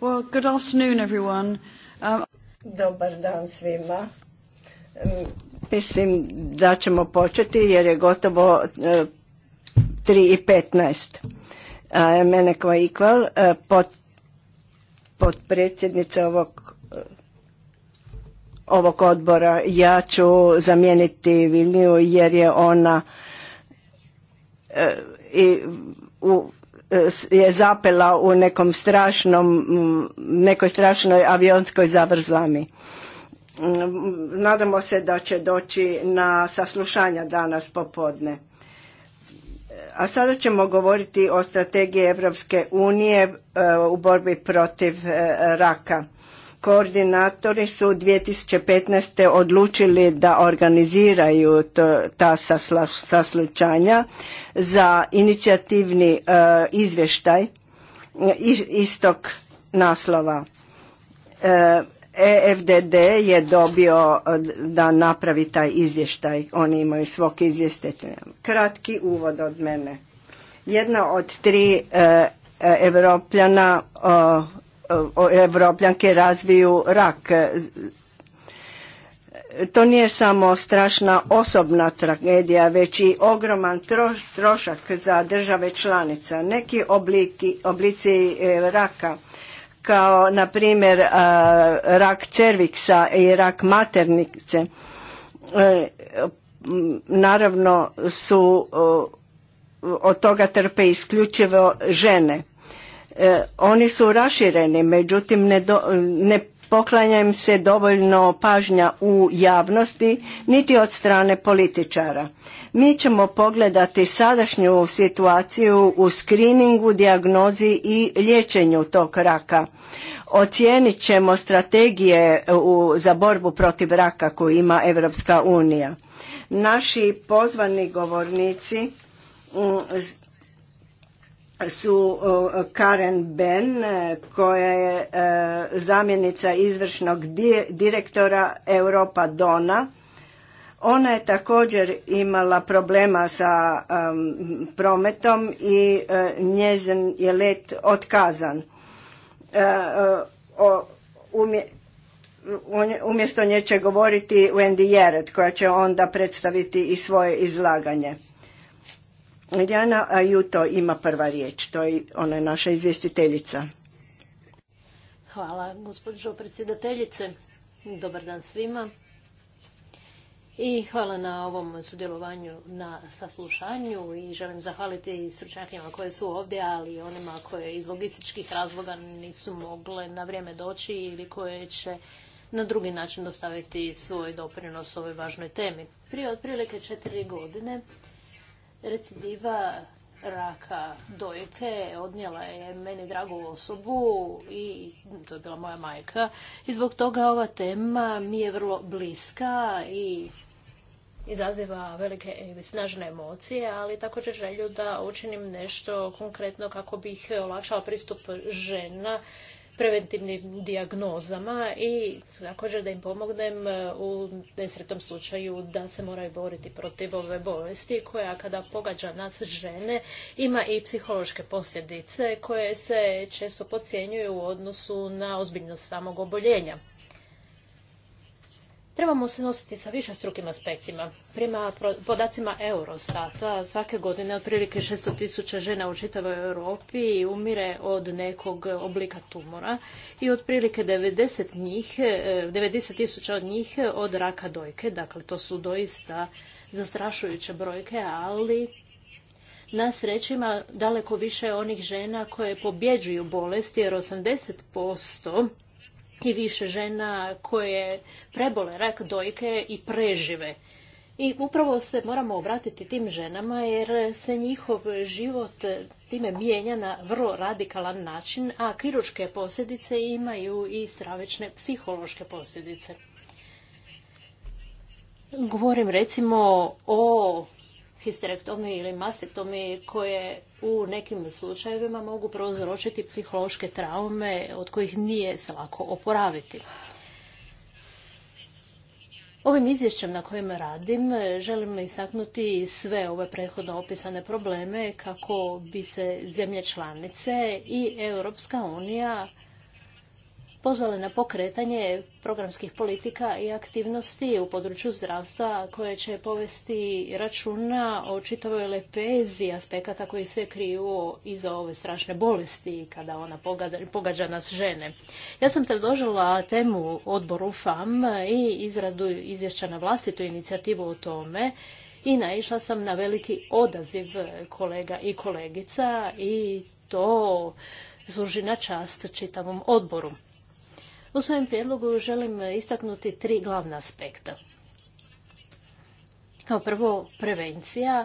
Well, um, Dobar dan svima. Mm, mislim da ćemo početi jer je gotovo 3.15. Mene i petnaest mene kao ikval, e, pod, podpredsjednica ovog e, ovog odbora. Ja ću zamijeniti Vilniju jer je ona e, i u je zapela u nekom strašnom, nekoj strašnoj avionskoj zavrzlami. Mm, nadamo se da će doći na saslušanja danas popodne. A sada ćemo govoriti o strategiji Evropske unije e, u borbi protiv e, raka. Koordinatori su 2015. odlučili da organiziraju ta saslučanja za inicijativni e, izvještaj e, istog naslova. EFDD e je dobio da napravi taj izvještaj. Oni imaju svog izvjestitelja. Kratki uvod od mene. Jedna od tri europljana evropljana evropljanke razviju rak. To nije samo strašna osobna tragedija, već i ogroman trošak za države članica. Neki oblici e, raka, kao na primjer rak cerviksa i rak maternice, e, naravno su od toga trpe isključivo žene E, oni su rašireni, međutim ne, do, poklanja im se dovoljno pažnja u javnosti niti od strane političara. Mi ćemo pogledati sadašnju situaciju u skriningu, dijagnozi i liječenju tog raka. Ocijenit ćemo strategije e, u, za borbu protiv raka koju ima Europska unija. Naši pozvani govornici su Karen Ben koja je e, zamjenica izvršnog direktora Europa Dona. Ona je također imala problema sa e, prometom i e, njezin je let otkazan. Umjesto nje će govoriti Wendy Jared koja će onda predstaviti i svoje izlaganje. A Ajuto ima prva riječ, to je ona je naša izvjestiteljica. Hvala gospođo predsjedateljice, dobar dan svima i hvala na ovom sudjelovanju na saslušanju i želim zahvaliti sručnjakima koje su ovdje, ali i onima koje iz logističkih razloga nisu mogle na vrijeme doći ili koje će na drugi način dostaviti svoj doprinos ovoj važnoj temi. Prije otprilike četiri godine recidiva raka dojke, odnijela je meni dragu osobu i to je bila moja majka. I zbog toga ova tema mi je vrlo bliska i izaziva velike i snažne emocije, ali također želju da učinim nešto konkretno kako bih olakšala pristup žena preventivnim dijagnozama i također da im pomognem e, u nesretnom slučaju da se moraju boriti protiv ove bolesti koja kada pogađa nas žene ima i psihološke posljedice koje se često podcjenjuju u odnosu na ozbiljnost samog oboljenja. Trebamo se nositi sa više strukim aspektima. Prema podacima Eurostata, svake godine otprilike 600 tisuća žena u čitavoj Europi umire od nekog oblika tumora i otprilike 90 e, tisuća od njih od raka dojke. Dakle, to su doista zastrašujuće brojke, ali na srećima daleko više onih žena koje pobjeđuju bolesti jer 80% i više žena koje prebole rak dojke i prežive. I upravo se moramo obratiti tim ženama jer se njihov život time mijenja na vrlo radikalan način, a kiručke posljedice imaju i stravične psihološke posljedice. Govorim recimo o histerektomiji ili mastektomiji koje u nekim slučajevima mogu prouzročiti psihološke traume od kojih nije se lako oporaviti. Ovim izvješćem na kojem radim želim istaknuti sve ove prethodno opisane probleme kako bi se zemlje članice i Europska unija pozvale na pokretanje programskih politika i aktivnosti u području zdravstva koje će povesti računa o čitavoj lepezi aspekata koji se kriju iza ove strašne bolesti kada ona pogađa nas žene. Ja sam predložila temu odboru FAM i izradu izvješća na vlastitu inicijativu o tome i naišla sam na veliki odaziv kolega i kolegica i to služi na čast čitavom odboru. U svojem prijedlogu želim istaknuti tri glavna aspekta. Kao prvo, prevencija,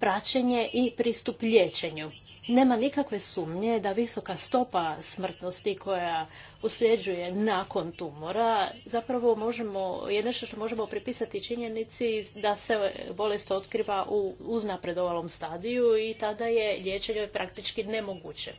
praćenje i pristup liječenju. Nema nikakve sumnje da visoka stopa smrtnosti koja usljeđuje nakon tumora, zapravo možemo, je nešto što možemo pripisati činjenici da se bolest otkriva u uznapredovalom stadiju i tada je liječenje praktički nemoguće.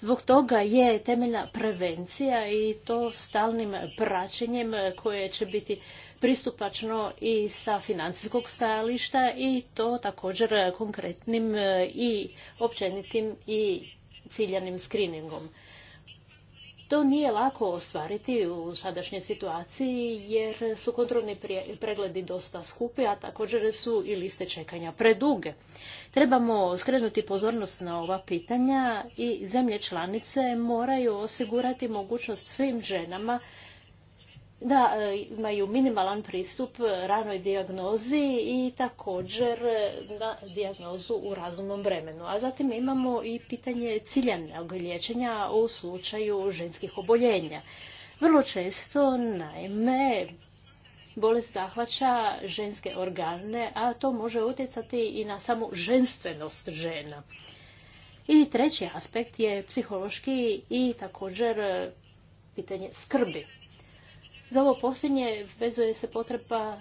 Zbog toga je temeljna prevencija i to stalnim praćenjem koje će biti pristupačno i sa financijskog stajališta i to također konkretnim i općenitim i ciljanim screeningom. To nije lako ostvariti u sadašnjoj situaciji jer su kontrolni pregledi dosta skupi, a također su i liste čekanja preduge. Trebamo skrenuti pozornost na ova pitanja i zemlje članice moraju osigurati mogućnost svim ženama da e, imaju minimalan pristup e, ranoj dijagnozi i također e, na dijagnozu u razumnom vremenu. A zatim imamo i pitanje ciljanog liječenja u slučaju ženskih oboljenja. Vrlo često, naime, bolest zahvaća ženske organe, a to može utjecati i na samu ženstvenost žena. I treći aspekt je psihološki i također pitanje skrbi. Za ovo posljednje vezuje se potreba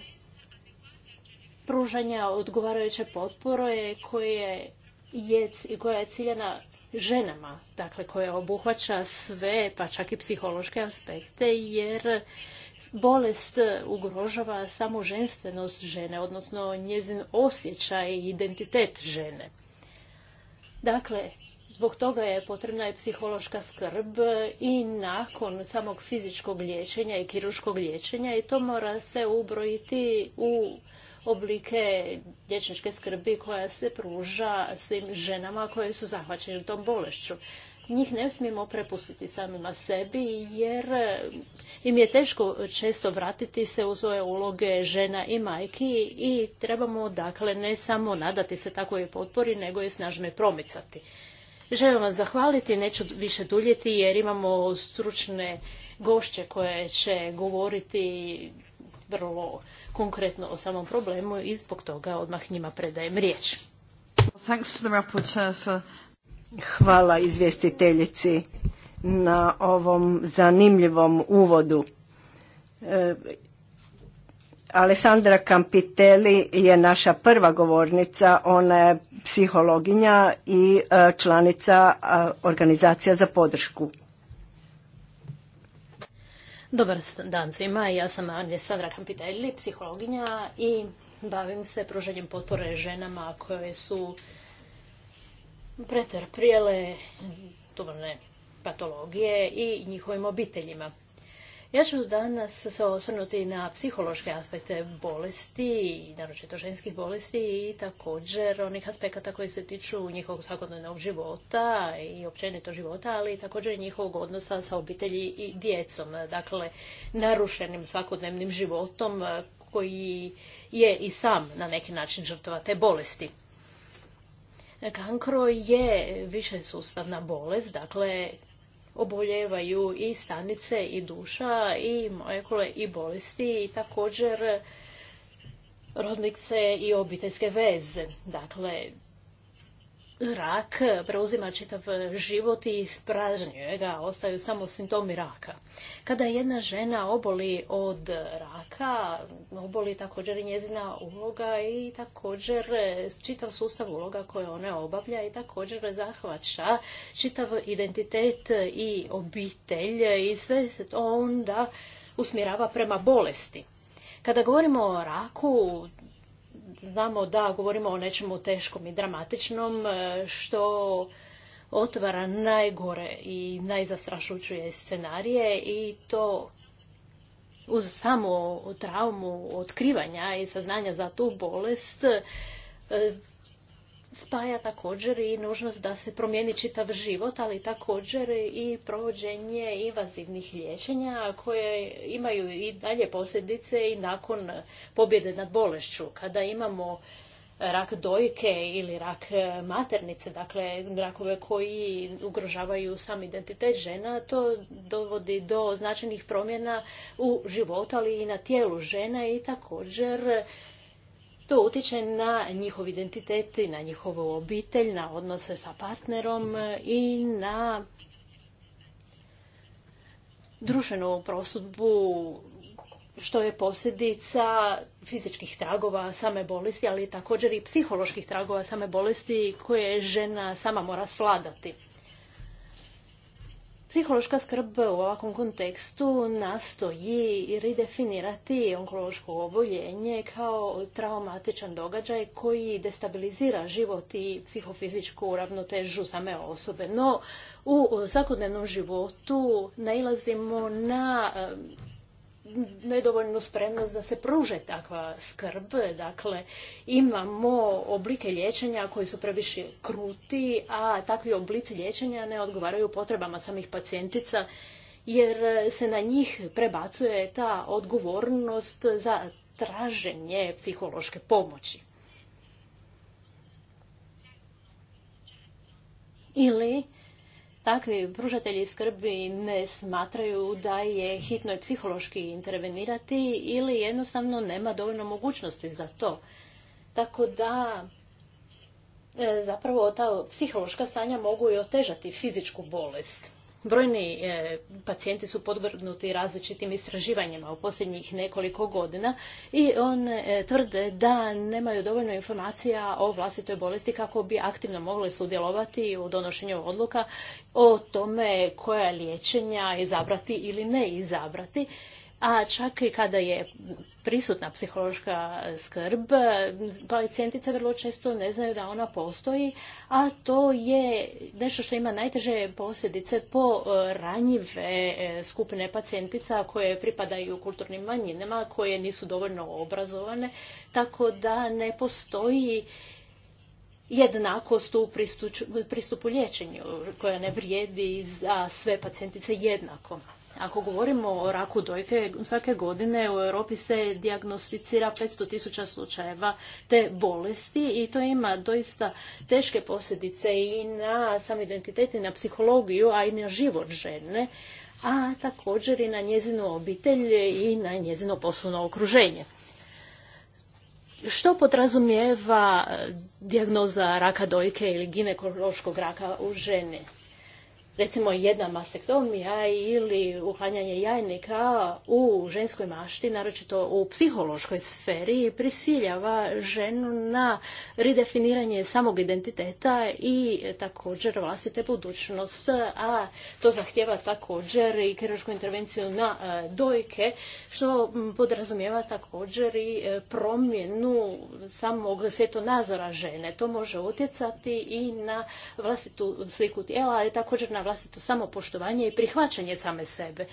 pružanja odgovarajuće potpore koje je, koja je ciljena ženama, dakle koja obuhvaća sve, pa čak i psihološke aspekte, jer bolest ugrožava samo ženstvenost žene, odnosno njezin osjećaj i identitet žene. Dakle, Zbog toga je potrebna i psihološka skrb i nakon samog fizičkog liječenja i kiruškog liječenja i to mora se ubrojiti u oblike liječničke skrbi koja se pruža svim ženama koje su zahvaćene tom bolešću. Njih ne smijemo prepustiti samima sebi jer im je teško često vratiti se u svoje uloge žena i majki i trebamo dakle ne samo nadati se takvoj potpori nego je snažno promicati. Želim vam zahvaliti, neću više duljeti jer imamo stručne gošće koje će govoriti vrlo konkretno o samom problemu i zbog toga odmah njima predajem riječ. Hvala izvjestiteljici na ovom zanimljivom uvodu. E, Alessandra Campitelli je naša prva govornica, ona je psihologinja i e, članica organizacija za podršku. Dobar dan svima, ja sam Alessandra Campitelli, psihologinja i bavim se pruženjem potpore ženama koje su pretrpjele tumorne patologije i njihovim obiteljima. Ja ću danas se osvrnuti na psihološke aspekte bolesti, naročito ženskih bolesti i također onih aspekata koji se tiču njihovog svakodnevnog života i općenito života, ali također i njihovog odnosa sa obitelji i djecom. Dakle, narušenim svakodnevnim životom eh, koji je i sam na neki način žrtva te bolesti. Kankro je više sustavna bolest, dakle oboljevaju i stanice i duša i molekule i bolesti i također rodnice i obiteljske veze. Dakle, rak preuzima čitav život i ispražnjuje ga, ostaju samo simptomi raka. Kada jedna žena oboli od raka, oboli također i njezina uloga i također čitav sustav uloga koje ona obavlja i također zahvaća čitav identitet i obitelj i sve se to onda usmjerava prema bolesti. Kada govorimo o raku, znamo da govorimo o nečemu teškom i dramatičnom e, što otvara najgore i najzastrašujuće scenarije i to uz samo traumu otkrivanja i saznanja za tu bolest e, spaja također i nužnost da se promijeni čitav život, ali također i provođenje invazivnih liječenja koje imaju i dalje posljedice i nakon pobjede nad bolešću. Kada imamo rak dojke ili rak maternice, dakle rakove koji ugrožavaju sam identitet žena, to dovodi do značajnih promjena u životu, ali i na tijelu žena i također to utječe na njihov identitet i na njihovu obitelj, na odnose sa partnerom i na društvenu prosudbu što je posljedica fizičkih tragova same bolesti, ali također i psiholoških tragova same bolesti koje žena sama mora sladati. Psihološka skrb u ovakvom kontekstu nastoji redefinirati onkološko oboljenje kao traumatičan događaj koji destabilizira život i psihofizičku ravnotežu same osobe. No, u svakodnevnom životu nailazimo na nedovoljnu spremnost da se pruže takva skrb. Dakle, imamo oblike liječenja koji su previše kruti, a takvi oblici liječenja ne odgovaraju potrebama samih pacijentica jer se na njih prebacuje ta odgovornost za traženje psihološke pomoći. Ili takvi pružatelji skrbi ne smatraju da je hitno i psihološki intervenirati ili jednostavno nema dovoljno mogućnosti za to. Tako da e, zapravo ta psihološka stanja mogu i otežati fizičku bolest. Brojni e, pacijenti su podvrgnuti različitim istraživanjima u posljednjih nekoliko godina i on e, tvrde da nemaju dovoljno informacija o vlastitoj bolesti kako bi aktivno mogli sudjelovati u donošenju odluka o tome koja liječenja izabrati ili ne izabrati. A čak i kada je prisutna psihološka skrb. Pacijentice vrlo često ne znaju da ona postoji, a to je nešto što ima najteže posljedice po e, ranjive e, skupine pacijentica koje pripadaju kulturnim manjinama, koje nisu dovoljno obrazovane, tako da ne postoji jednakost u pristupu liječenju koja ne vrijedi za sve pacijentice jednako. Ako govorimo o raku dojke, svake godine u Europi se diagnosticira 500 tisuća slučajeva te bolesti i to ima doista teške posljedice i na sam identitet i na psihologiju, a i na život žene, a također i na njezinu obitelj i na njezino poslovno okruženje. Što podrazumijeva dijagnoza raka dojke ili ginekološkog raka u ženi? recimo jedna masektomija ili uklanjanje jajnika u ženskoj mašti, naročito u psihološkoj sferi, prisiljava ženu na redefiniranje samog identiteta i također vlastite budućnost, a to zahtjeva također i kiruršku intervenciju na e, dojke, što podrazumijeva također i e, promjenu samog svjetonazora žene. To može utjecati i na vlastitu sliku tijela, ali također na vlastito samopoštovanje i prihvaćanje same sebe.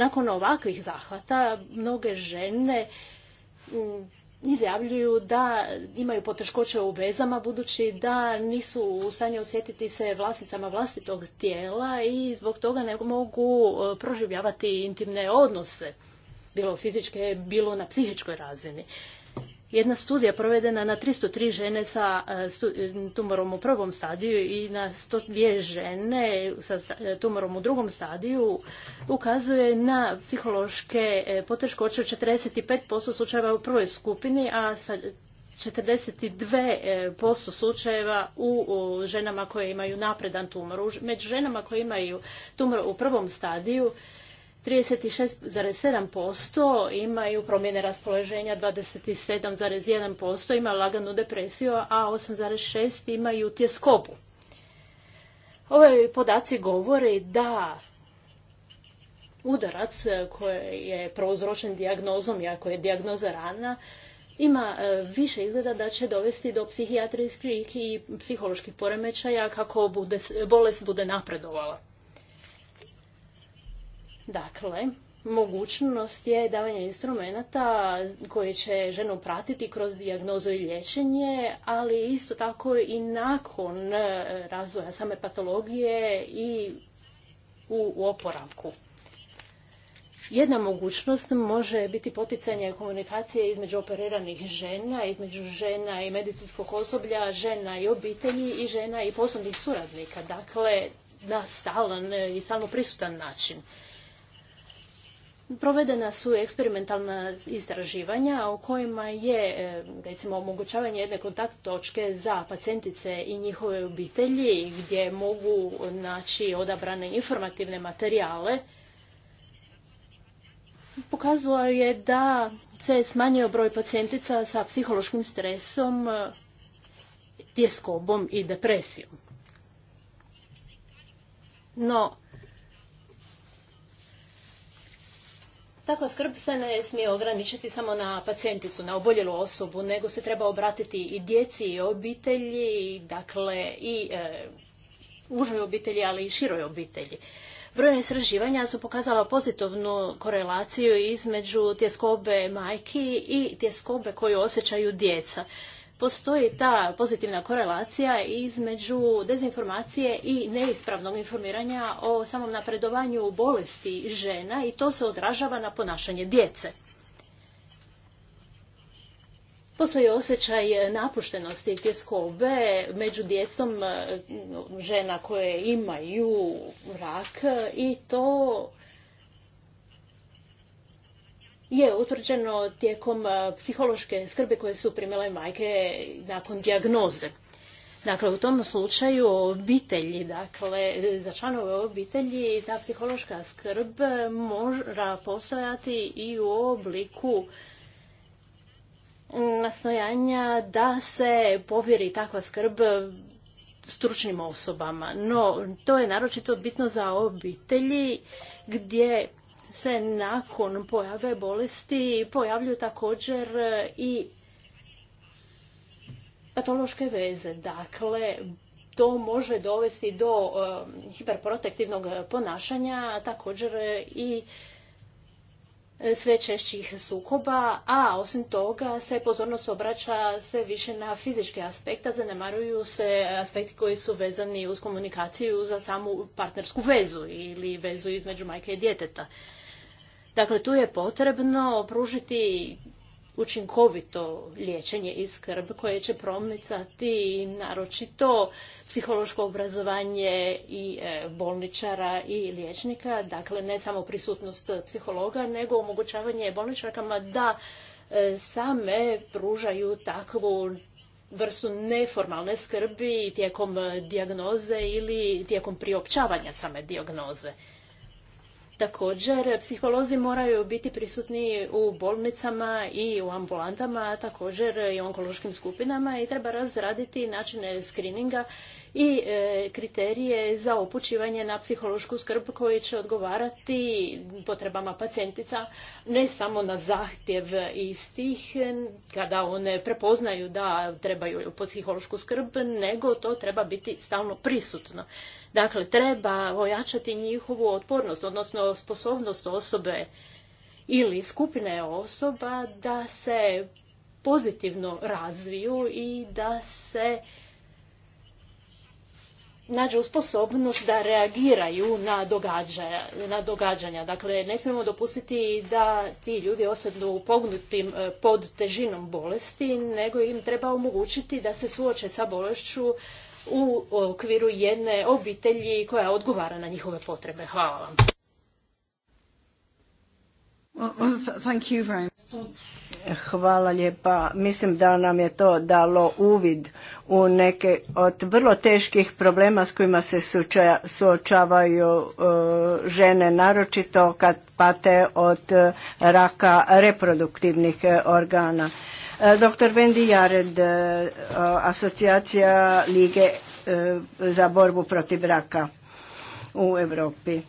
Nakon ovakvih zahvata mnoge žene mm, izjavljuju da imaju poteškoće u vezama budući da nisu u stanju osjetiti se vlasnicama vlastitog tijela i zbog toga ne mogu e, proživljavati intimne odnose bilo fizičke, bilo na psihičkoj razini jedna studija provedena na 303 žene sa e, e, tumorom u prvom stadiju i na 102 žene sa e, tumorom u drugom stadiju ukazuje na psihološke poteškoće u 45% slučajeva u prvoj skupini, a sa 42% slučajeva u ženama koje imaju napredan tumor. Među ženama koje imaju tumor u prvom stadiju 36,7% imaju promjene raspoloženja, 27,1% ima laganu depresiju, a 8,6% imaju tjeskobu. Ove podaci govore da udarac koji je prouzročen dijagnozom, jako je dijagnoza rana, ima e, više izgleda da će dovesti do psihijatrijskih i psiholoških poremećaja kako bude, bolest bude napredovala. Dakle, mogućnost je davanje instrumenta koji će ženu pratiti kroz dijagnozu i liječenje, ali isto tako i nakon e, razvoja same patologije i u, oporavku. Jedna mogućnost može biti poticanje komunikacije između operiranih žena, između žena i medicinskog osoblja, žena i obitelji i žena i poslovnih suradnika. Dakle, na stalan i stalno prisutan način. Provedena su eksperimentalna istraživanja o kojima je e, recimo omogućavanje jedne kontakt točke za pacijentice i njihove obitelji gdje mogu naći odabrane informativne materijale pokazalo je da se smanjio broj pacijentica sa psihološkim stresom, e, tjeskobom i depresijom. No, Takva skrb se ne smije ograničiti samo na pacijenticu, na oboljelu osobu, nego se treba obratiti i djeci i obitelji, dakle i e, užoj obitelji, ali i široj obitelji. Brojne istraživanja su pokazala pozitivnu korelaciju između tjeskobe majki i tjeskobe koju osjećaju djeca postoji ta pozitivna korelacija između dezinformacije i neispravnog informiranja o samom napredovanju bolesti žena i to se odražava na ponašanje djece. Postoji osjećaj napuštenosti i tjeskobe među djecom e, žena koje imaju rak i to je utvrđeno tijekom e, psihološke skrbe koje su primjele majke nakon dijagnoze. Dakle, u tom slučaju obitelji, dakle, za članove obitelji ta psihološka skrb mora postojati i u obliku nastojanja da se povjeri takva skrb stručnim osobama. No, to je naročito bitno za obitelji gdje se nakon pojave bolesti pojavljuju također i patološke veze. Dakle, to može dovesti do um, hiperprotektivnog ponašanja, također i e, sve češćih sukoba, a osim toga se pozornost obraća sve više na fizičke aspekte, zanemaruju se aspekti koji su vezani uz komunikaciju za samu partnersku vezu ili vezu između majke i djeteta. Dakle, tu je potrebno pružiti učinkovito liječenje i skrb koje će promicati naročito psihološko obrazovanje i e, bolničara i liječnika, dakle ne samo prisutnost psihologa, nego omogućavanje bolničarkama da e, same pružaju takvu vrstu neformalne skrbi tijekom dijagnoze ili tijekom priopćavanja same dijagnoze. Također, psiholozi moraju biti prisutni u bolnicama i u ambulantama, također i onkološkim skupinama i treba razraditi načine skrininga i e, kriterije za upućivanje na psihološku skrb koji će odgovarati potrebama pacijentica ne samo na zahtjev istih kada one prepoznaju da trebaju psihološku skrb nego to treba biti stalno prisutno. Dakle, treba ojačati njihovu otpornost, odnosno sposobnost osobe ili skupine osoba da se pozitivno razviju i da se nađu sposobnost da reagiraju na na događanja. Dakle, ne smijemo dopustiti da ti ljudi osadnu pognutim e, pod težinom bolesti, nego im treba omogućiti da se suoče sa bolešću u okviru jedne obitelji koja odgovara na njihove potrebe. Hvala vam. Hvala lijepa. Mislim da nam je to dalo uvid u neke od vrlo teških problema s kojima se suočavaju e, žene, naročito kad pate od raka reproduktivnih organa. E, Dr. Wendy Jared, e, asocijacija Lige za borbu protiv raka u Europi.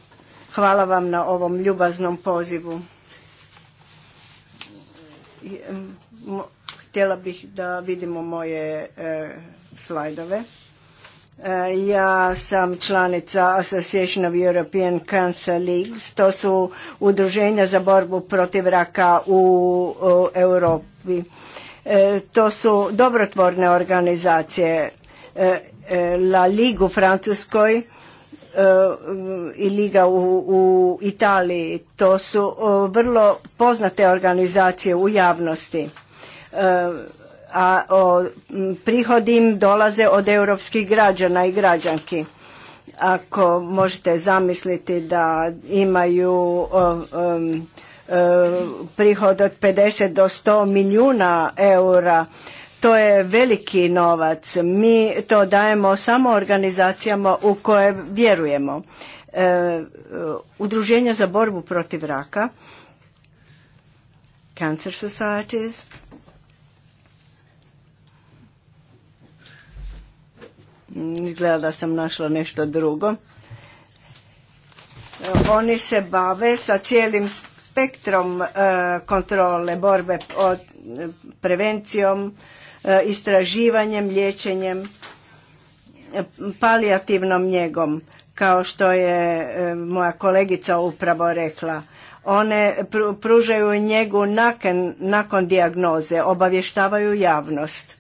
Hvala vam na ovom ljubaznom pozivu. Htjela bih da vidimo moje e, slajdove. E, ja sam članica Association of European Cancer Leagues. To su udruženja za borbu protiv raka u, Europi. E, to su dobrotvorne organizacije. La Ligue u Francuskoj E, i Liga u, Italiji. To su e, vrlo poznate organizacije u javnosti. E, a o, prihodi im dolaze od europskih građana i građanki. Ako možete zamisliti da imaju prihod od 50 do 100 milijuna eura to je veliki novac. Mi to dajemo samo organizacijama u koje vjerujemo. E, udruženja za borbu protiv raka, Cancer Societies, izgleda da sam našla nešto drugo. E, oni se bave sa cijelim spektrom e, kontrole borbe od prevencijom, E, istraživanjem, liječenjem, e, palijativnom njegom, kao što je e, moja kolegica upravo rekla. One pružaju njegu nakon, nakon dijagnoze, obavještavaju javnost.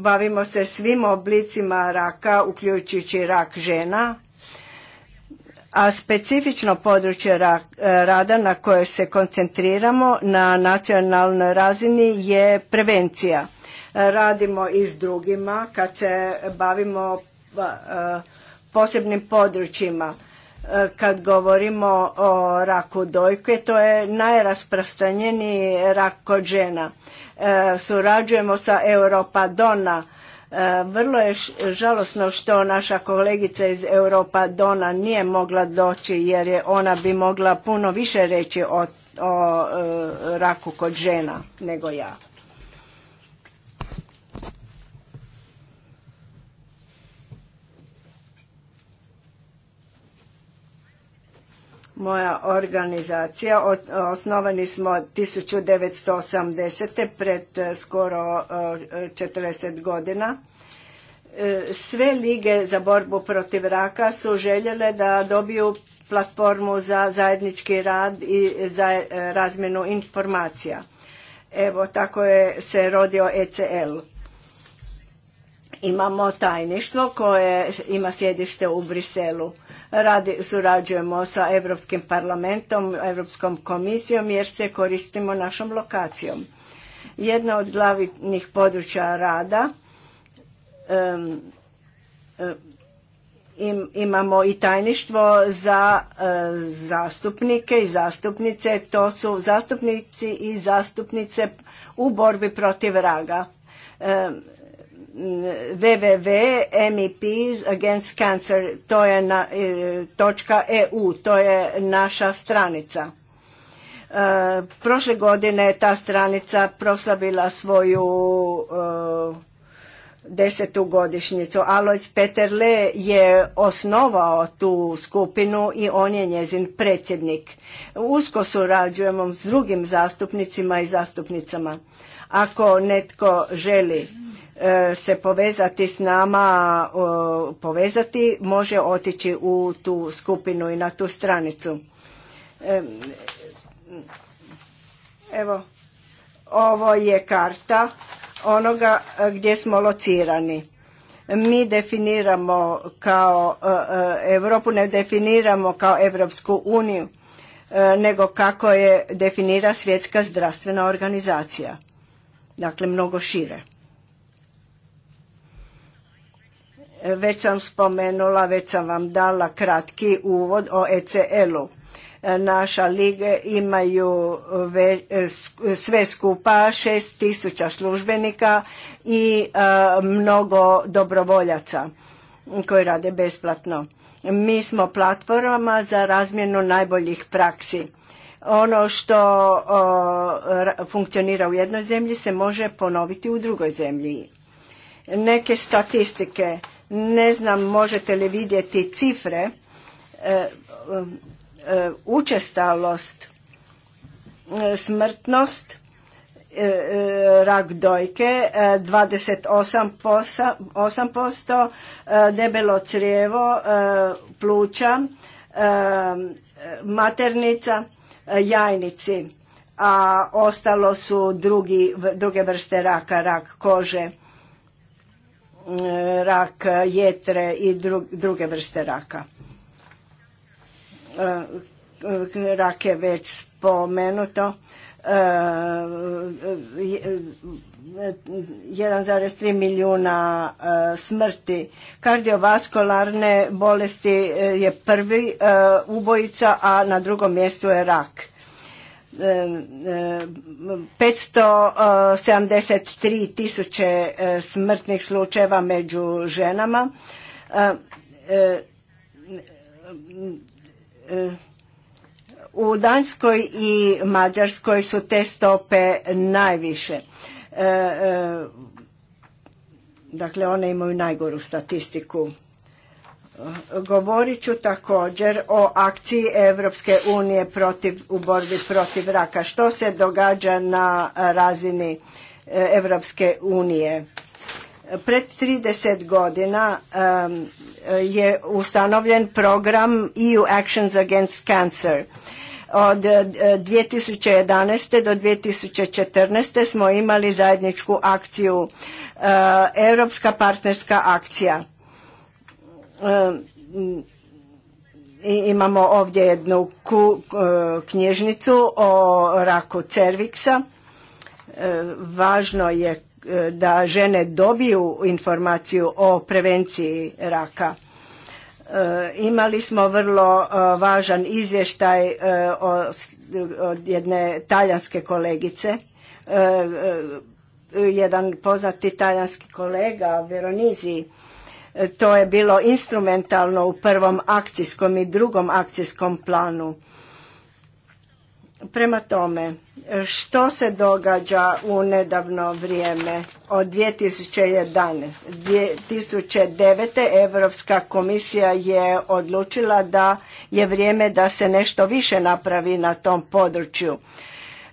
Bavimo se svim oblicima raka, uključujući rak žena a specifično područje e, rada na koje se koncentriramo na nacionalnoj razini je prevencija. E, radimo i s drugima kad se bavimo e, posebnim područjima. Kad govorimo o raku dojke, to je najrasprostranjeniji rak kod žena. Surađujemo sa Europa Dona, vrlo je žalosno što naša kolegica iz Europa Dona nije mogla doći jer je ona bi mogla puno više reći o, e, raku kod žena nego ja. Moja organizacija, osnovani smo 1980. pred e, skoro 40 e, godina. E, sve lige za borbu protiv raka su željele da dobiju platformu za zajednički rad i za razmjenu informacija. Evo, tako je se rodio ECL. Imamo tajništvo koje ima sjedište u Briselu. Radi, surađujemo sa Europskim parlamentom, Europskom komisijom jer se koristimo našom lokacijom. Jedna od glavnih područja rada eh, imamo i tajništvo za eh, zastupnike i zastupnice. To su zastupnici i zastupnice u borbi protiv raga www.meps against to je EU, e to je naša stranica. E, prošle godine je ta stranica proslavila svoju e, desetu godišnjicu. Alois Peterle je osnovao tu skupinu i on je njezin predsjednik. Usko surađujemo s drugim zastupnicima i zastupnicama. Ako netko želi E, se povezati s nama, povezati, može otići u tu skupinu i na tu stranicu. E, evo, ovo je karta onoga e, gdje smo locirani. Mi definiramo kao Europu, ne definiramo kao Europsku uniju, nego kako je definira svjetska zdravstvena organizacija. Dakle, mnogo šire. Već sam spomenula, već sam vam dala kratki uvod o ECL-u. Naša lige imaju sve skupa šest tisuća službenika i e, mnogo dobrovoljaca koji rade besplatno. Mi smo platforma za razmjenu najboljih praksi. Ono što funkcionira u jednoj zemlji se može ponoviti u drugoj zemlji neke statistike. Ne znam možete li vidjeti cifre, e, e, učestalost, e, smrtnost, rak dojke 28%, debelo crijevo, pluća, maternica, jajnici, a ostalo su druge vrste raka, rak kože rak jetre i druge vrste raka. E, rak je već spomenuto. 1,3 e, milijuna e, smrti. Kardiovaskularne bolesti je prvi ubojica, a na drugom mjestu je rak. 573 tisuće e, smrtnih slučajeva među ženama. E, e, u Danskoj i Mađarskoj su te stope najviše. Dakle, one imaju najgoru statistiku. Govorit ću također o akciji Europske unije protiv, u borbi protiv raka. Što se događa na razini Europske unije? Pred 30 godina je ustanovljen program EU Actions Against Cancer. Od 2011. E, do 2014. smo imali zajedničku akciju, Europska partnerska akcija E, mm, imamo ovdje jednu e, knježnicu o raku cerviksa. E, važno je da žene dobiju informaciju o prevenciji raka. Imali smo vrlo važan izvještaj od jedne talijanske kolegice. Jedan poznati talijanski kolega, Veronizi, E, to je bilo instrumentalno u prvom akcijskom i drugom akcijskom planu. Prema tome, što se događa u nedavno vrijeme od 2011. 2009. Europska komisija je odlučila da je vrijeme da se nešto više napravi na tom području.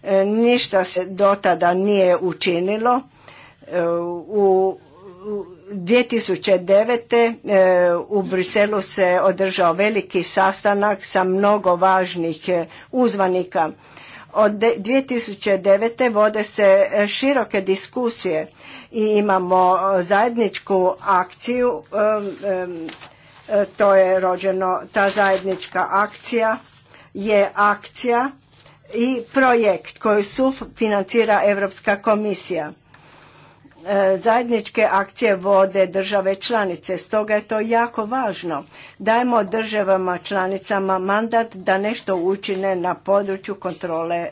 E, ništa se do tada nije učinilo. E, u 2009. E, u Briselu se održao veliki sastanak sa mnogo važnih e, uzvanika. Od 2009. vode se e, široke diskusije i imamo zajedničku akciju, to je rođeno, ta zajednička akcija je akcija i projekt koju sufinancira Europska komisija E, zajedničke akcije vode države članice. Stoga je to jako važno. Dajemo državama članicama mandat da nešto učine na području kontrole e,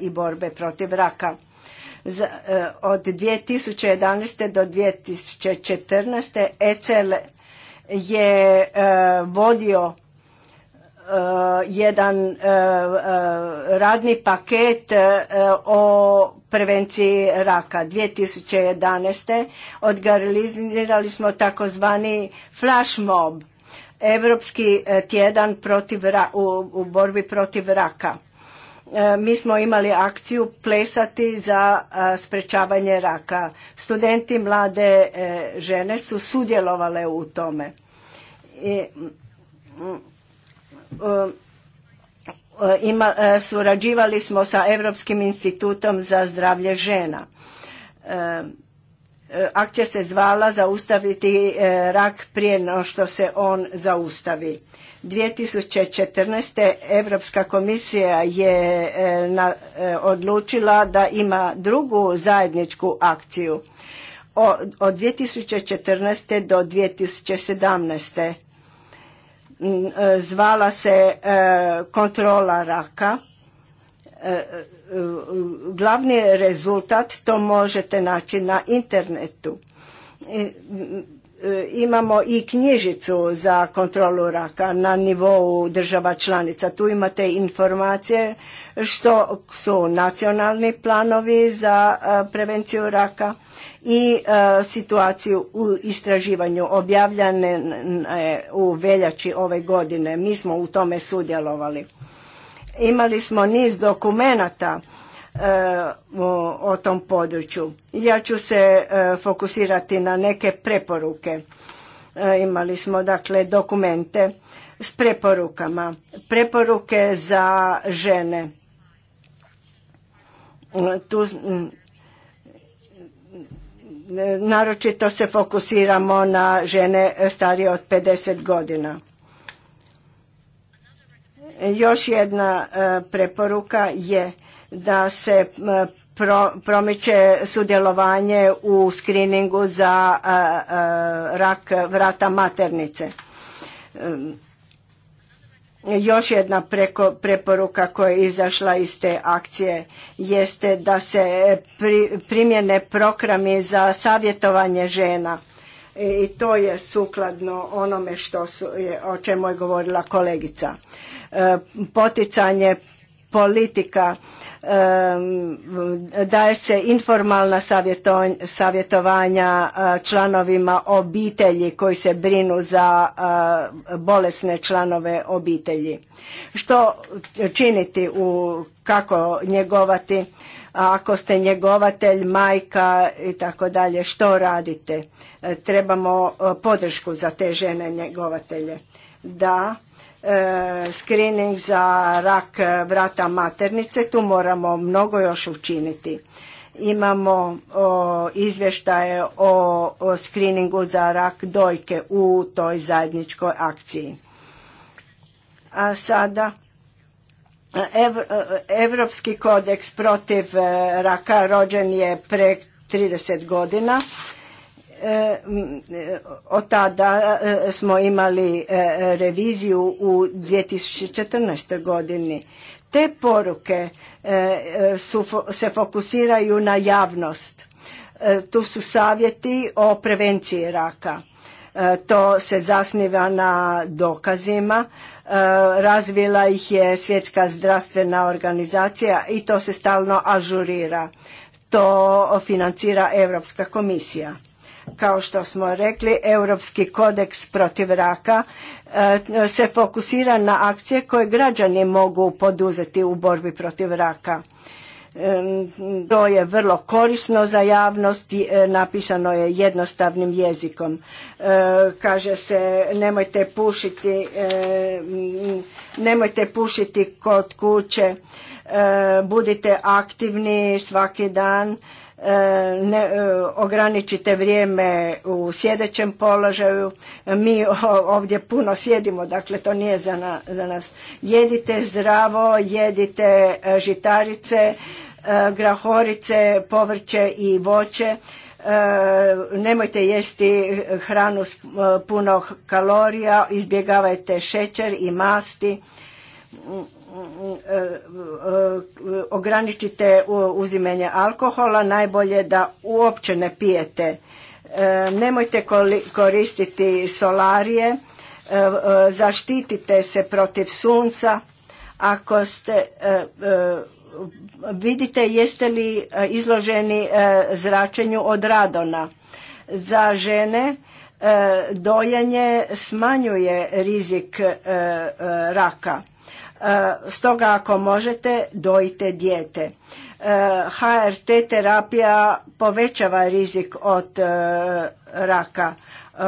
i borbe protiv raka. E, od 2011. do 2014. ECL je vodio Eh, jedan eh, radni paket eh, o prevenciji raka 2011. odgarizirali smo takozvani flash mob, evropski tjedan protiv u, borbi protiv raka. Mi smo imali akciju plesati za sprečavanje raka. Studenti mlade žene su sudjelovale u tome. Mm, E, ima, e, surađivali smo sa Europskim institutom za zdravlje žena. E, akcija se zvala zaustaviti rak prije no što se on zaustavi. 2014. Europska komisija je na, odlučila da ima drugu zajedničku akciju. od 2014. do 2017 E, zvala se e, kontrola raka. E, glavni rezultat to možete naći na internetu. E, imamo i knjižicu za kontrolu raka na nivou država članica. Tu imate informacije što su nacionalni planovi za e, prevenciju raka i e, situaciju u istraživanju objavljane u veljači ove godine. Mi smo u tome sudjelovali. Imali smo niz dokumenata E, o, tom području. Ja ću se e, fokusirati na neke preporuke. E, imali smo dakle dokumente s preporukama. Preporuke za žene. Tu mm, naročito se fokusiramo na žene starije od 50 godina. Još jedna preporuka je da se e, promiče sudjelovanje u skriningu za e, e, rak vrata maternice. Još jedna preporuka koja je izašla iz te akcije jeste da se primjene programi za savjetovanje žena i to je sukladno onome što o čemu je govorila kolegica. Poticanje politika daje se informalna savjetovanja članovima obitelji koji se brinu za bolesne članove obitelji. Što činiti, u, kako njegovati, ako ste njegovatelj, majka i tako dalje, što radite? E, trebamo e, podršku za te žene njegovatelje. Da, E, screening za rak vrata maternice, tu moramo mnogo još učiniti. Imamo o, izvještaje o, o screeningu za rak dojke u toj zajedničkoj akciji. A sada ev, e, Evropski kodeks protiv e, raka rođen je pre 30 godina Eh, od tada eh, smo imali eh, reviziju u 2014. godini. Te poruke su, se fokusiraju na javnost. Tu su savjeti o prevenciji raka. To se zasniva na dokazima. Razvila ih je Svjetska zdravstvena organizacija i to se stalno ažurira. To financira Europska komisija. Kao što smo rekli, Europski kodeks protiv raka e, se fokusira na akcije koje građani mogu poduzeti u borbi protiv raka. E, to je vrlo korisno za javnost, e, napisano je jednostavnim jezikom. Kaže se nemojte pušiti, nemojte pušiti kod kuće, budite aktivni svaki dan, E, ne, e, ograničite vrijeme u sjedećem položaju. Mi ovdje puno sjedimo, dakle to nije za, za nas. Jedite zdravo, jedite e, žitarice, grahorice, povrće i voće. Nemojte jesti hranu puno kalorija, izbjegavajte šećer i masti ograničite uzimanje alkohola, najbolje da uopće ne pijete. E, nemojte koristiti solarije, e, zaštitite se protiv sunca. Ako ste e, vidite jeste li izloženi zračenju od radona. Za žene dojenje smanjuje rizik raka Stoga ako možete, dojite dijete. HRT terapija povećava rizik od e, raka e,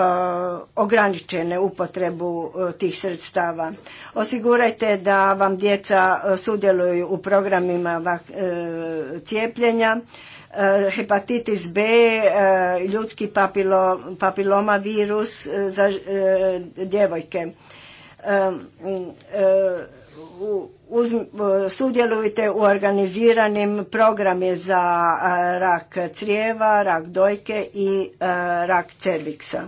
ograničene upotrebu e, tih sredstava. Osigurajte da vam djeca sudjeluju u programima cijepljenja, hepatitis B, ljudski papilo, papiloma virus za djevojke uz, e, sudjelujte u organiziranim programe za e, rak crijeva, rak dojke i e, rak cerviksa.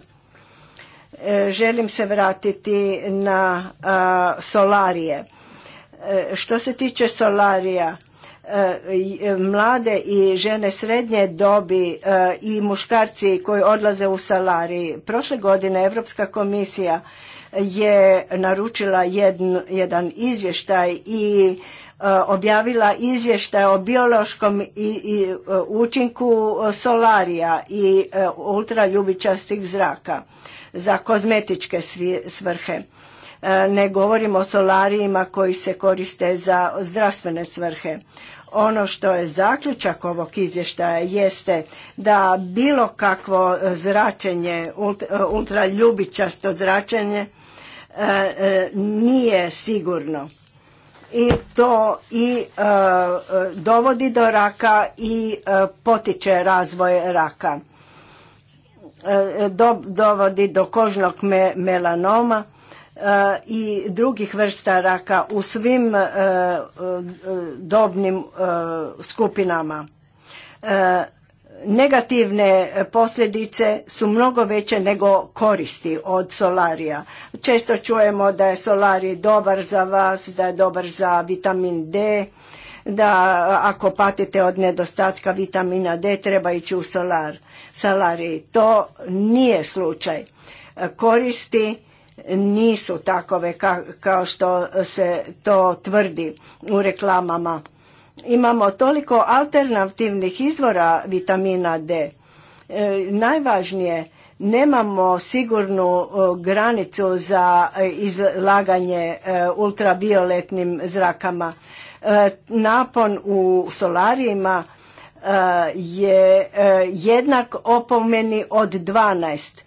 Želim se vratiti na solarije. Što se tiče solarija, mlade i žene srednje dobi i muškarci koji odlaze u salari. Prošle godine Europska komisija je naručila jedan izvještaj i e, objavila izvještaj o biološkom i, e, učinku solarija i e, ultraljubičastih zraka za kozmetičke svrhe. Ne govorimo o solarijima koji se koriste za zdravstvene svrhe. Ono što je zaključak ovog izvještaja jeste da bilo kakvo zračenje, ultraljubičasto zračenje, E, e, nije sigurno i to i e, dovodi do raka i potiče razvoj raka dovodi do kožnog melanoma i drugih vrsta raka u svim dobnim skupinama negativne posljedice su mnogo veće nego koristi od solarija. Često čujemo da je solarij dobar za vas, da je dobar za vitamin D, da ako patite od nedostatka vitamina D treba ići u solar. Salari. To nije slučaj. Koristi nisu takove kao što se to tvrdi u reklamama Imamo toliko alternativnih izvora vitamina D. E, najvažnije, nemamo sigurnu e, granicu za e, izlaganje ultravioletnim zrakama. Napon u solarijima je jednak opomeni od 12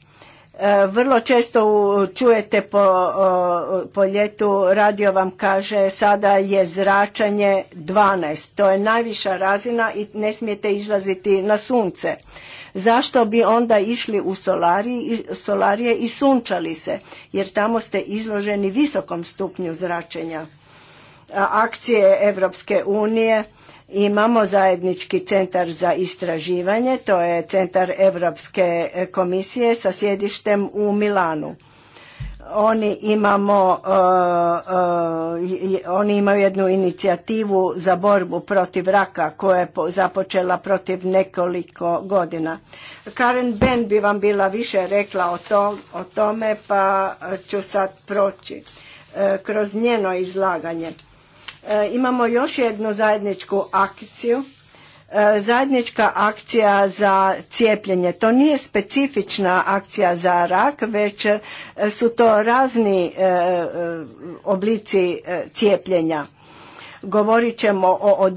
E, vrlo često čujete po, po ljetu, radio vam kaže sada je zračanje 12, to je najviša razina i ne smijete izlaziti na sunce. Zašto bi onda išli u solari, solarije i sunčali se? Jer tamo ste izloženi visokom stupnju zračenja. Akcije Evropske unije Imamo zajednički centar za istraživanje, to je centar Europske e, komisije sa sjedištem u Milanu. Oni, imamo, e, e, oni imaju jednu inicijativu za borbu protiv raka koja je započela protiv nekoliko godina. Karen Ben bi vam bila više rekla o, to, o tome pa ću sad proći kroz njeno izlaganje E, imamo još jednu zajedničku akciju, e, zajednička akcija za cijepljenje. To nije specifična akcija za rak, već e, su to razni oblici cijepljenja. Govorit ćemo o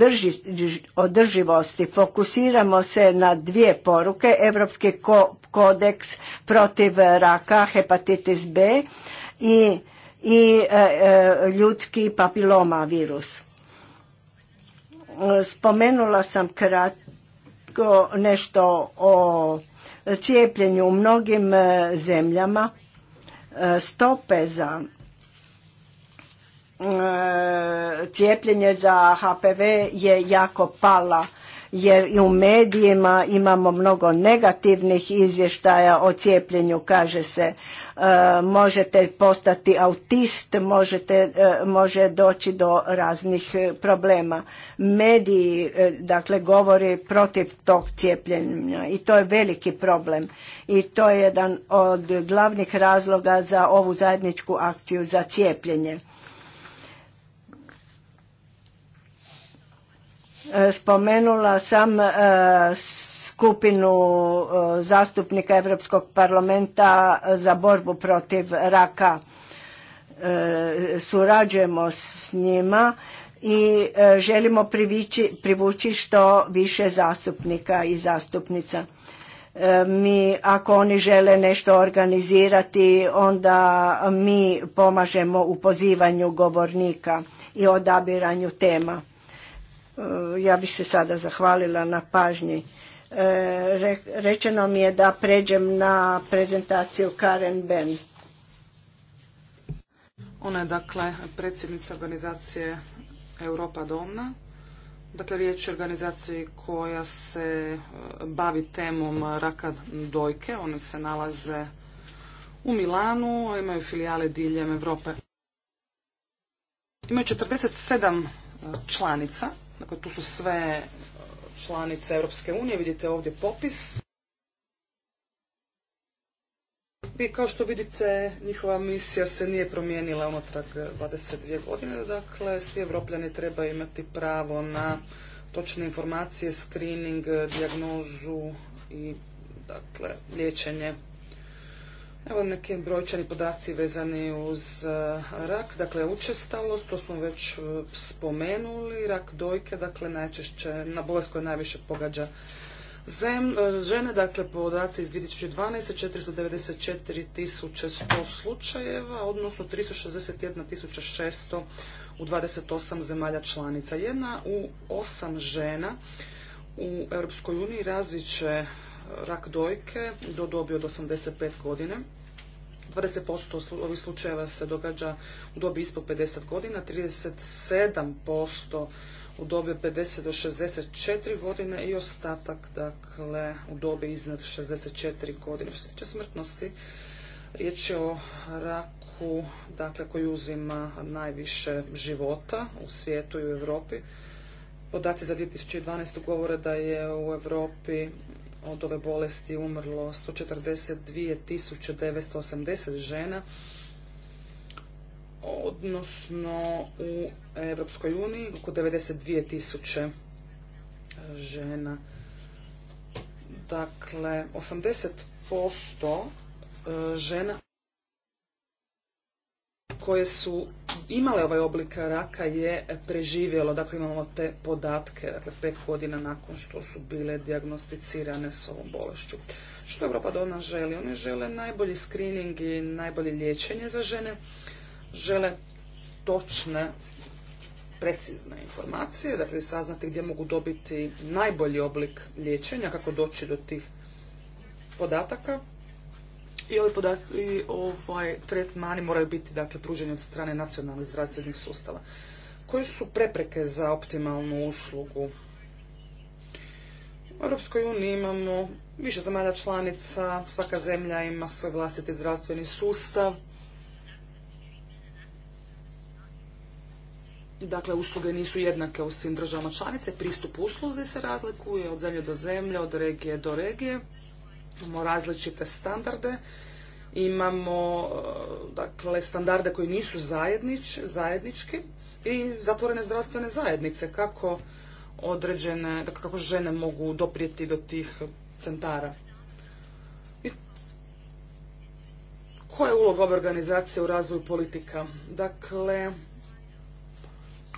održivosti. Fokusiramo se na dvije poruke. Europski kodeks protiv raka, hepatitis B i i e, e, ljudski papiloma virus. E, spomenula sam kratko nešto o cijepljenju u mnogim zemljama. Stope za cijepljenje za HPV je jako pala jer i u medijima imamo mnogo negativnih izvještaja o cijepljenju, kaže se e, možete postati autist, možete, e, može doći do raznih e, problema. Mediji dakle govori protiv tog cijepljenja i to je veliki problem i to je jedan od glavnih razloga za ovu zajedničku akciju za cijepljenje. E, spomenula sam e, skupinu e, zastupnika Europskog parlamenta za borbu protiv raka. Surađujemo s njima i želimo privući što više zastupnika i zastupnica. Mi, ako oni žele nešto organizirati, onda mi pomažemo u pozivanju govornika i odabiranju tema. E, ja bih se sada zahvalila na pažnji. E, rečeno mi je da pređem na prezentaciju Karen Ben. Ona je dakle predsjednica organizacije Europa Domna. Dakle, riječ je o organizaciji koja se e, bavi temom raka dojke. Oni se nalaze u Milanu, imaju filijale diljem Europe. Imaju 47 članica Dakle, tu su sve e, članice Europske unije, vidite ovdje popis. I kao što vidite, njihova misija se nije promijenila unatrag 22 e, godine, dakle svi evropljani treba imati pravo na točne informacije, screening, e, dijagnozu i dakle, liječenje Evo neki brojčani podaci vezani uz e, rak, dakle učestalost, to smo već e, spomenuli, rak dojke, dakle najčešće na bolest koja najviše pogađa e, žene, dakle podaci iz 2012. 494.100 slučajeva, odnosno 361.600 u 28 zemalja članica. Jedna u osam žena u Europskoj uniji rak dojke do dobi od 85 godine. 20% ovih slučajeva se događa u dobi ispod 50 godina, 37% u dobi 50 do 64 godine i ostatak dakle u dobi iznad 64 godine. Što se tiče smrtnosti, riječ je o raku dakle, koji uzima najviše života u svijetu i u Europi. Podaci za 2012. govore da je u Europi od ove bolesti umrlo 142.980 žena, odnosno u Europskoj uniji oko 92.000 e, žena. Dakle, 80% e, žena koje su imale ovaj oblik raka je preživjelo, dakle imamo te podatke, dakle pet godina nakon što su bile diagnosticirane s ovom bolešću. Što Europa do želi? One žele najbolji screening i najbolje liječenje za žene, žele točne, precizne informacije, dakle saznati gdje mogu dobiti najbolji oblik liječenja, kako doći do tih podataka, i ovi podatki, ovaj tretmani moraju biti dakle pruženi od strane nacionalnih zdravstvenih sustava. Koje su prepreke za optimalnu uslugu? U Europskoj imamo više zemalja članica, svaka zemlja ima svoj vlastiti zdravstveni sustav. Dakle, usluge nisu jednake u svim državama članice, pristup usluzi se razlikuje od zemlje do zemlje, od regije do regije. Imamo različite standarde, imamo e, dakle, standarde koji nisu zajednič, zajednički i zatvorene zdravstvene zajednice. Kako određene, dakle, kako žene mogu doprijeti do tih centara. I koja je uloga ove organizacije u razvoju politika? Dakle,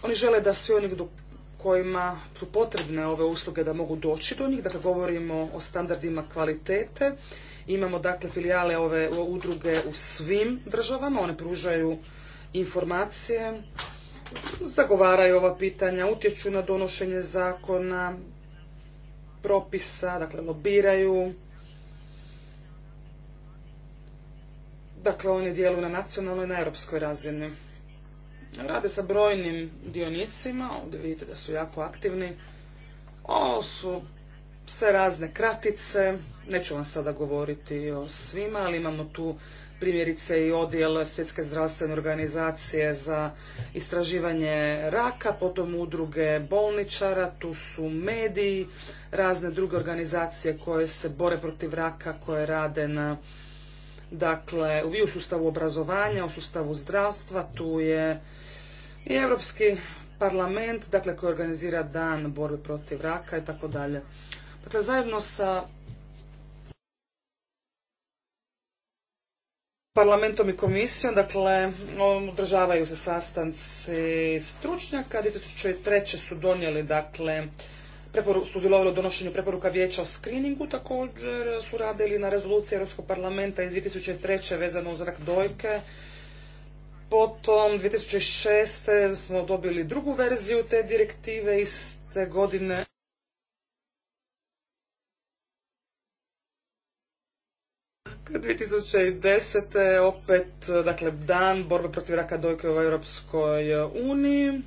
oni žele da svi oni do kojima su potrebne ove usluge da mogu doći do njih. Dakle, govorimo o standardima kvalitete. Imamo dakle filijale ove udruge u svim državama. One pružaju informacije, zagovaraju ova pitanja, utječu na donošenje zakona, propisa, dakle lobiraju. Dakle, oni djeluju na nacionalnoj i na europskoj razini. Rade sa brojnim dionicima, ovdje vidite da su jako aktivni. Ovo su sve razne kratice, neću vam sada govoriti o svima, ali imamo tu primjerice i odjel Svjetske zdravstvene organizacije za istraživanje raka, potom udruge bolničara, tu su mediji, razne druge organizacije koje se bore protiv raka, koje rade na Dakle, i u sustavu obrazovanja, u sustavu zdravstva, tu je i Europski parlament, dakle, koji organizira dan borbe protiv raka i tako dalje. Dakle, zajedno sa parlamentom i komisijom, dakle, održavaju se sastanci stručnjaka. 2003. su donijeli, dakle, sudjelovali u donošenju preporuka vijeća o screeningu, također su radili na rezoluciji Europskog parlamenta iz 2003. vezano uz rak dojke. Potom 2006. smo dobili drugu verziju te direktive iz te godine. 2010. opet, dakle, dan borbe protiv raka dojke u Europskoj uniji.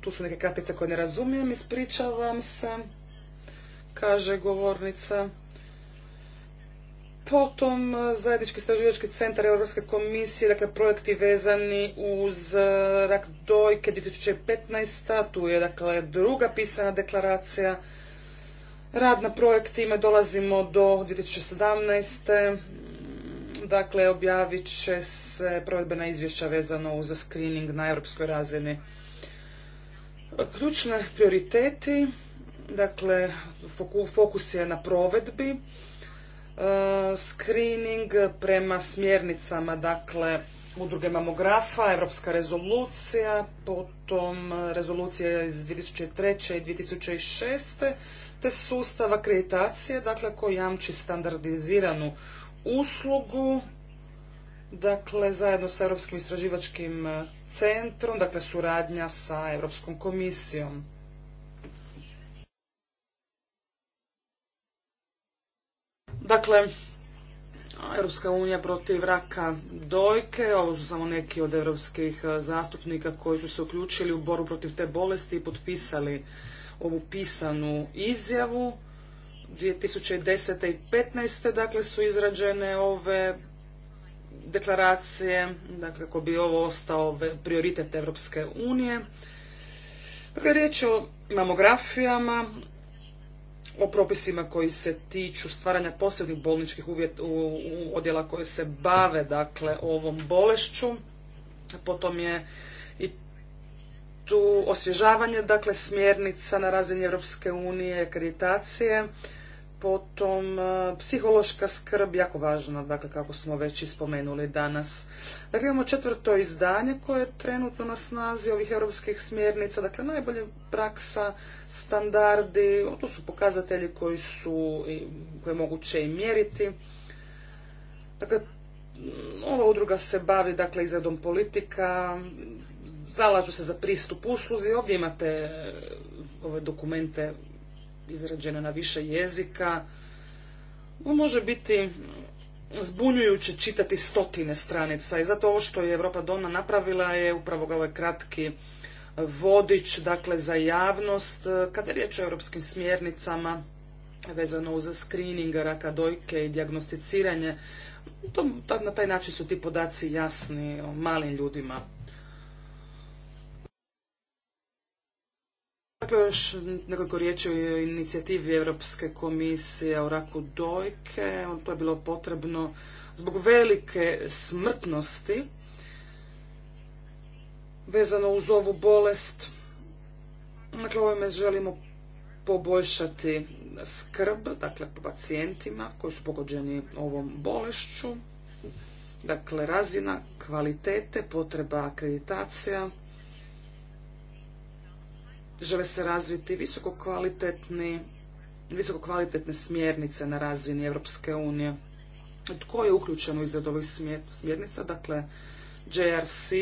Tu su neke kratice koje ne razumijem, ispričavam se, kaže govornica. Potom e, zajednički istraživački centar Europske komisije, dakle projekti vezani uz e, rak dojke 2015. Tu je dakle druga pisana deklaracija. Rad na projektima dolazimo do 2017. Dakle, objavit će se provedbena izvješća vezano uz screening na europskoj razini. Ključni prioriteti, dakle, fokus je na provedbi, e, screening prema smjernicama, dakle, udruge mamografa, Europska rezolucija, potom rezolucija iz 2003. i 2006. te sustav akreditacije, dakle, koji jamči standardiziranu uslugu dakle, zajedno sa Europskim istraživačkim e, centrom, dakle, suradnja sa Europskom komisijom. Dakle, Europska unija protiv raka dojke, ovo su samo neki od europskih e, zastupnika koji su se uključili u boru protiv te bolesti i potpisali ovu pisanu izjavu. 2010. i 2015. dakle su izrađene ove deklaracije, dakle kako bi ovo ostao prioritet Europske unije. Dakle, riječ o mamografijama, o propisima koji se tiču stvaranja posebnih bolničkih uvjeta u, odjela koje se bave dakle ovom bolešću. Potom je i tu osvježavanje dakle smjernica na razini Europske unije, akreditacije. Potom e, psihološka skrb, jako važna, dakle kako smo već spomenuli danas. Dakle imamo četvrto izdanje koje je trenutno na snazi ovih europskih smjernica, dakle najbolje praksa, standardi, to su pokazatelji koji su, koje je moguće i mjeriti. Dakle, ova udruga se bavi dakle izradom politika, zalažu se za pristup usluzi, ovdje imate e, ove dokumente izrađena na više jezika. Može biti zbunjujuće čitati stotine stranica i zato ovo što je Europa Dona napravila je upravo ga ovaj kratki vodič dakle za javnost e, kada je riječ o europskim smjernicama vezano uz screening raka dojke i dijagnosticiranje. na taj način su ti podaci jasni malim ljudima. Dakle, još nekoliko riječi o inicijativi Europske komisije o raku dojke. Ono, to je bilo potrebno zbog velike smrtnosti vezano uz ovu bolest. Dakle, ovime želimo poboljšati skrb, dakle, pacijentima koji su pogođeni ovom bolešću. Dakle, razina kvalitete, potreba akreditacija, žele se razviti visoko kvalitetne smjernice na razini Europske unije. Tko je uključen u izradu ovih smjernica? Dakle, JRC,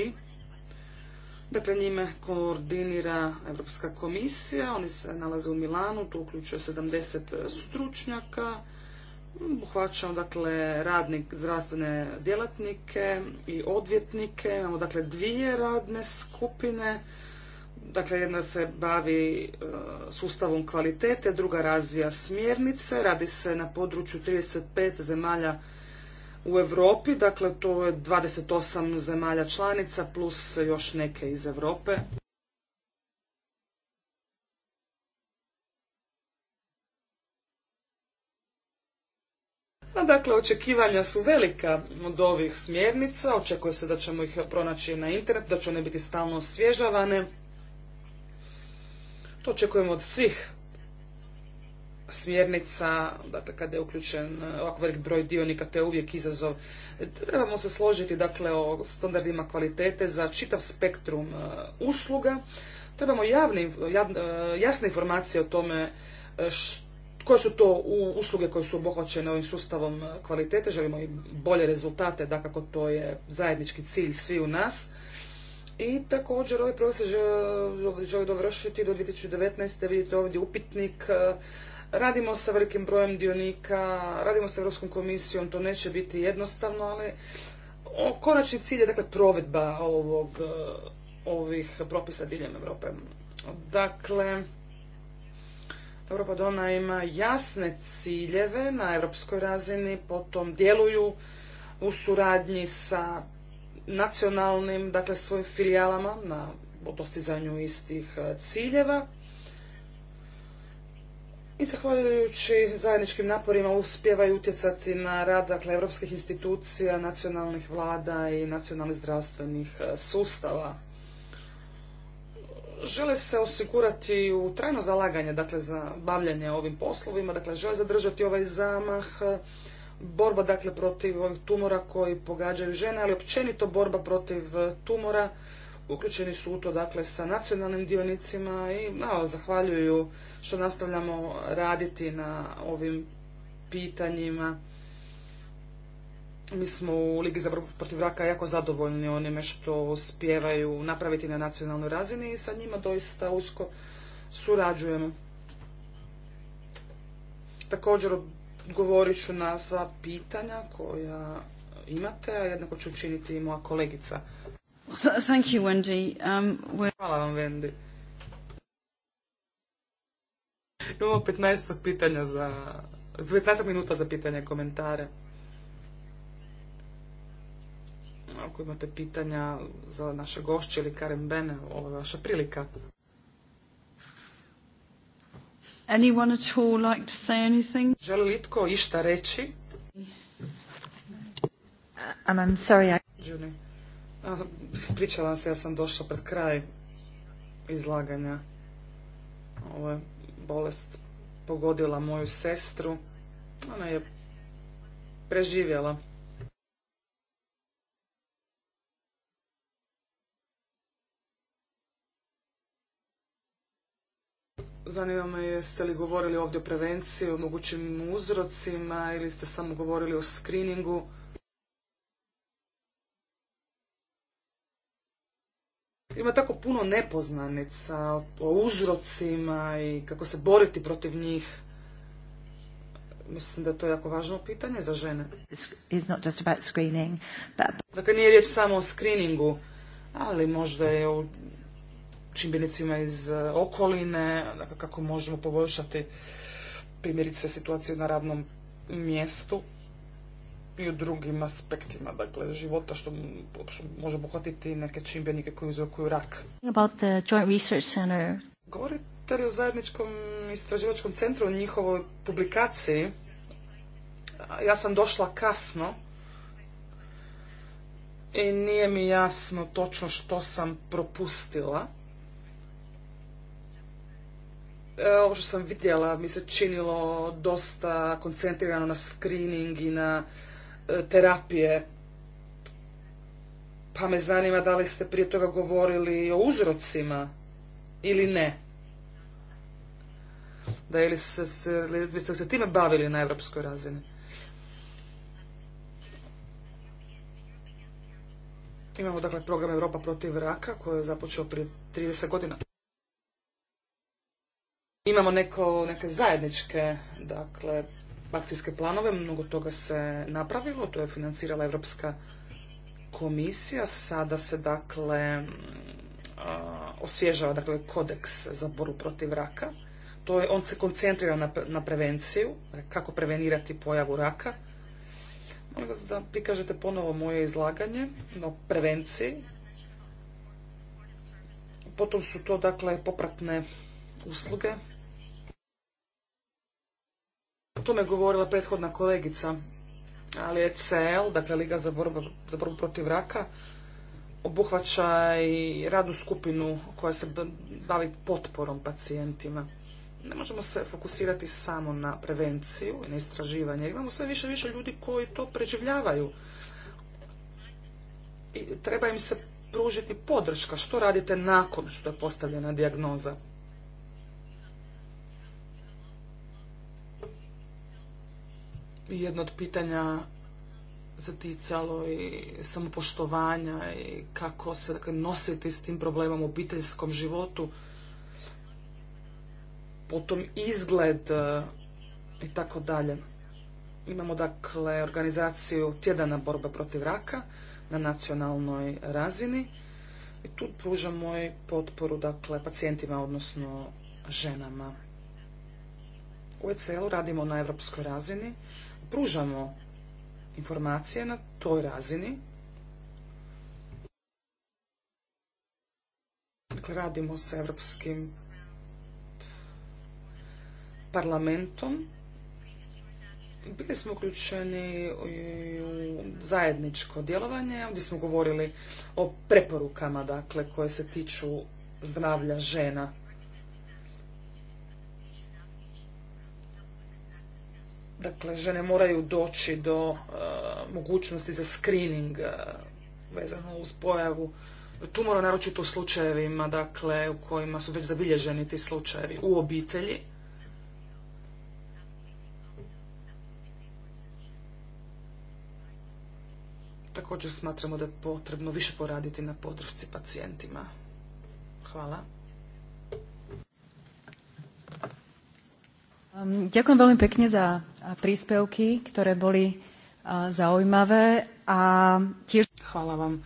dakle njime koordinira Europska komisija, oni se nalaze u Milanu, tu uključuje 70 stručnjaka, Uhvaćamo, dakle radnik, zdravstvene djelatnike i odvjetnike, imamo dakle dvije radne skupine, Dakle, jedna se bavi e, sustavom kvalitete, druga razvija smjernice, radi se na području 35 zemalja u Europi, dakle to je 28 zemalja članica plus još neke iz Europe. Dakle, očekivanja su velika od ovih smjernica, očekuje se da ćemo ih pronaći na internet, da će one biti stalno osvježavane to očekujemo od svih smjernica, dakle kada je uključen e, ovako velik broj dionika, to je uvijek izazov. E, trebamo se složiti dakle o standardima kvalitete za čitav spektrum e, usluga. Trebamo javni, jasne informacije o tome koje su to usluge koje su obuhvaćene ovim sustavom kvalitete. Želimo i bolje rezultate, dakako to je zajednički cilj svi u nas. I također ovaj proces želi dovršiti do 2019. Vidite ovdje upitnik. Radimo sa velikim brojem dionika, radimo sa Europskom komisijom, to neće biti jednostavno, ali konačni cilj je dakle provedba ovog, ovih propisa diljem Europe. Dakle, Europa Dona ima jasne ciljeve na europskoj razini, potom djeluju u suradnji sa nacionalnim, dakle svojim filijalama na dostizanju istih e, ciljeva. I zahvaljujući zajedničkim naporima uspjeva i utjecati na rad dakle, europskih institucija, nacionalnih vlada i nacionalnih zdravstvenih e, sustava. Žele se osigurati u trajno zalaganje dakle, za bavljanje ovim poslovima, dakle žele zadržati ovaj zamah borba dakle protiv ovih tumora koji pogađaju žene, ali općenito borba protiv e, tumora. Uključeni su u to dakle sa nacionalnim dionicima i malo zahvaljuju što nastavljamo raditi na ovim pitanjima. Mi smo u Ligi za borbu protiv raka jako zadovoljni onime što uspijevaju napraviti na nacionalnoj razini i sa njima doista usko surađujemo. Također odgovorit ću na sva pitanja koja imate, a jednako ću učiniti i moja kolegica. Thank you, um, Hvala vam, Wendy. Imamo 15 pitanja za... 15 minuta za pitanje i komentare. Ako imate pitanja za naše gošće ili Karen Bene, ovo je vaša prilika. Anyone at all like to Želi li tko išta reći? Uh, And Ispričavam se, ja sam došla pred kraj izlaganja. Ovo bolest pogodila moju sestru. Ona je preživjela. Zanima me jeste li govorili ovdje o prevenciji, o mogućim uzrocima ili ste samo govorili o screeningu. Ima tako puno nepoznanica o uzrocima i kako se boriti protiv njih. Mislim da je to jako važno pitanje za žene. Dakle, nije riječ samo o screeningu, ali možda je u čimbenicima iz e, okoline, dakle kako možemo poboljšati primjerice situaciju na radnom mjestu i u drugim aspektima dakle, života što, može obuhvatiti neke čimbenike koji uzrokuju rak. About the joint research center. Govorite li o zajedničkom istraživačkom centru, o njihovoj publikaciji? Ja sam došla kasno i nije mi jasno točno što sam propustila. E, ovo što sam vidjela mi se činilo dosta koncentrirano na screening i na e, terapije. Pa me zanima da li ste prije toga govorili o uzrocima ili ne. Da ili se, se, li ste se time bavili na europskoj razini? Imamo dakle program Europa protiv raka koji je započeo prije 30 godina imamo neko, neke zajedničke dakle, akcijske planove, mnogo toga se napravilo, to je financirala Europska komisija, sada se dakle osvježava dakle, kodeks za boru protiv raka. To je, on se koncentrira na, na prevenciju, dakle, kako prevenirati pojavu raka. Molim vas da prikažete ponovo moje izlaganje o prevenciji. Potom su to dakle popratne usluge, o tome je govorila prethodna kolegica, ali ECL, dakle Liga za borbu, protiv raka, obuhvaća i radnu skupinu koja se bavi potporom pacijentima. Ne možemo se fokusirati samo na prevenciju i na istraživanje. Imamo sve više i više ljudi koji to preživljavaju. I treba im se pružiti podrška. Što radite nakon što je postavljena dijagnoza? jedno od pitanja ticalo i samopoštovanja i kako se dakle, nositi s tim problemom u obiteljskom životu, potom izgled e, i tako dalje. Imamo dakle organizaciju tjedana borbe protiv raka na nacionalnoj razini i tu pružamo i potporu dakle pacijentima odnosno ženama. U ECL radimo na europskoj razini pružamo informacije na toj razini. Dakle, radimo sa Europskim parlamentom. Bili smo uključeni u zajedničko djelovanje, ovdje smo govorili o preporukama dakle, koje se tiču zdravlja žena. Dakle, žene moraju doći do uh, mogućnosti za screening uh, vezano uz pojavu tumora, naročito u slučajevima dakle, u kojima su već zabilježeni ti slučajevi u obitelji. Također smatramo da je potrebno više poraditi na podršci pacijentima. Hvala. Um, ďakujem veľmi pekne za príspevky, ktoré boli zaujímavé a tiež... vám.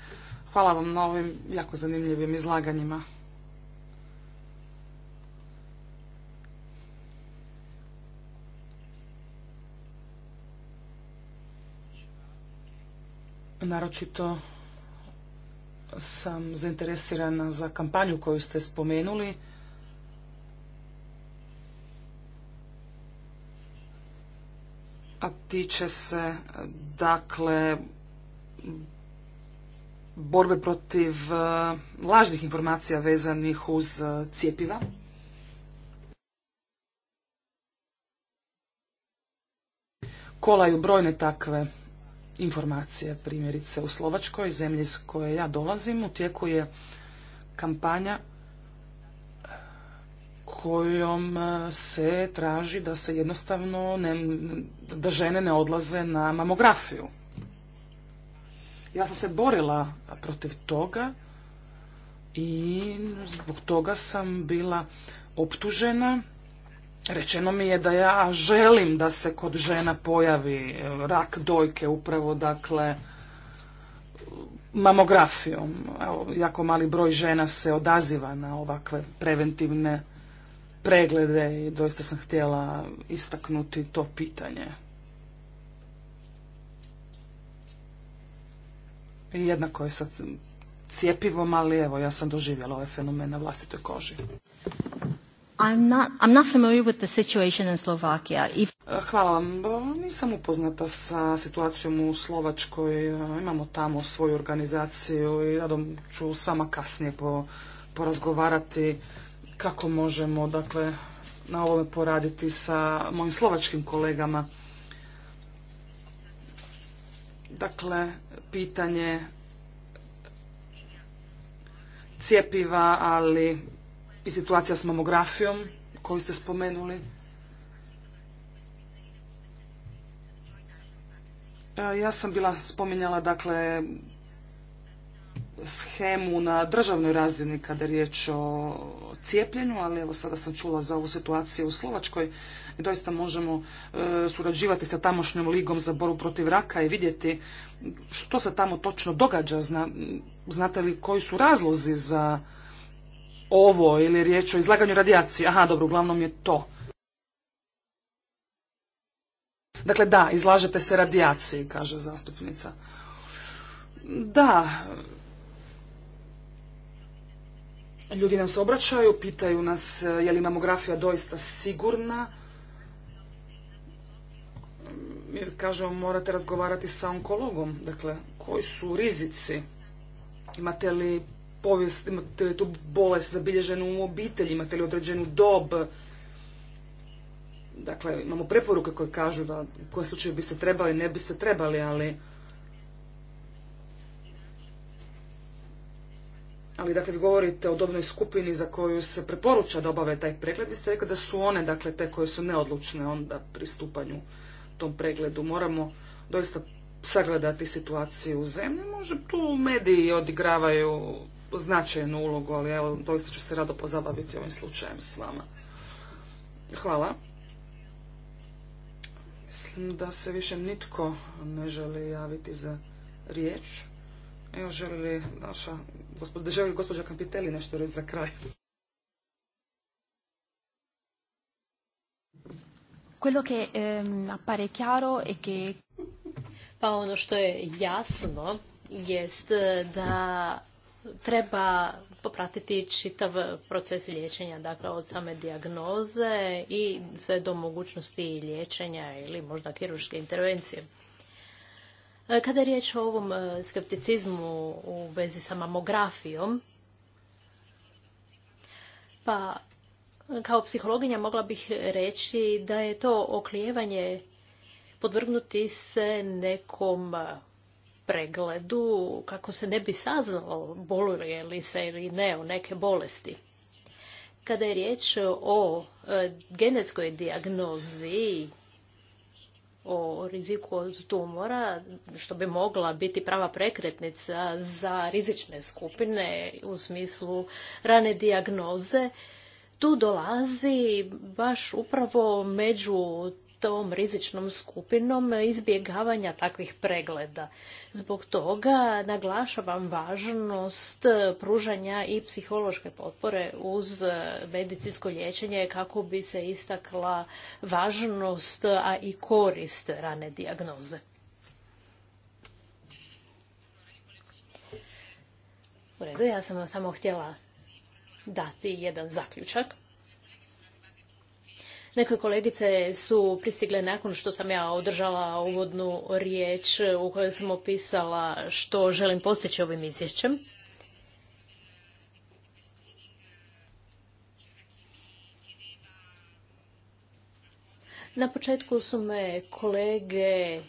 Hvala vam na ovim jako zanimljivim izlaganjima. Naročito sam zainteresirana za kampanju koju ste spomenuli. a tiče se dakle borbe protiv e, lažnih informacija vezanih uz e, cijepiva. Kolaju brojne takve informacije, primjerice u Slovačkoj, zemlji iz koje ja dolazim, u tijeku je kampanja kojom e, se traži da se jednostavno ne, da žene ne odlaze na mamografiju. Ja sam se borila protiv toga i zbog toga sam bila optužena. Rečeno mi je da ja želim da se kod žena pojavi e, rak dojke upravo dakle mamografijom. Evo, jako mali broj žena se odaziva na ovakve preventivne preglede i doista sam htjela istaknuti to pitanje. jednako je sa cijepivom, ali evo, ja sam doživjela ovaj fenomen na vlastitoj koži. I'm not, I'm Hvala vam. Nisam upoznata sa situacijom u Slovačkoj. Imamo tamo svoju organizaciju i radom ću s vama kasnije porazgovarati kako možemo dakle na ovome poraditi sa mojim slovačkim kolegama. Dakle, pitanje cijepiva, ali i situacija s mamografijom koju ste spomenuli. E, ja sam bila spominjala dakle schemu na državnoj razini kada je riječ o cijepljenju, ali evo sada sam čula za ovu situaciju u Slovačkoj i doista možemo e, surađivati sa tamošnjom ligom za boru protiv raka i vidjeti što se tamo točno događa. znate li koji su razlozi za ovo ili je riječ o izlaganju radijacije? Aha, dobro, uglavnom je to. Dakle, da, izlažete se radijaciji, kaže zastupnica. Da, Ljudi nam se obraćaju, pitaju nas e, je li mamografija doista sigurna. Mi mm, kažemo morate razgovarati sa onkologom. Dakle, koji su rizici? Imate li povijest, imate li tu bolest zabilježenu u obitelji, imate li određenu dob? Dakle, imamo preporuke koje kažu da u kojem slučaju biste trebali, ne biste trebali, ali ali dakle vi govorite o dobnoj skupini za koju se preporuča da obave taj pregled, vi ste rekli da su one dakle te koje su neodlučne onda pristupanju tom pregledu. Moramo doista sagledati situaciju u zemlji. Može tu mediji odigravaju značajnu ulogu, ali evo doista ću se rado pozabaviti ovim slučajem s vama. Hvala. Mislim da se više nitko ne želi javiti za riječ. Evo, želi li naša, gospođa, želi li gospođa Kampiteli nešto reći za kraj? Quello che ehm, appare chiaro è che... Pa ono što je jasno jest eh, da treba popratiti čitav proces liječenja, dakle od same dijagnoze i sve do mogućnosti liječenja ili možda kirurške intervencije. E, kada je riječ o ovom e, skepticizmu u vezi sa mamografijom, pa kao psihologinja mogla bih reći da je to oklijevanje podvrgnuti se nekom pregledu kako se ne bi saznalo boluje li se ili ne o neke bolesti. Kada je riječ o e, genetskoj dijagnozi o riziku od tumora, što bi mogla biti prava prekretnica za rizične skupine u smislu rane dijagnoze, tu dolazi baš upravo među tom rizičnom skupinom izbjegavanja takvih pregleda. Zbog toga naglašavam važnost pružanja i psihološke potpore uz medicinsko liječenje kako bi se istakla važnost, a i korist rane dijagnoze. U redu, ja sam vam samo htjela dati jedan zaključak. Neke kolegice su pristigle nakon što sam ja održala uvodnu riječ u kojoj sam opisala što želim postići ovim izvješćem. Na početku su me kolege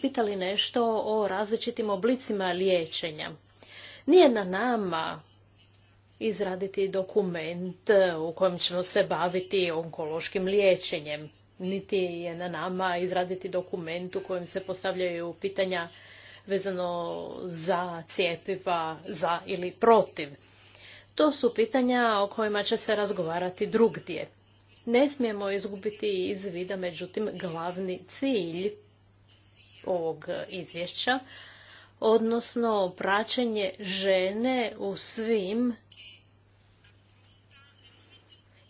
pitali nešto o različitim oblicima liječenja. Nije na nama izraditi dokument u kojem ćemo se baviti onkološkim liječenjem. Niti je na nama izraditi dokument u kojem se postavljaju pitanja vezano za cijepiva, za ili protiv. To su pitanja o kojima će se razgovarati drugdje. Ne smijemo izgubiti iz vida, međutim, glavni cilj ovog izvješća, odnosno praćenje žene u svim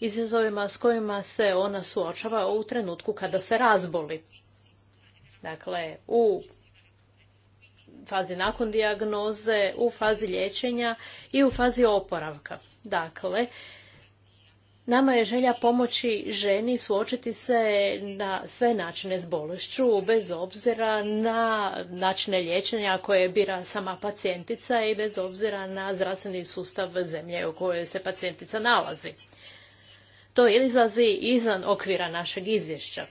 izazovima s kojima se ona suočava u trenutku kada se razboli. Dakle, u fazi nakon dijagnoze, u fazi liječenja i u fazi oporavka. Dakle, Nama je želja pomoći ženi suočiti se na sve načine s bolešću, bez obzira na načine liječenja koje bira sama pacijentica i bez obzira na zdravstveni sustav zemlje u kojoj se pacijentica nalazi. To izlazi izvan okvira našeg izvješća.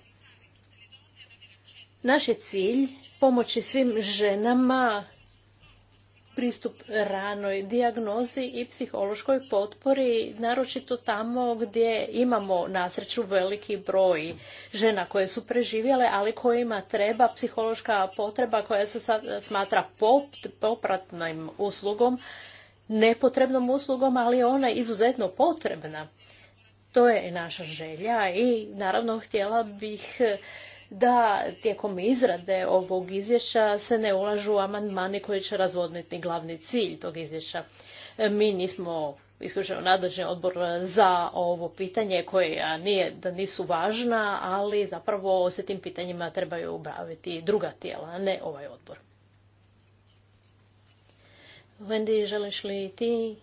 Naš je cilj pomoći svim ženama pristup ranoj dijagnozi i psihološkoj potpori, naročito tamo gdje imamo nasreću veliki broj žena koje su preživjele, ali kojima treba psihološka potreba koja se smatra popratnim uslugom, nepotrebnom uslugom, ali ona je izuzetno potrebna. To je naša želja i naravno htjela bih da tijekom izrade ovog izvješća se ne ulažu amandmani koji će razvodniti glavni cilj tog izvješća. E, mi nismo isključivo nadležni odbor za ovo pitanje koje nije da nisu važna, ali zapravo se tim pitanjima trebaju baviti druga tijela, a ne ovaj odbor. Wendy, želiš li ti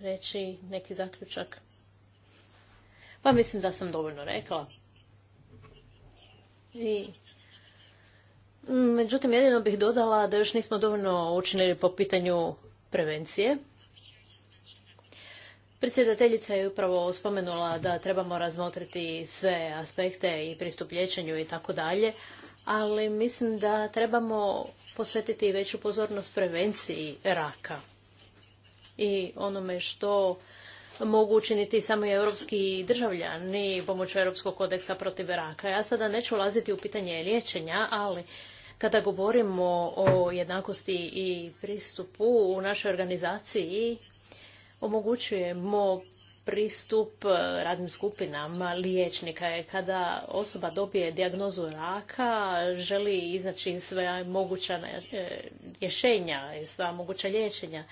reći neki zaključak? Pa mislim da sam dovoljno rekla. I mm, Međutim, jedino bih dodala da još nismo dovoljno učinili po pitanju prevencije. Predsjedateljica je upravo spomenula da trebamo razmotriti sve aspekte i pristup liječenju i tako dalje, ali mislim da trebamo posvetiti veću pozornost prevenciji raka i onome što mogu učiniti samo europski državljani pomoću Europskog kodeksa protiv raka. Ja sada neću ulaziti u pitanje liječenja, ali kada govorimo o jednakosti i pristupu u našoj organizaciji, omogućujemo pristup radnim skupinama liječnika je kada osoba dobije dijagnozu raka, želi iznaći sve moguća e, rješenja i sva moguća liječenja.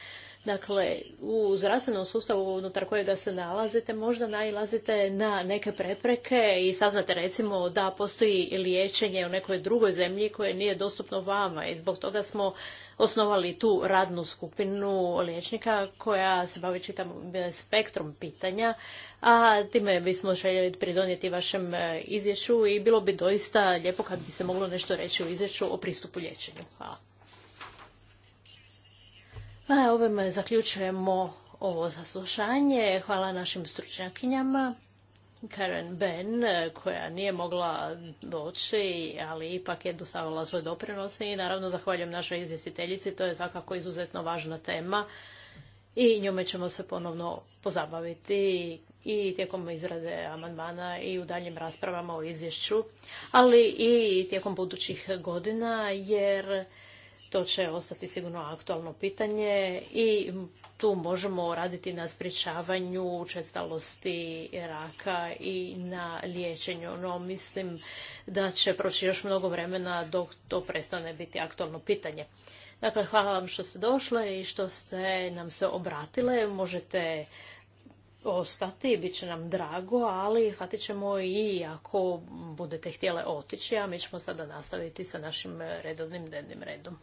Dakle, u zdravstvenom sustavu unutar kojega se nalazite možda najlazite na neke prepreke i saznate recimo da postoji liječenje u nekoj drugoj zemlji koje nije dostupno vama i zbog toga smo osnovali tu radnu skupinu liječnika koja se bavi čitam spektrom pitanja, a time bismo željeli pridonijeti vašem e, izvješću i bilo bi doista lijepo kad bi se moglo nešto reći u izvješću o pristupu liječenju. Hvala. Pa ovime zaključujemo ovo zaslušanje. Hvala našim stručnjakinjama. Karen Ben, koja nije mogla doći, ali ipak je dostavila svoje doprinose i naravno zahvaljujem našoj izvjestiteljici, to je svakako izuzetno važna tema i njome ćemo se ponovno pozabaviti i tijekom izrade amandmana i u daljim raspravama o izvješću, ali i tijekom budućih godina, jer to će ostati sigurno aktualno pitanje i tu možemo raditi na spričavanju učestalosti raka i na liječenju. No, mislim da će proći još mnogo vremena dok to prestane biti aktualno pitanje. Dakle, hvala vam što ste došle i što ste nam se obratile. Možete ostati, bit će nam drago, ali shvatit ćemo i ako budete htjele otići, a mi ćemo sada nastaviti sa našim redovnim dnevnim redom.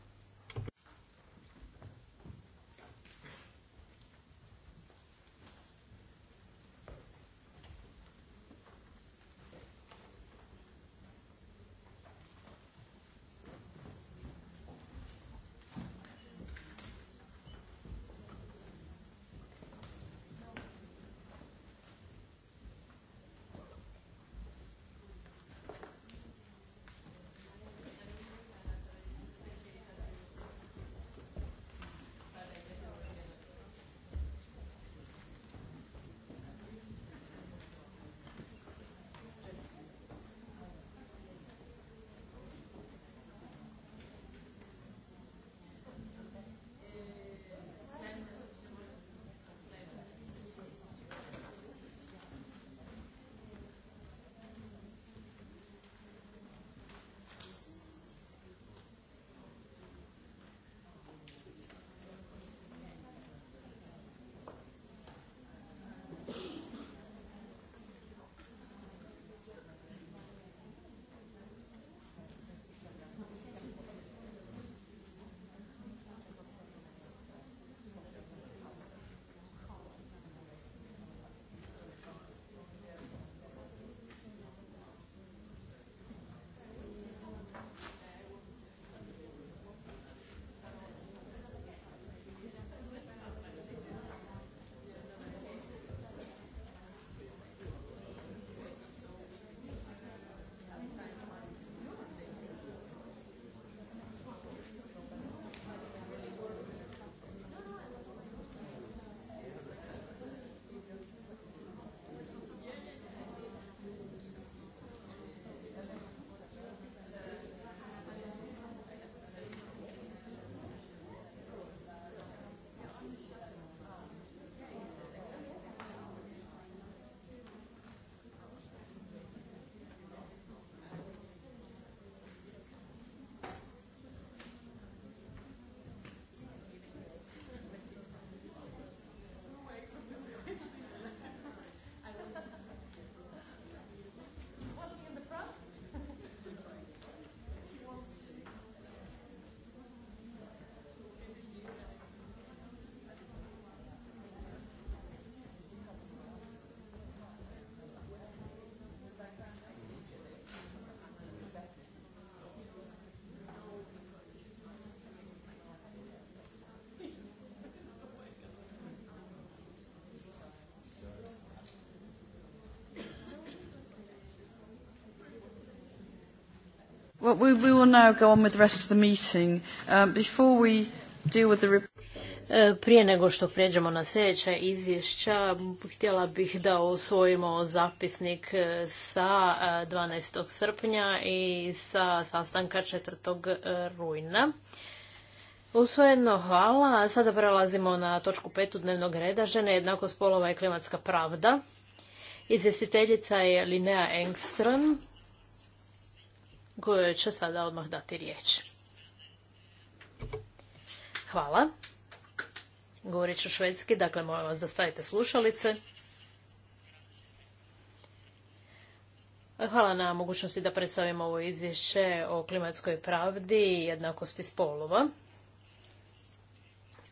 prije nego što pređemo na sljedeća izvješća, htjela bih da osvojimo zapisnik e, sa 12. E, srpnja i sa sastanka 4. E, rujna. Usvojeno, hvala. Sada prelazimo na točku petu dnevnog reda, žene jednako spolova i klimatska pravda. Izvjestiteljica je Linea Engström kojoj će sada odmah dati riječ. Hvala. Govorit ću švedski, dakle molim vas da stavite slušalice. Hvala na mogućnosti da predstavimo ovo izvješće o klimatskoj pravdi i jednakosti spolova.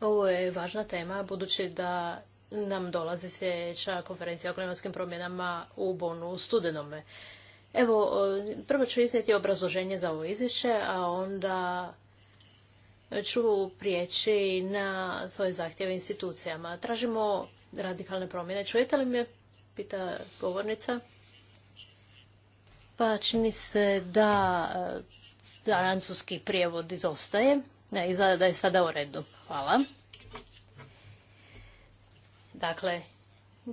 Ovo je važna tema budući da nam dolazi sljedeća konferencija o klimatskim promjenama u Bonu u studenome. Evo, prvo ću iznijeti obrazloženje za ovo izvješće, a onda ću prijeći na svoje zahtjeve institucijama. Tražimo radikalne promjene. Čujete li me? Pita govornica. Pa čini se da e, francuski prijevod izostaje. Ne, izgleda da je sada u redu. Hvala. Dakle,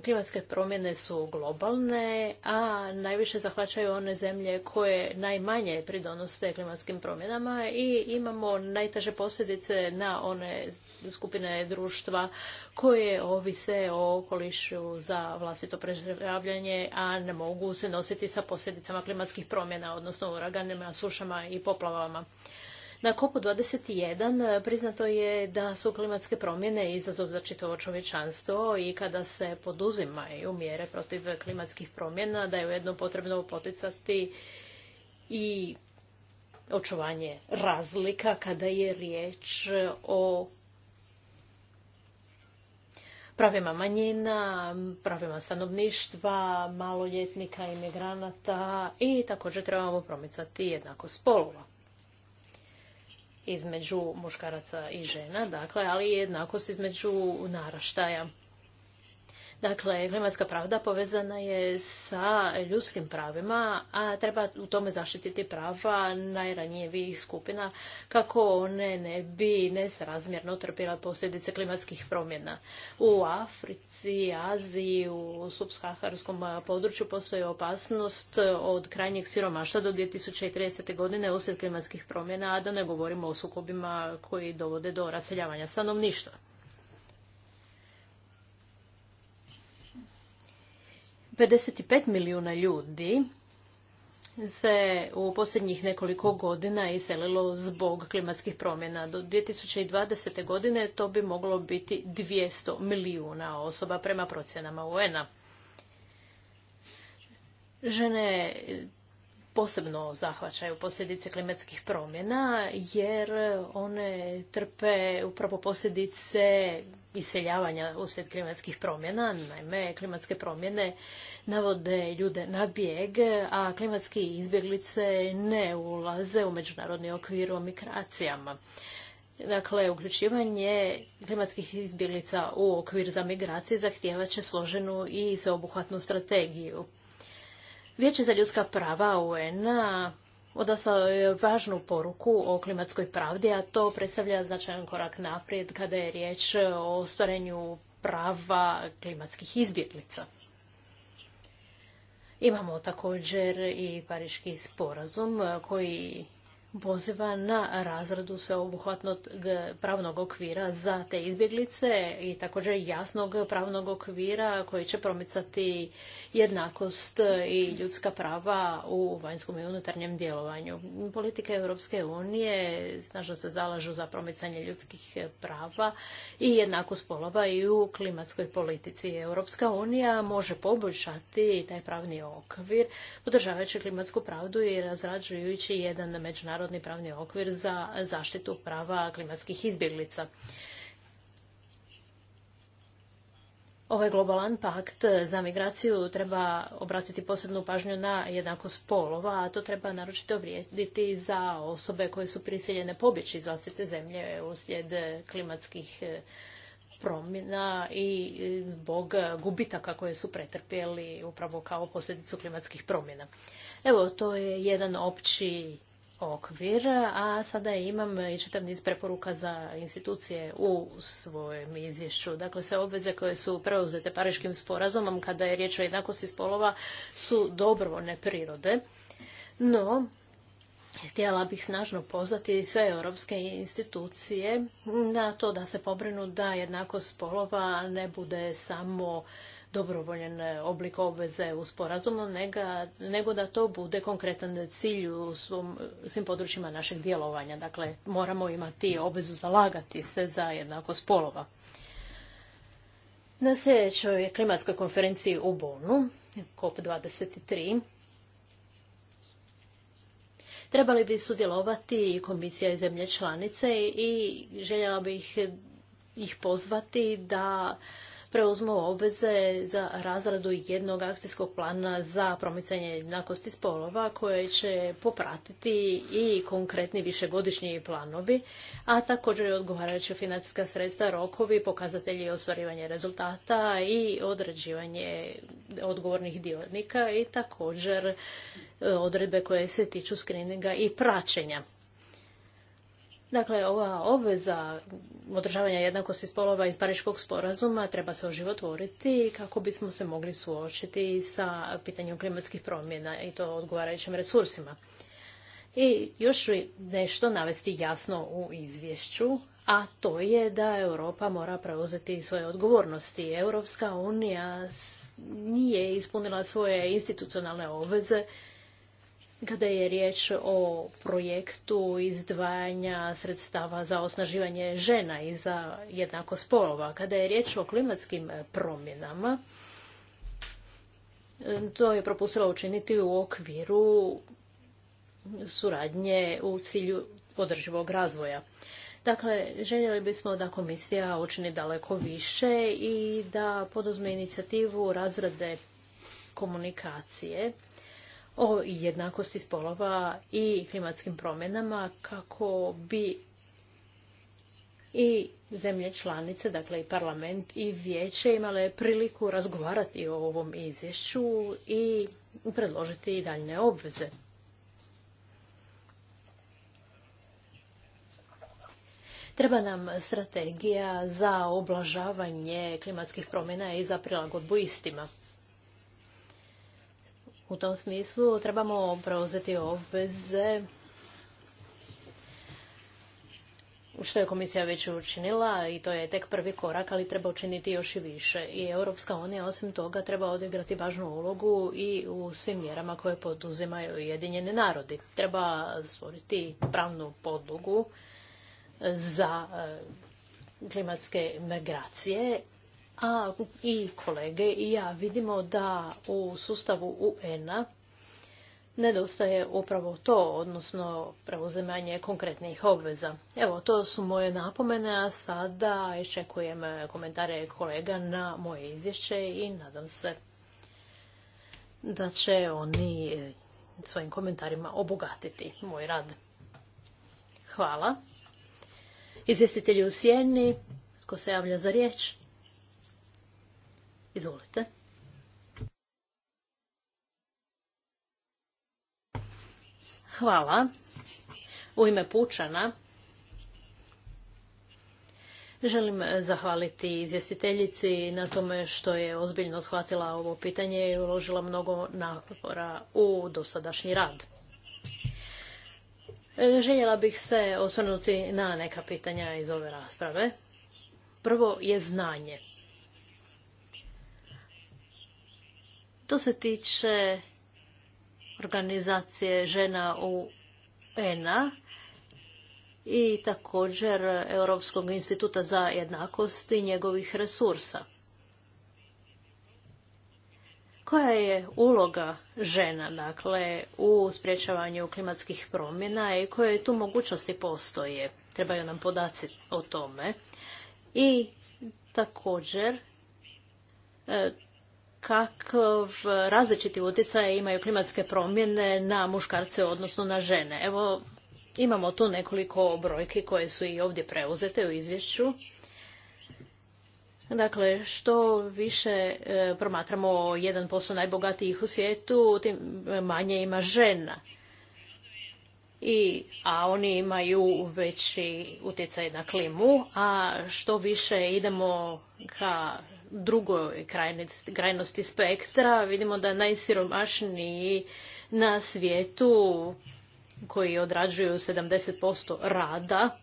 Klimatske promjene su globalne, a najviše zahvaćaju one zemlje koje najmanje pridonose klimatskim promjenama i imamo najteže posljedice na one skupine društva koje ovise o okolišu za vlastito preživljavanje, a ne mogu se nositi sa posljedicama klimatskih promjena, odnosno uraganima, sušama i poplavama. Na kopu 21 eh, priznato je da su klimatske promjene izazov za čitavo čovječanstvo i kada se poduzimaju mjere protiv klimatskih promjena da je ujedno potrebno poticati i očuvanje razlika kada je riječ o pravima manjina, pravima stanovništva, maloljetnika, imigranata i također trebamo promicati jednako spolova između muškaraca i žena, dakle, ali i jednakost između naraštaja. Dakle, klimatska pravda povezana je sa ljudskim pravima, a treba u tome zaštititi prava najranjivijih skupina kako one ne bi nesrazmjerno trpile posljedice klimatskih promjena. U Africi, Aziji, u subsaharskom području postoji opasnost od krajnjeg siromaštva do 2030. godine uslijed klimatskih promjena, a da ne govorimo o sukobima koji dovode do raseljavanja stanovništva. 55 milijuna ljudi se u posljednjih nekoliko godina iselilo zbog klimatskih promjena. Do 2020. godine to bi moglo biti 200 milijuna osoba prema procjenama UN-a. Žene posebno zahvaćaju posljedice klimatskih promjena jer one trpe upravo posljedice iseljavanja uslijed klimatskih promjena. Naime, klimatske promjene navode ljude na bijeg, a klimatske izbjeglice ne ulaze u međunarodni okvir o migracijama. Dakle, uključivanje klimatskih izbjeglica u okvir za migracije zahtijevat će složenu i zaobuhvatnu strategiju. Vijeće za ljudska prava UN-a odaslao je važnu poruku o klimatskoj pravdi, a to predstavlja značajan korak naprijed kada je riječ o ostvarenju prava klimatskih izbjeglica. Imamo također i Pariški sporazum koji poziva na razradu sveobuhvatnog pravnog okvira za te izbjeglice i također jasnog pravnog okvira koji će promicati jednakost i ljudska prava u vanjskom i unutarnjem djelovanju. Politike Europske unije snažno se zalažu za promicanje ljudskih prava i jednakost spolova i u klimatskoj politici. Europska unija može poboljšati taj pravni okvir podržavajući klimatsku pravdu i razrađujući jedan međunarodni međunarodni pravni okvir za zaštitu prava klimatskih izbjeglica. Ovaj globalan pakt za migraciju treba obratiti posebnu pažnju na jednakost spolova, a to treba naročito vrijediti za osobe koje su prisiljene pobjeći iz vlastite zemlje uslijed klimatskih e, promjena i e, zbog gubitaka koje su pretrpjeli upravo kao posljedicu klimatskih promjena. Evo, to je jedan opći okvir, a sada imam i čitav niz preporuka za institucije u svojem izvješću. Dakle, sve obveze koje su preuzete Pariškim sporazumom kada je riječ o jednakosti spolova su dobrovoljne prirode, no Htjela bih snažno pozvati sve europske institucije na to da se pobrinu da jednakost spolova ne bude samo dobrovoljen eh, oblik obveze u sporazumu, nego da to bude konkretan cilj u svim područjima našeg djelovanja. Dakle, moramo imati obvezu zalagati se za jednakost spolova. Na sljedećoj klimatskoj konferenciji u Bonu, COP23, trebali bi sudjelovati i komisija i zemlje članice i željela bih ih pozvati da preuzmu obveze za razradu jednog akcijskog plana za promicanje jednakosti spolova koje će popratiti i konkretni višegodišnji planovi, a također i odgovarajuća financijska sredstva, rokovi, pokazatelji ostvarivanja rezultata i određivanje odgovornih dionika i također e, odredbe koje se tiču skrininga i praćenja. Dakle, ova obveza održavanja jednakosti spolova iz Pariškog sporazuma treba se oživotvoriti kako bismo se mogli suočiti sa pitanjem klimatskih promjena i to odgovarajućim resursima. I još nešto navesti jasno u izvješću, a to je da Europa mora preuzeti svoje odgovornosti. Europska unija nije ispunila svoje institucionalne obveze kada je riječ o projektu izdvajanja sredstava za osnaživanje žena i za jednako spolova. Kada je riječ o klimatskim promjenama, to je propustila učiniti u okviru suradnje u cilju održivog razvoja. Dakle, željeli bismo da komisija učini daleko više i da poduzme inicijativu razrade komunikacije o jednakosti spolova i klimatskim promjenama kako bi i zemlje članice, dakle i parlament i vijeće imale priliku razgovarati o ovom izvješću i predložiti i daljne obveze. Treba nam strategija za oblažavanje klimatskih promjena i za prilagodbu istima. U tom smislu trebamo preuzeti obveze što je komisija već učinila i to je tek prvi korak, ali treba učiniti još i više. I Europska unija osim toga treba odigrati važnu ulogu i u svim mjerama koje poduzimaju jedinjeni narodi. Treba stvoriti pravnu podlogu za e, klimatske migracije a i kolege i ja vidimo da u sustavu UN-a nedostaje upravo to, odnosno preuzimanje konkretnih obveza. Evo, to su moje napomene, a sada iščekujem komentare kolega na moje izvješće i nadam se da će oni e, svojim komentarima obogatiti moj rad. Hvala. Izvjestitelji u sjeni, tko se javlja za riječ? Izvolite. Hvala. U ime Pučana želim zahvaliti izvjestiteljici na tome što je ozbiljno shvatila ovo pitanje i uložila mnogo napora u dosadašnji rad. Željela bih se osvrnuti na neka pitanja iz ove rasprave. Prvo je znanje. To se tiče organizacije žena u ENA i također Europskog instituta za jednakost i njegovih resursa. Koja je uloga žena dakle, u sprječavanju klimatskih promjena i koje tu mogućnosti postoje? Trebaju nam podaci o tome. I također e, kakav različiti utjecaj imaju klimatske promjene na muškarce, odnosno na žene. Evo, imamo tu nekoliko brojki koje su i ovdje preuzete u izvješću. Dakle, što više e, promatramo 1% najbogatijih u svijetu, tim manje ima žena. I, a oni imaju veći utjecaj na klimu, a što više idemo ka drugoj krajnosti spektra. Vidimo da najsiromašniji na svijetu koji odrađuju 70% rada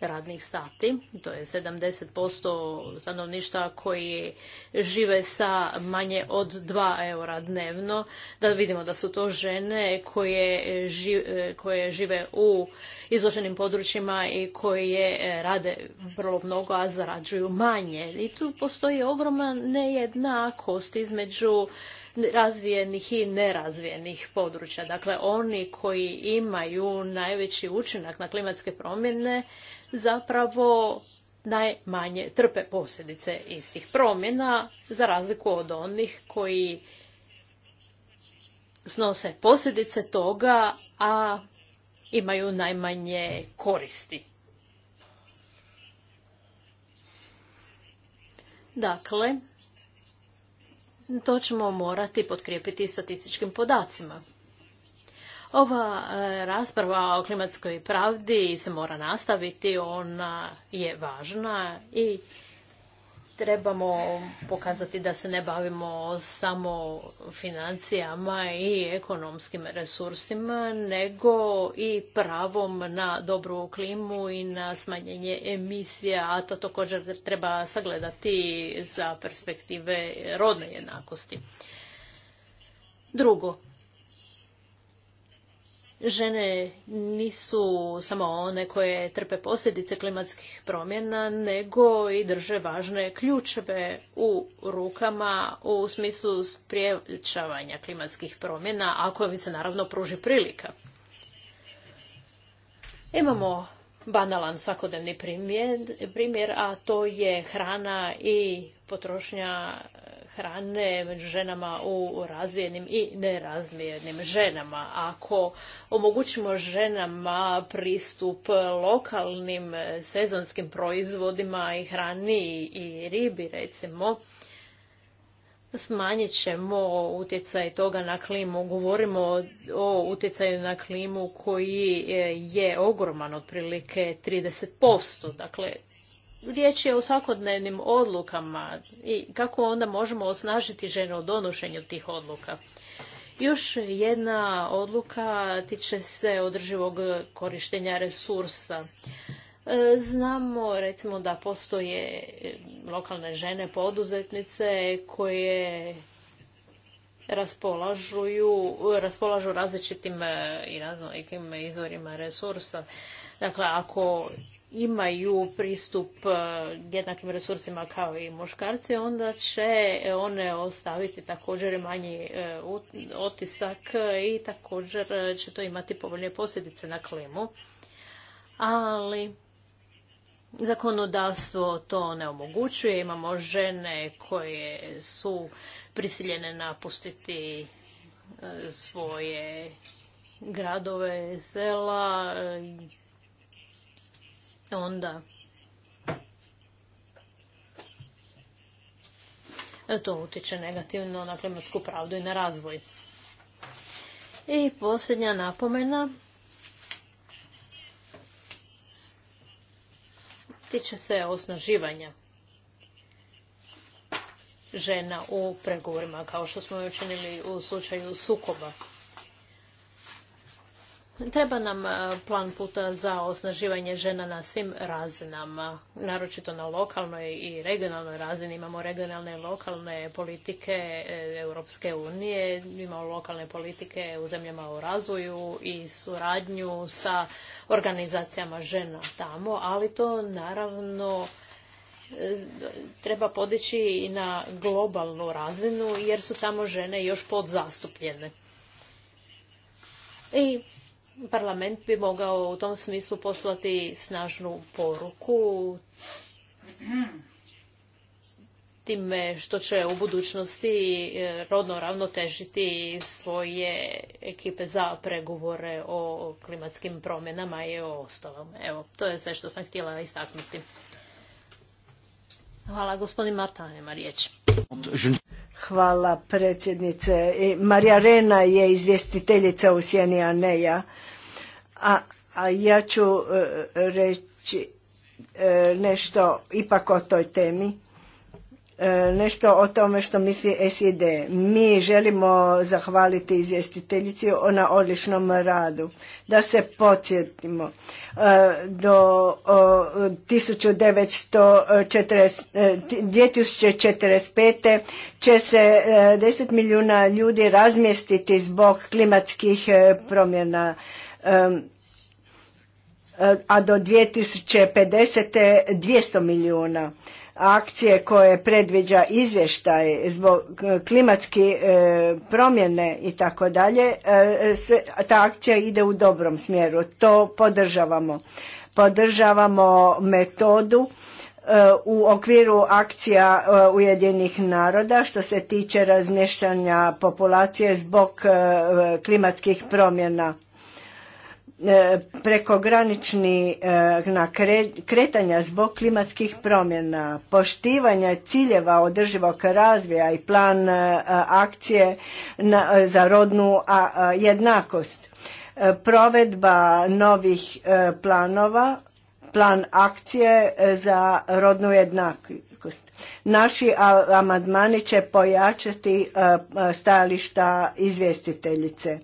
radnih sati, to je 70% stanovništva koji žive sa manje od 2 eura dnevno. Da vidimo da su to žene koje, žive, koje žive u izloženim područjima i koje e, rade vrlo mnogo, a zarađuju manje. I tu postoji ogromna nejednakost između razvijenih i nerazvijenih područja. Dakle, oni koji imaju najveći učinak na klimatske promjene zapravo najmanje trpe posljedice istih promjena, za razliku od onih koji snose posljedice toga, a imaju najmanje koristi. Dakle, to ćemo morati potkrijepiti statističkim podacima. Ova e, rasprava o klimatskoj pravdi se mora nastaviti, ona je važna i trebamo pokazati da se ne bavimo samo financijama i ekonomskim resursima, nego i pravom na dobru klimu i na smanjenje emisija, a to također treba sagledati za perspektive rodne jednakosti. Drugo, žene nisu samo one koje trpe posljedice klimatskih promjena, nego i drže važne ključeve u rukama u smislu spriječavanja klimatskih promjena, ako im se naravno pruži prilika. Imamo banalan svakodnevni primjer a to je hrana i potrošnja hrane među ženama u razvijenim i nerazvijenim ženama. Ako omogućimo ženama pristup lokalnim sezonskim proizvodima i hrani i ribi recimo, smanjit ćemo utjecaj toga na klimu. Govorimo o utjecaju na klimu koji je ogroman, otprilike 30%. Dakle, riječ je o svakodnevnim odlukama i kako onda možemo osnažiti žene u donošenju tih odluka. Još jedna odluka tiče se održivog korištenja resursa. E, znamo recimo da postoje lokalne žene poduzetnice koje raspolažu različitim e, i raznolikim izvorima resursa. Dakle, ako imaju pristup e, jednakim resursima kao i muškarci, onda će one ostaviti također manji e, otisak i također će to imati povoljne posljedice na klimu. Ali zakonodavstvo to ne omogućuje. Imamo žene koje su prisiljene napustiti e, svoje gradove, sela, onda to utječe negativno na klimatsku pravdu i na razvoj. I posljednja napomena tiče se osnaživanja žena u pregovorima, kao što smo učinili u slučaju sukoba. Treba nam e, plan puta za osnaživanje žena na svim razinama, naročito na lokalnoj i regionalnoj razini. Imamo regionalne i lokalne politike e, Europske unije, imamo lokalne politike u zemljama u razvoju i suradnju sa organizacijama žena tamo, ali to naravno e, treba podići i na globalnu razinu jer su tamo žene još podzastupljene. I parlament bi mogao u tom smislu poslati snažnu poruku time što će u budućnosti e, rodno ravnotežiti svoje ekipe za pregovore o klimatskim promjenama i o ostalom. Evo, to je sve što sam htjela istaknuti. Hvala, gospodin Marta, nema riječ. Hvala predsjednice. Marija Rena je izvjestiteljica u Sjeni, a a ja ću e, reći e, nešto ipak o toj temi. E, nešto o tome što misli SID. Mi želimo zahvaliti izvjestiteljici na odličnom radu. Da se podsjetimo, e, do 2045. E, će se 10 milijuna ljudi razmjestiti zbog klimatskih promjena a do 2050. 200 milijuna akcije koje predviđa izvještaj zbog e, klimatske e, promjene i tako dalje, e, ta akcija ide u dobrom smjeru. To podržavamo. Podržavamo metodu u okviru akcija Ujedinjenih naroda što se tiče razmještanja populacije zbog klimatskih promjena E, prekogranični e, kretanja zbog klimatskih promjena, poštivanja ciljeva održivog razvoja i plan e, akcije za rodnu jednakost, provedba novih planova, plan akcije za rodnu jednakost. Naši amandmani će pojačati stajališta izvjestiteljice.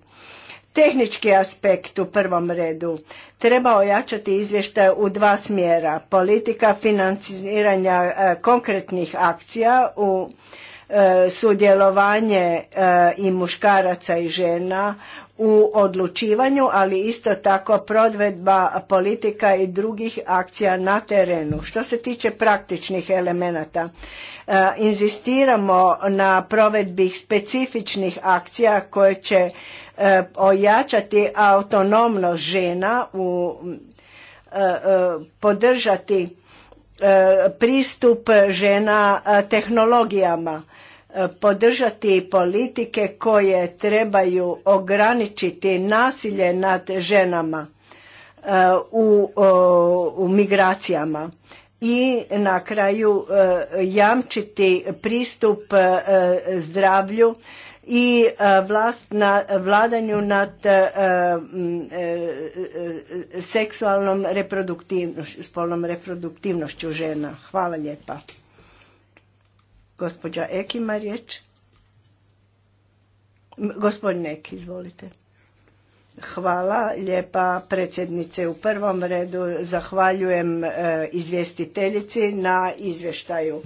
Tehnički aspekt u prvom redu. Treba ojačati izvještaj u dva smjera. Politika financiranja e, konkretnih akcija u e, sudjelovanje e, i muškaraca i žena u odlučivanju, ali isto tako prodvedba politika i drugih akcija na terenu. Što se tiče praktičnih elemenata, inzistiramo na provedbi specifičnih akcija koje će E, ojačati autonomnost žena u e, e, podržati pristup žena tehnologijama podržati politike koje trebaju ograničiti nasilje nad ženama u, u migracijama i na kraju jamčiti pristup zdravlju i e, vlast na vladanju nad e, e, seksualnom reproduktivnošću, spolnom reproduktivnošću žena. Hvala lijepa. Gospođa Ek ima riječ. Gospodin Ek, izvolite. Hvala lijepa predsjednice. U prvom redu zahvaljujem izvjestiteljici na izvještaju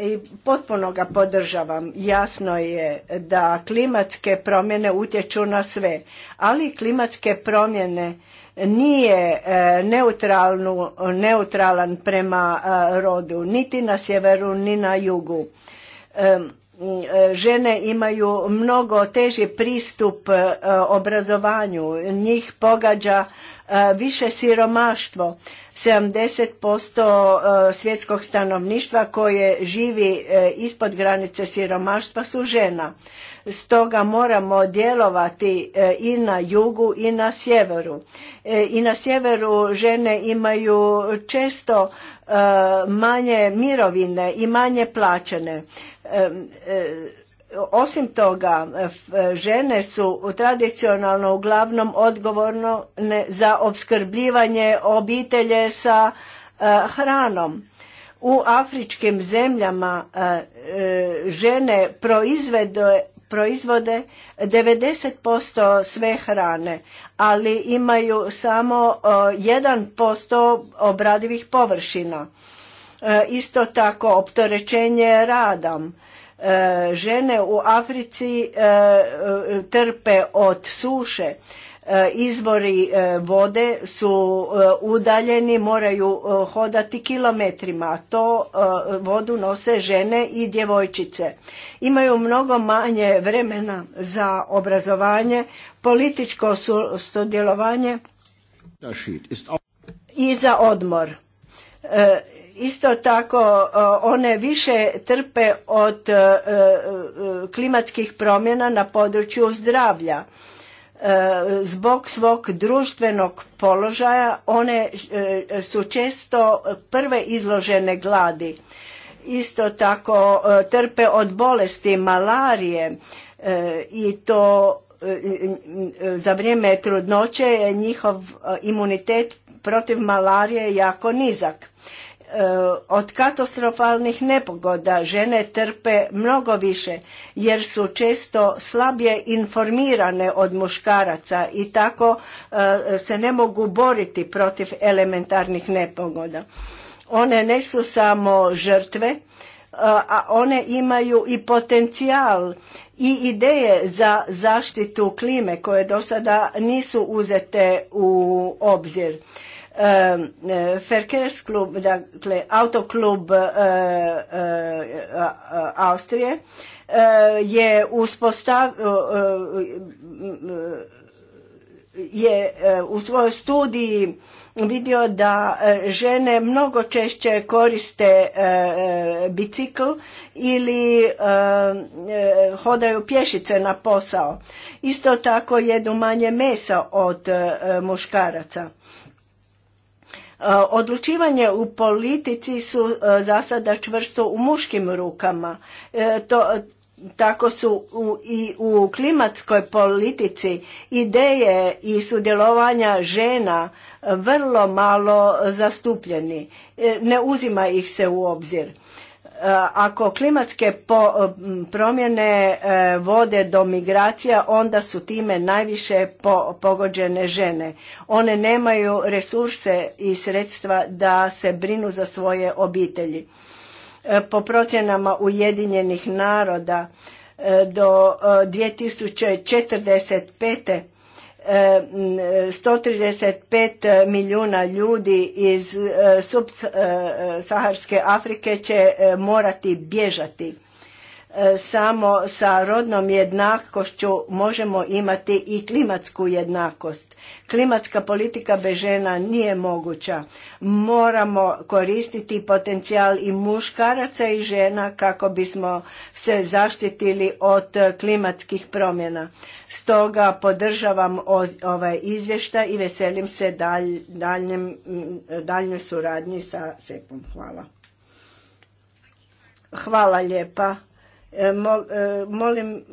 i potpuno ga podržavam. Jasno je da klimatske promjene utječu na sve, ali klimatske promjene nije e, neutralnu, neutralan prema e, rodu, niti na sjeveru, ni na jugu. E, žene imaju mnogo teži pristup obrazovanju, njih pogađa E, više siromaštvo. 70% e, svjetskog stanovništva koje živi e, ispod granice siromaštva su žena. Stoga moramo djelovati i na jugu i na sjeveru. I na sjeveru žene imaju često manje mirovine i manje plaćene osim toga, žene su tradicionalno uglavnom odgovorno za opskrbljivanje obitelje sa e, hranom. U afričkim zemljama e, e, žene proizvode proizvode 90% sve hrane, ali imaju samo 1% obradivih površina. Isto tako opterećenje radom E, žene u Africi e, e, trpe od suše, izvori vode su udaljeni, moraju hodati kilometrima. To vodu nose žene i djevojčice. Imaju mnogo manje vremena za obrazovanje, političko sudjelovanje i za odmor. Isto tako e, one više trpe od e, e, klimatskih promjena na području zdravlja. Zbog svog društvenog položaja one su često prve izložene gladi. Isto tako trpe od bolesti, malarije i to za vrijeme trudnoće njihov imunitet protiv malarije jako nizak. Eh, od katastrofalnih nepogoda žene trpe mnogo više jer su često slabije informirane od muškaraca i tako eh, se ne mogu boriti protiv elementarnih nepogoda. One ne su samo žrtve, eh, a one imaju i potencijal i ideje za zaštitu klime koje do sada nisu uzete u obzir E, Ferkers klub, dakle autoklub e, e, Austrije je uspostav je u svojoj studiji vidio da žene mnogo češće koriste bicikl ili hodaju pješice na posao. Isto tako jedu manje mesa od muškaraca. E, odlučivanje u politici su e, za sada čvrsto u muškim rukama. E, to, tako su i u klimatskoj politici ideje i sudjelovanja žena vrlo malo zastupljeni. Ne uzima ih se u obzir. Eh, ako klimatske eh, promjene eh, vode do migracija, onda su time najviše pogođene žene. One nemaju resurse i sredstva da se brinu za svoje obitelji. Po procjenama Ujedinjenih naroda do 2045 135 milijuna ljudi iz eh, subsaharske eh, eh, Afrike će morati bježati E, samo sa rodnom jednakošću možemo imati i klimatsku jednakost. Klimatska politika bez žena nije moguća. Moramo koristiti potencijal i muškaraca i žena kako bismo se zaštitili od klimatskih promjena. Stoga podržavam ovaj izvještaj i veselim se dalj, daljnjoj suradnji sa SEPom. Hvala. Hvala lijepa. E, e, molim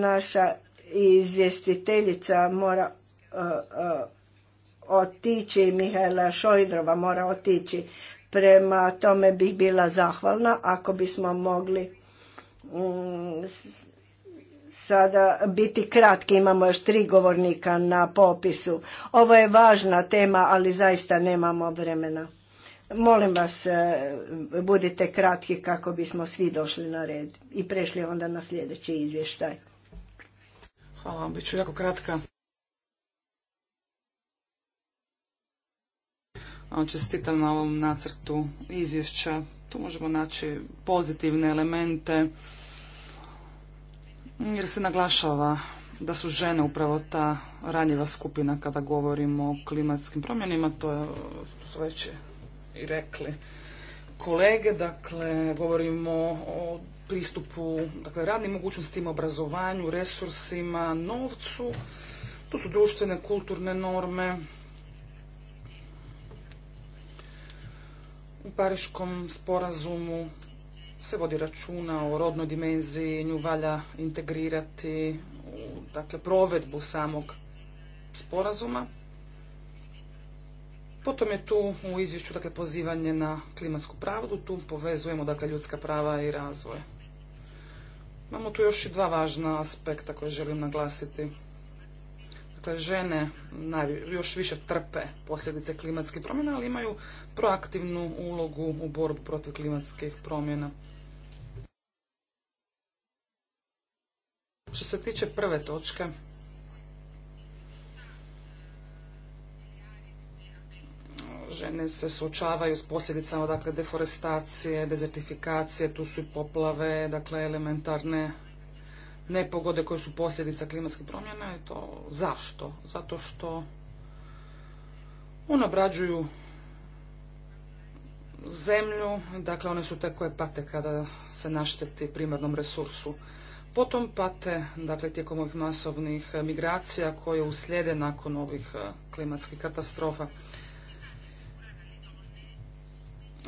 naša izvjestiteljica mora e, otići, Mihajla Šojdrova mora otići. Prema tome bih bila zahvalna ako bismo mogli mm, sada biti kratki, imamo još tri govornika na popisu. Ovo je važna tema, ali zaista nemamo vremena. Molim vas, e, budite kratki kako bismo svi došli na red i prešli onda na sljedeći izvještaj. Hvala vam, bit ću jako kratka. Čestitam na ovom nacrtu izvješća. Tu možemo naći pozitivne elemente jer se naglašava da su žene upravo ta ranjiva skupina kada govorimo o klimatskim promjenima. To, to su veće i rekli kolege. Dakle, govorimo o pristupu dakle, radnim mogućnostima, obrazovanju, resursima, novcu. To su društvene, kulturne norme. U Pariškom sporazumu se vodi računa o rodnoj dimenziji, nju valja integrirati u dakle, provedbu samog sporazuma. Potom je tu u izvješću dakle, pozivanje na klimatsku pravdu, tu povezujemo dakle, ljudska prava i razvoj. Imamo tu još i dva važna aspekta koje želim naglasiti. Dakle, žene još više trpe posljedice klimatskih promjena, ali imaju proaktivnu ulogu u borbu protiv klimatskih promjena. Što se tiče prve točke, žene se suočavaju s posljedicama dakle, deforestacije, dezertifikacije, tu su i poplave, dakle elementarne nepogode koje su posljedica klimatskih promjena i to zašto? Zato što one obrađuju zemlju, dakle one su te koje pate kada se našteti primarnom resursu. Potom pate, dakle, tijekom ovih masovnih migracija koje uslijede nakon ovih eh, klimatskih katastrofa.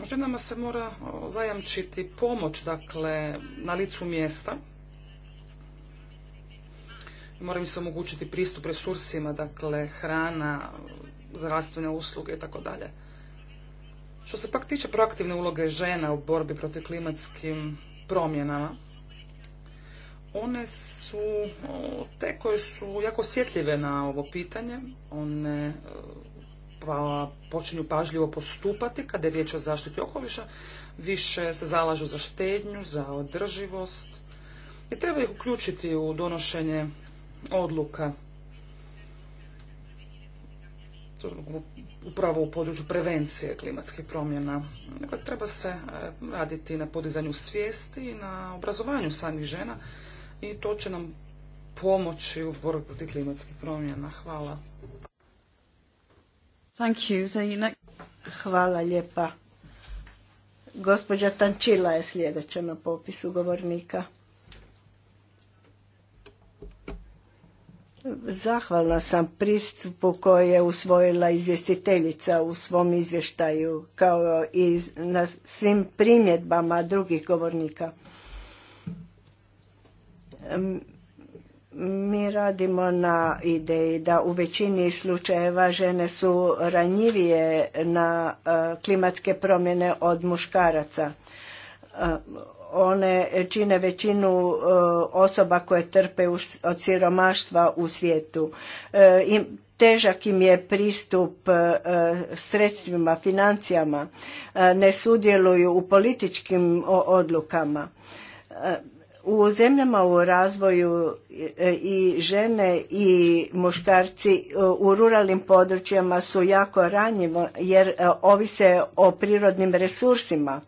Ženama se mora zajamčiti pomoć, dakle, na licu mjesta. Mora im se omogućiti pristup resursima, dakle, hrana, zdravstvene usluge i tako dalje. Što se pak tiče proaktivne uloge žena u borbi protiv klimatskim promjenama, one su te koje su jako osjetljive na ovo pitanje, one e, pa počinju pažljivo postupati kada je riječ o zaštiti okoliša, više se zalažu za štednju, za održivost i treba ih uključiti u donošenje odluka upravo u području prevencije klimatskih promjena. Dakle, treba se e, raditi na podizanju svijesti i na obrazovanju samih žena i to će nam pomoći u borbi protiv klimatskih promjena. Hvala. Thank you. Hvala lijepa. Gospođa Tančila je sljedeća na popisu govornika. Zahvalna sam pristupu koji je usvojila izvjestiteljica u svom izvještaju, kao i na svim primjedbama drugih govornika. Mi radimo na ideji da u većini slučajeva žene su ranjivije na e, klimatske promjene od muškaraca. E, one čine većinu e, osoba koje trpe od siromaštva u svijetu. Težak im je pristup sredstvima, financijama, ne sudjeluju u političkim odlukama u zemljama u razvoju e, i žene i muškarci e, u ruralnim područjima su jako ranjivo jer e, ovise o prirodnim resursima.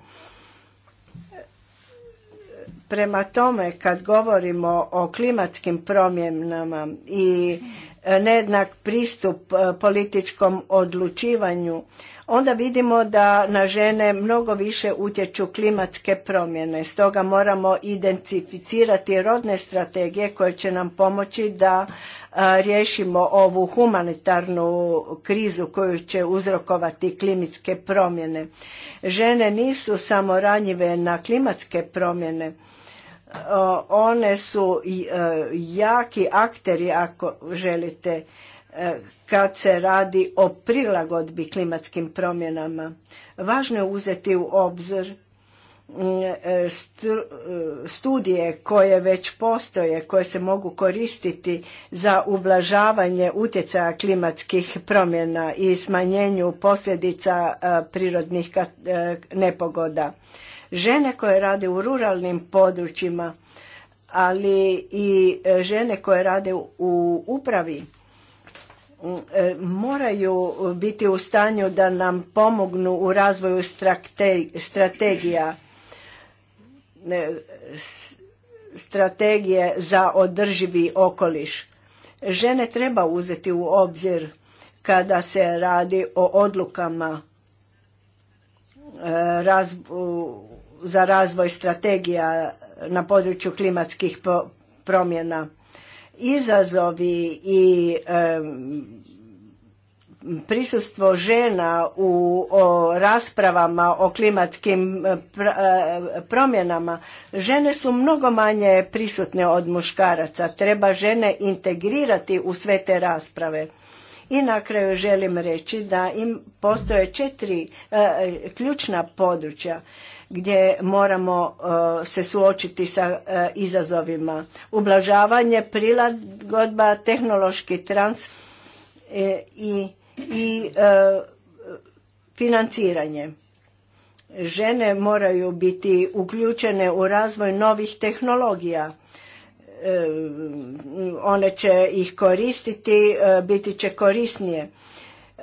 Prema tome, kad govorimo o klimatskim promjenama i nejednak pristup političkom odlučivanju, onda vidimo da na žene mnogo više utječu klimatske promjene. Stoga moramo identificirati rodne strategije koje će nam pomoći da riješimo ovu humanitarnu krizu koju će uzrokovati klimatske promjene. Žene nisu samo ranjive na klimatske promjene, one su e, jaki akteri ako želite E, kad se radi o prilagodbi klimatskim promjenama. Važno je uzeti u obzir mm, e, e, studije koje već postoje, koje se mogu koristiti za ublažavanje utjecaja klimatskih promjena i smanjenju posljedica prirodnih nepogoda. Žene koje rade u ruralnim područjima, ali i žene koje rade u upravi, E, moraju biti u stanju da nam pomognu u razvoju strategija e, strategije za održivi okoliš. Žene treba uzeti u obzir kada se radi o odlukama e, za razvoj strategija na području klimatskih promjena izazovi i prisustvo žena u raspravama o klimatskim e, e, promjenama žene su mnogo manje prisutne od muškaraca treba žene integrirati u sve te rasprave i na kraju želim reći da im postoje četiri e, ključna područja gdje moramo e, se suočiti sa e, izazovima. Ublažavanje, prilagodba, tehnološki trans e, i, i financiranje. Žene moraju biti uključene u razvoj novih tehnologija. One će ih koristiti, biti će korisnije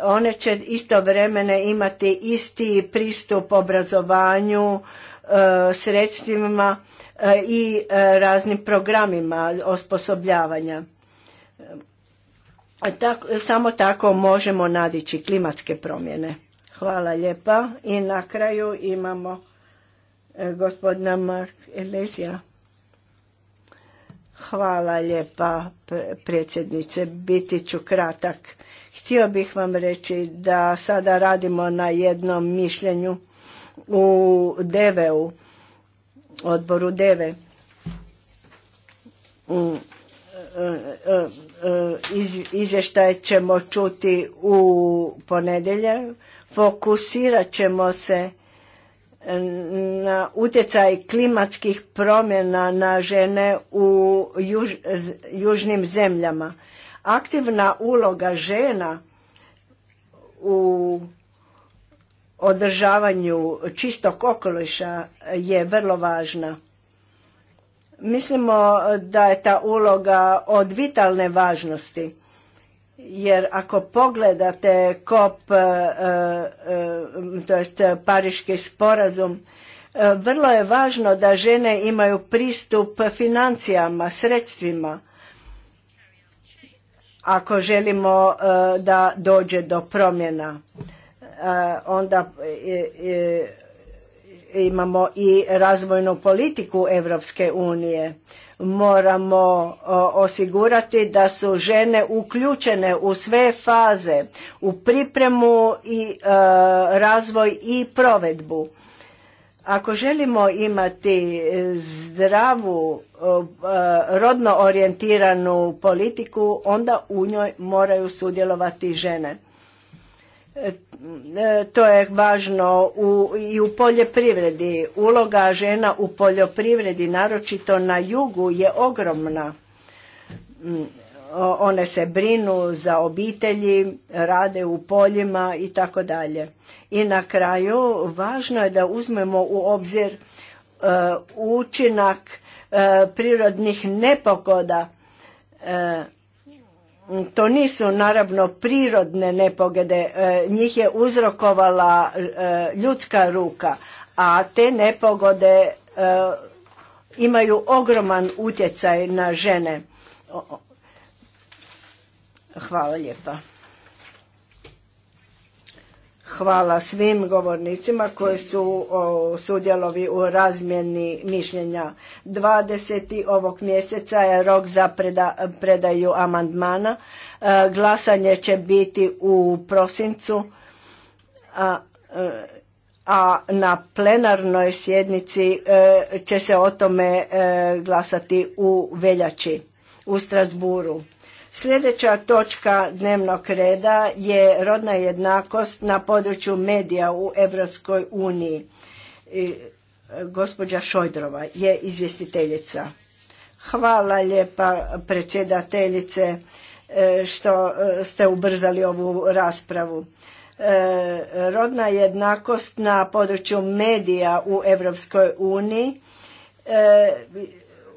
one će vremene imati isti pristup obrazovanju, e, sredstvima e, i e, raznim programima osposobljavanja. Tako, samo tako možemo nadići klimatske promjene. Hvala lijepa. I na kraju imamo gospodina Mark Elezija. Hvala lijepa predsjednice. Biti ću kratak Htio bih vam reći da sada radimo na jednom mišljenju u u odboru Deve. E, e, e, izvještaj ćemo čuti u ponedelje. Fokusirat ćemo se na utjecaj klimatskih promjena na žene u južnim zemljama Aktivna uloga žena u održavanju čistog okoliša je vrlo važna. Mislimo da je ta uloga od vitalne važnosti, jer ako pogledate kop, e, e, to jest Pariški sporazum, e, vrlo je važno da žene imaju pristup financijama, sredstvima ako želimo e, da dođe do promjena e, onda e, imamo i razvojnu politiku Europske unije moramo osigurati da su žene uključene u sve faze u pripremu i razvoj i provedbu ako želimo imati e, zdravu, e, rodno orijentiranu politiku, onda u njoj moraju sudjelovati žene. E, to je važno u, i u poljoprivredi. Uloga žena u poljoprivredi, naročito na jugu, je ogromna mm, one se brinu za obitelji, rade u poljima i tako dalje. I na kraju važno je da uzmemo u obzir e, učinak e, prirodnih nepogoda. E, to nisu naravno prirodne nepogode, njih je uzrokovala ljudska ruka, a te nepogode imaju ogroman utjecaj na žene. Hvala Hvala svim govornicima koji su sudjelovi u razmjeni mišljenja. 20. ovog mjeseca je rok za predaju amandmana. E, glasanje će biti u prosincu, a, e, na plenarnoj sjednici e, će se o tome glasati u veljači u Strasburu. Sljedeća točka dnevnog reda je rodna jednakost na području medija u Europskoj uniji. E, gospođa Šojdrova je izvjestiteljica. Hvala lijepa predsjedateljice e, što e, ste ubrzali ovu raspravu. Rodna jednakost na području medija u Europskoj uniji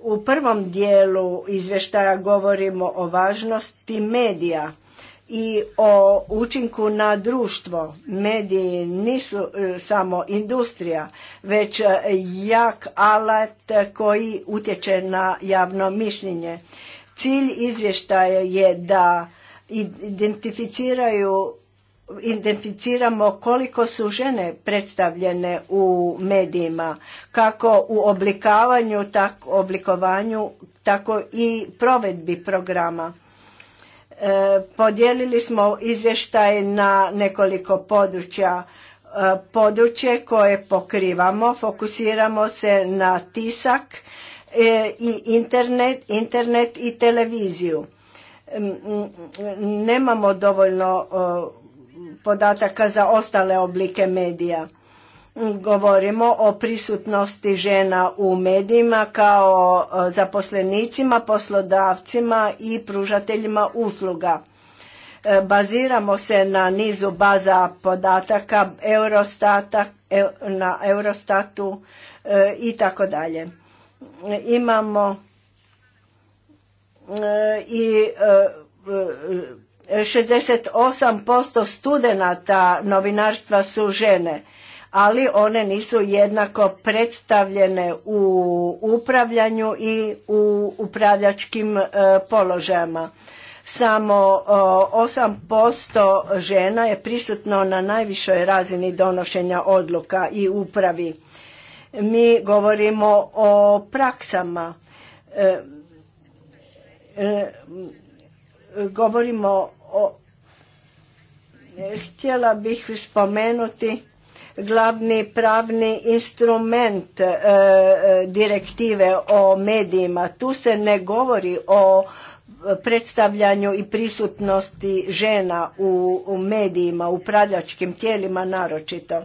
u prvom dijelu izvještaja govorimo o važnosti medija i o učinku na društvo. Mediji nisu e, samo industrija, već e, jak alat koji utječe na javno mišljenje. Cilj izvještaja je da identificiraju identificiramo koliko su žene predstavljene u medijima, kako u oblikavanju, tako, oblikovanju, tako i provedbi programa. E, podijelili smo izvještaj na nekoliko područja. E, područje koje pokrivamo, fokusiramo se na tisak e, i internet, internet i televiziju. Nemamo dovoljno podataka za ostale oblike medija. Govorimo o prisutnosti žena u medijima kao e, zaposlenicima, poslodavcima i pružateljima usluga. E, baziramo se na nizu baza podataka Eurostata, e, na Eurostatu i tako dalje. Imamo i 68% studenata novinarstva su žene, ali one nisu jednako predstavljene u upravljanju i u upravljačkim e, položajima položajama. Samo 8% e, žena je prisutno na najvišoj razini donošenja odluka i upravi. Mi govorimo o praksama. e, e govorimo o, e, htjela bih spomenuti glavni pravni instrument e, e, direktive o medijima. Tu se ne govori o predstavljanju i prisutnosti žena u, u medijima, upravljačkim tijelima naročito.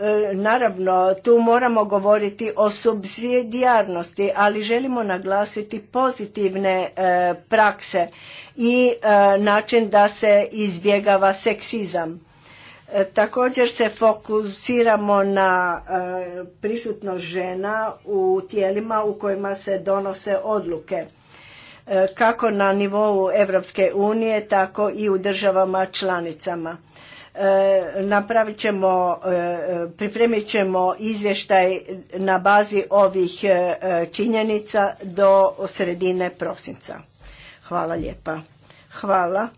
E, naravno, tu moramo govoriti o subsidijarnosti, ali želimo naglasiti pozitivne e, prakse i e, način da se izbjegava seksizam. Također se fokusiramo na prisutnost žena u tijelima u kojima se donose odluke kako na nivou Europske unije, tako i u državama članicama E, napravit ćemo, e, pripremit ćemo izvještaj na bazi ovih e, činjenica do sredine prosinca. Hvala lijepa. Hvala.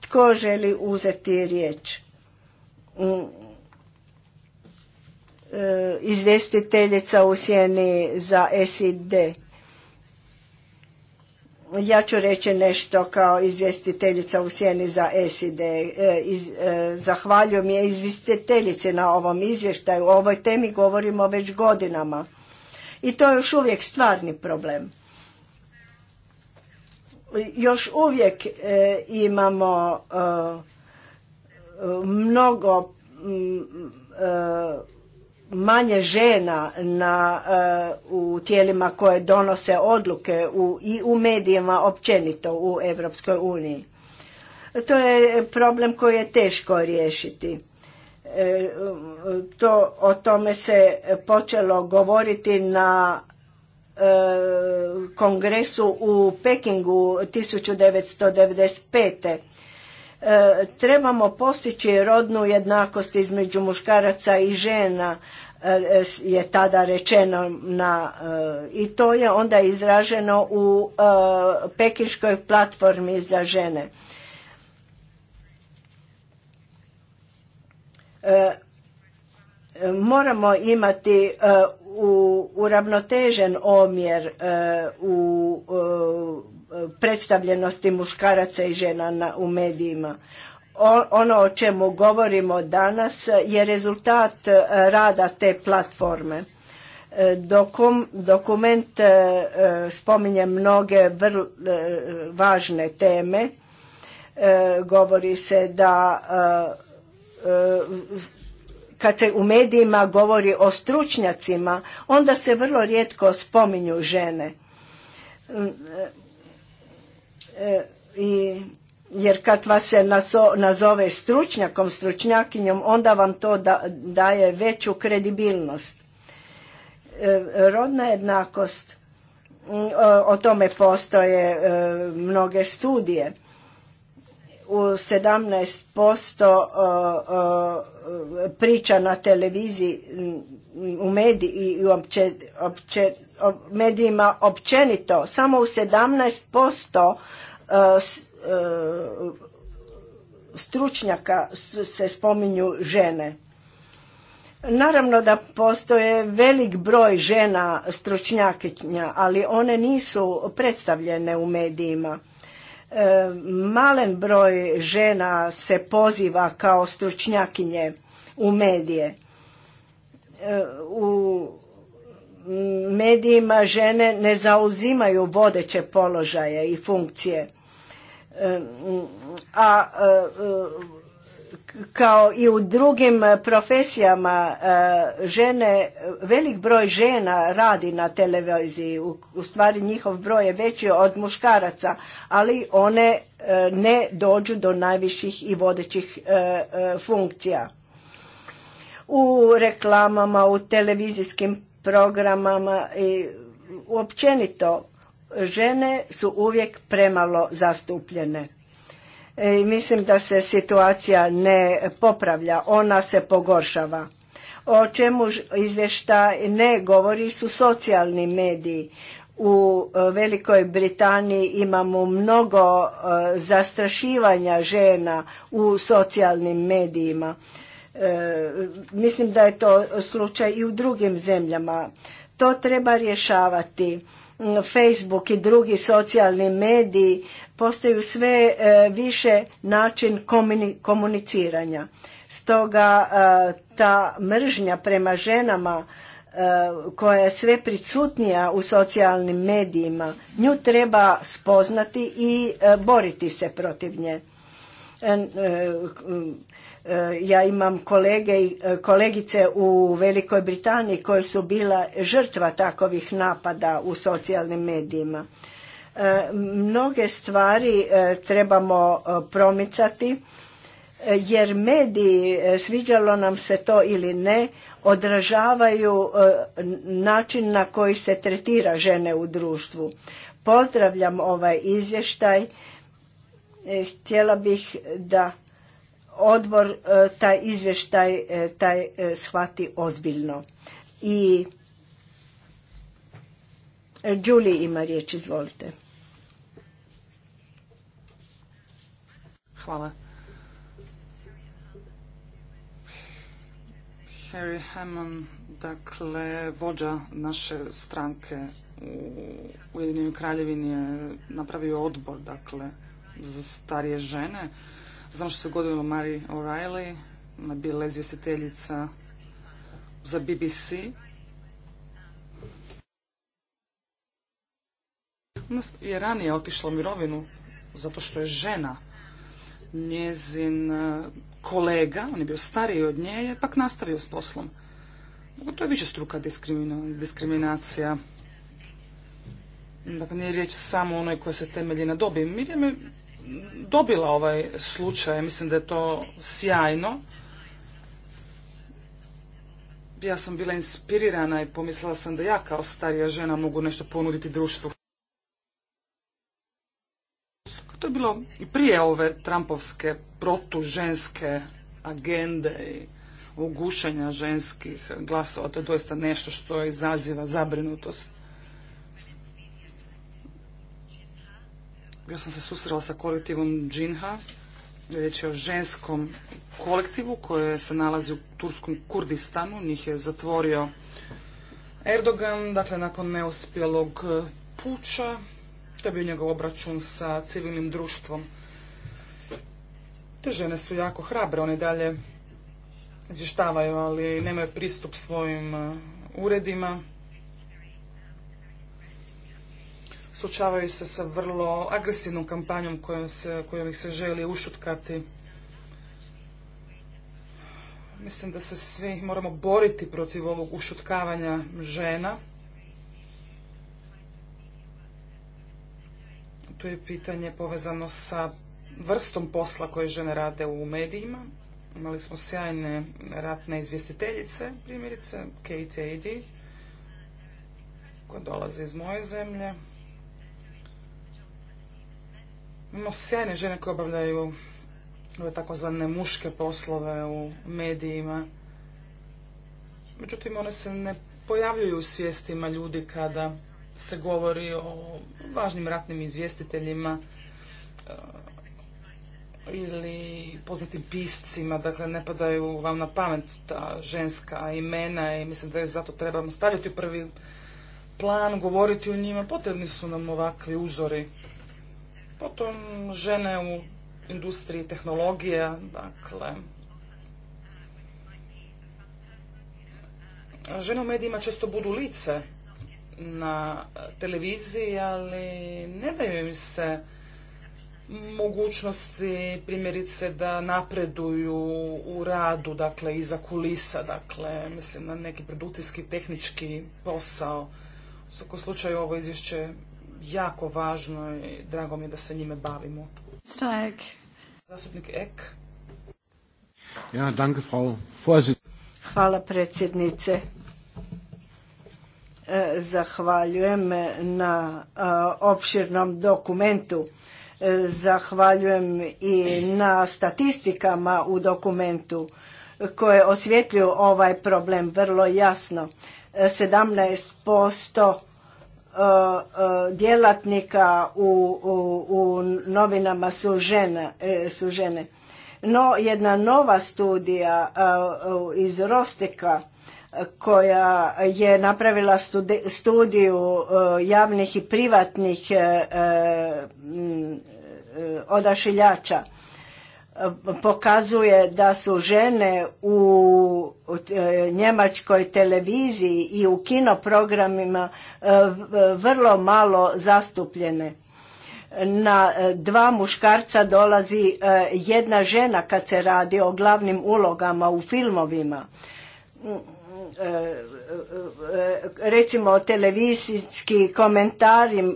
Tko želi uzeti riječ? Mm. Izvjestiteljica u sjeni za SID. Ja ću reći nešto kao izvjestiteljica u sjeni za SID. E, iz, e, zahvaljujem je izvjestiteljice na ovom izvještaju. O ovoj temi govorimo već godinama. I to je još uvijek stvarni problem. Još uvijek e, imamo mnogo manje žena na, eh, u tijelima koje donose odluke u, i u medijima općenito u Europskoj uniji. To je problem koji je teško riješiti. Eh, to, o tome se počelo govoriti na eh, kongresu u Pekingu 1995. E, trebamo postići rodnu jednakost između muškaraca i žena e, e, je tada rečeno na i to je onda izraženo u pekiškoj platformi za žene. Moramo imati uravnotežen omjer u E, predstavljenosti muškaraca i žena na, u medijima. ono o čemu govorimo danas je rezultat e, rada te platforme. E, dokum, dokument spominje mnoge vrlo važne teme. Govori se da kad se u medijima govori o stručnjacima, onda se vrlo rijetko spominju žene E, i jer kad vas se nazove stručnjakom, stručnjakinjom, onda vam to daje veću kredibilnost. E, rodna jednakost, o tome postoje e, mnoge studije. U 17% priča na televiziji u mediji i uopće medijima općenito, samo u 17% e, e, stručnjaka se spominju žene. Naravno da postoje velik broj žena stručnjakinja, ali one nisu predstavljene u medijima. E, malen broj žena se poziva kao stručnjakinje u medije. u medijima žene ne zauzimaju vodeće položaje i funkcije. E, a e, kao i u drugim profesijama e, žene, velik broj žena radi na televiziji, u stvari njihov broj je veći od muškaraca, ali one ne dođu do najviših i vodećih funkcija. U reklamama, u televizijskim programama i općenito žene su uvijek premalo zastupljene. E, I mislim da se situacija ne popravlja, ona se pogoršava. O čemu izvještaj ne govori su socijalni mediji. U e, Velikoj Britaniji imamo mnogo e, zastrašivanja žena u socijalnim medijima. E, mislim da je to slučaj i u drugim zemljama. To treba rješavati. Mm, Facebook i drugi socijalni mediji postaju sve e, više način komuniciranja. Stoga e, ta mržnja prema ženama koja je sve prisutnija u socijalnim medijima, nju treba spoznati i boriti se protiv nje. Eh, ja imam kolege i eh, kolegice u Velikoj Britaniji koje su bila žrtva takovih napada u socijalnim medijima. Eh, mnoge stvari trebamo promicati jer mediji, sviđalo nam se to ili ne, odražavaju način na koji se tretira žene u društvu. Pozdravljam ovaj izvještaj. Htjela bih da odbor e, taj izvještaj e, taj e, shvati ozbiljno. I Julie ima riječ, izvolite. Hvala. Harry Hammond, dakle, vođa naše stranke u Ujedinjenoj kraljevini je napravio odbor, dakle, za starije žene Znam što se godilo Mari O'Reilly, ona je bila izvjestiteljica za BBC. Ona je ranije otišla u mirovinu zato što je žena. Njezin e, kolega, on je bio stariji od nje, je pak nastavio s poslom. Dakle, to je više struka diskriminacija. Dakle, nije riječ samo o onoj koja se temelji na dobi. Mirjam je dobila ovaj slučaj, mislim da je to sjajno. Ja sam bila inspirirana i pomislila sam da ja kao starija žena mogu nešto ponuditi društvu. To je bilo i prije ove Trumpovske protuženske agende i ugušenja ženskih glasova. To je doista nešto što izaziva zabrinutost. Ja sam se susrela sa kolektivom Džinha, riječ je o ženskom kolektivu koje se nalazi u turskom Kurdistanu. Njih je zatvorio Erdogan, dakle nakon neuspjelog e, puča. To je bio njegov obračun sa civilnim društvom. Te žene su jako hrabre, one dalje izvještavaju, ali nemaju pristup svojim e, uredima. suočavaju se sa vrlo agresivnom kampanjom kojom, ih se želi ušutkati. Mislim da se svi moramo boriti protiv ovog ušutkavanja žena. Tu je pitanje povezano sa vrstom posla koje žene rade u medijima. Imali smo sjajne ratne izvjestiteljice, primjerice Kate koja dolaze iz moje zemlje. Imamo sjajne žene koje obavljaju ove takozvane muške poslove u medijima. Međutim, one se ne pojavljuju u svijestima ljudi kada se govori o važnim ratnim izvjestiteljima eh, ili poznatim piscima, dakle ne padaju vam na pamet ta ženska imena i mislim da je zato trebamo staviti u prvi plan, govoriti o njima, potrebni su nam ovakvi uzori. Potom žene u industriji tehnologije, dakle... Žene u medijima često budu lice na televiziji, ali ne daju im se mogućnosti primjerice da napreduju u radu, dakle iza kulisa, dakle mislim na neki produkcijski, tehnički posao. U svakom slučaju ovo izvješće jako važno i drago mi je da se njime bavimo. Ja, danke, Hvala predsjednice. E, zahvaljujem na e, opširnom dokumentu. E, zahvaljujem i na statistikama u dokumentu koje osvjetljuju ovaj problem vrlo jasno. 17% E, e, djelatnika u, u, u novinama su žene, e, žene. No, jedna nova studija iz Rosteka koja je napravila studiju javnih i privatnih odašiljača pokazuje da su žene u e, njemačkoj televiziji i u kinoprogramima e, vrlo malo zastupljene. Na e, dva muškarca dolazi jedna žena kad se radi o glavnim ulogama u filmovima. Recimo televizijski komentari,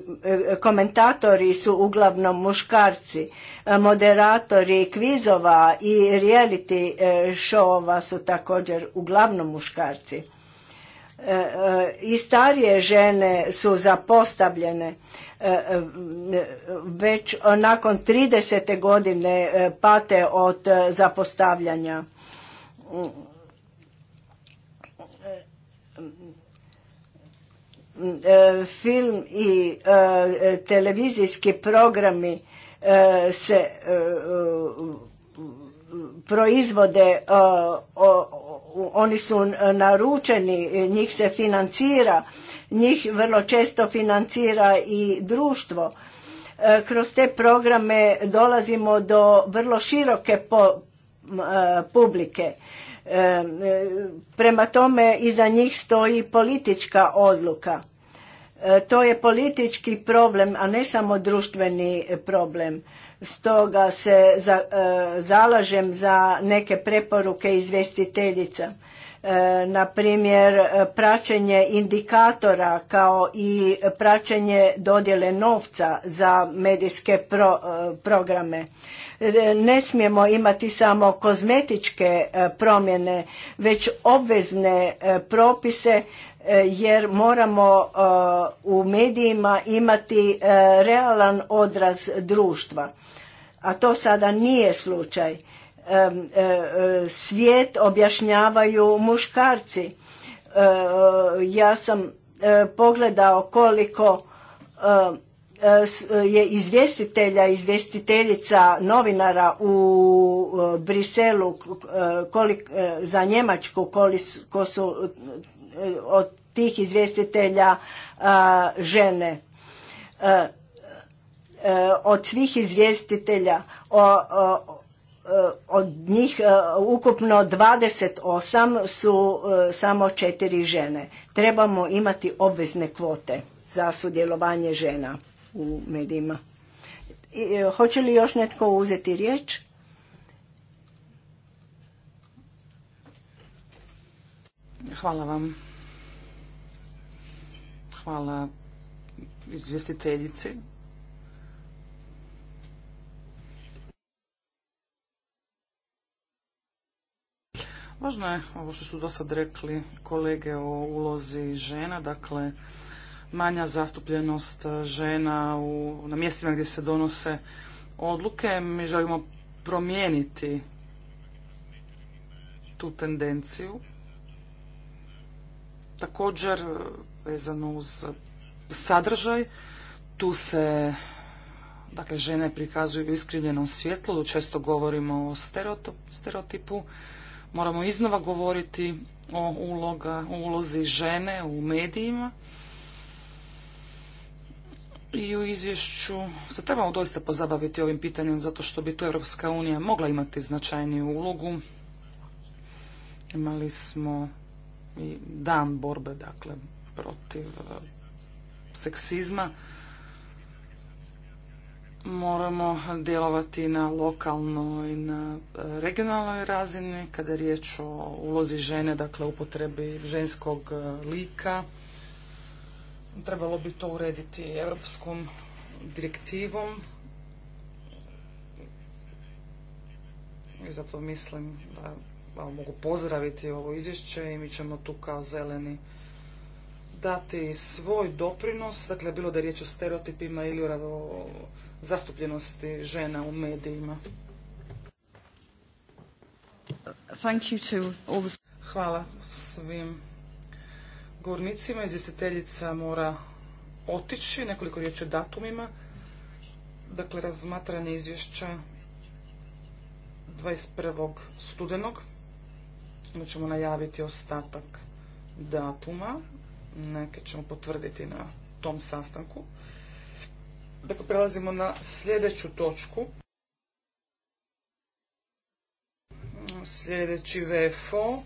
komentatori su uglavnom muškarci Moderatori kvizova i reality e, showova su također uglavnom muškarci. E, e, I starije žene su zapostavljene već nakon 30. godine pate od zapostavljanja. Film i televizijski programi E, se e, e, proizvode, oni su naručeni, njih se financira, njih vrlo često financira i društvo. Kroz te programe dolazimo do vrlo široke publike. Prema tome, iza njih stoji politička odluka E, to je politički problem, a ne samo društveni problem. Stoga se e, zalažem za neke preporuke izvjestiteljica. E, na primjer, praćenje indikatora kao i praćenje dodjele novca za medijske programe. Ne smijemo imati samo kozmetičke promjene, već obvezne propise E, jer moramo e, u medijima imati e, realan odraz društva. A to sada nije slučaj. Svijet objašnjavaju muškarci. Ja sam pogledao koliko je izvjestitelja, izvjestiteljica novinara u Briselu za Njemačku koliko su Eh, od tih izvjestitelja eh, žene eh, od svih izvjestitelja od njih ukupno 28 su samo četiri žene. Trebamo imati obvezne kvote za sudjelovanje žena u medijima. Hoće li još netko uzeti riječ? Hvala vam. Hvala izvjestiteljici. Važno je ovo što su dosad rekli kolege o ulozi žena, dakle manja zastupljenost žena na mjestima gdje se donose odluke. Mi želimo promijeniti tu tendenciju. Također, e, vezano uz sadržaj, tu se dakle, žene prikazuju u iskrivljenom svjetlu, često govorimo o stereotipu, moramo iznova govoriti o uloga, ulozi žene u medijima. I u izvješću se trebamo doista pozabaviti ovim pitanjem zato što bi tu Europska unija mogla imati značajniju ulogu. Imali smo i dan borbe dakle protiv e, seksizma. Moramo djelovati na lokalnoj i na e, regionalnoj razini kada je riječ o ulozi žene, dakle upotrebi ženskog e, lika. Trebalo bi to urediti europskom direktivom. I zato mislim da mogu pozdraviti ovo izvješće i mi ćemo tu kao zeleni dati svoj doprinos, dakle bilo da je riječ o stereotipima ili o zastupljenosti žena u medijima. Thank you to all Hvala svim govornicima. Izvjestiteljica mora otići, nekoliko riječi o datumima. Dakle, razmatranje izvješća 21. studenog. Onda ćemo najaviti ostatak datuma. Neke ćemo potvrditi na tom sastanku. Dakle, prelazimo na sljedeću točku. Sljedeći VFO.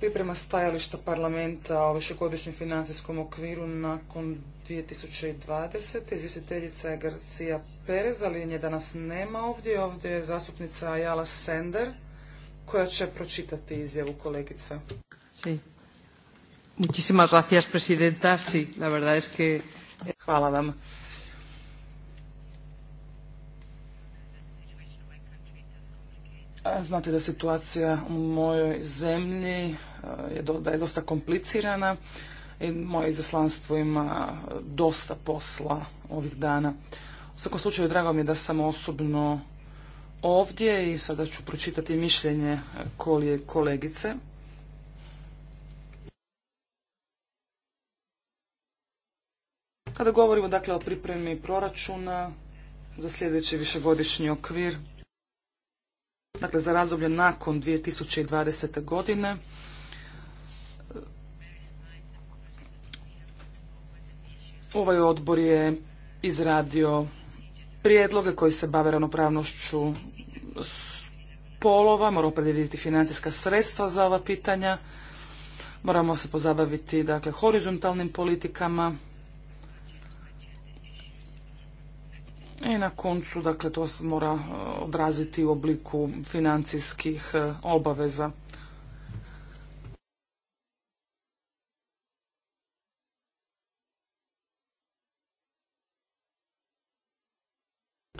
Priprema stajališta parlamenta o višegodišnjem financijskom okviru nakon 2020. Izvjestiteljica je Garcia Perez, ali nje danas nema ovdje. Ovdje je zastupnica Jala Sender koja će pročitati izjavu kolegica. Sí. Muchísimas gracias, presidenta. Sí, la verdad es que... Hvala vam. Znate da situacija u mojoj zemlji eh, je, da je dosta komplicirana i moje izaslanstvo ima eh, dosta posla ovih dana. U svakom slučaju drago mi je da sam osobno ovdje i sada ću pročitati mišljenje kolegice. Kada govorimo dakle o pripremi proračuna za sljedeći višegodišnji okvir, dakle za razdoblje nakon 2020. godine, ovaj odbor je izradio prijedloge koji se bave ravnopravnošću polova, moramo predvidjeti financijska sredstva za ova pitanja, moramo se pozabaviti dakle, horizontalnim politikama i na koncu dakle, to se mora odraziti u obliku financijskih e, obaveza.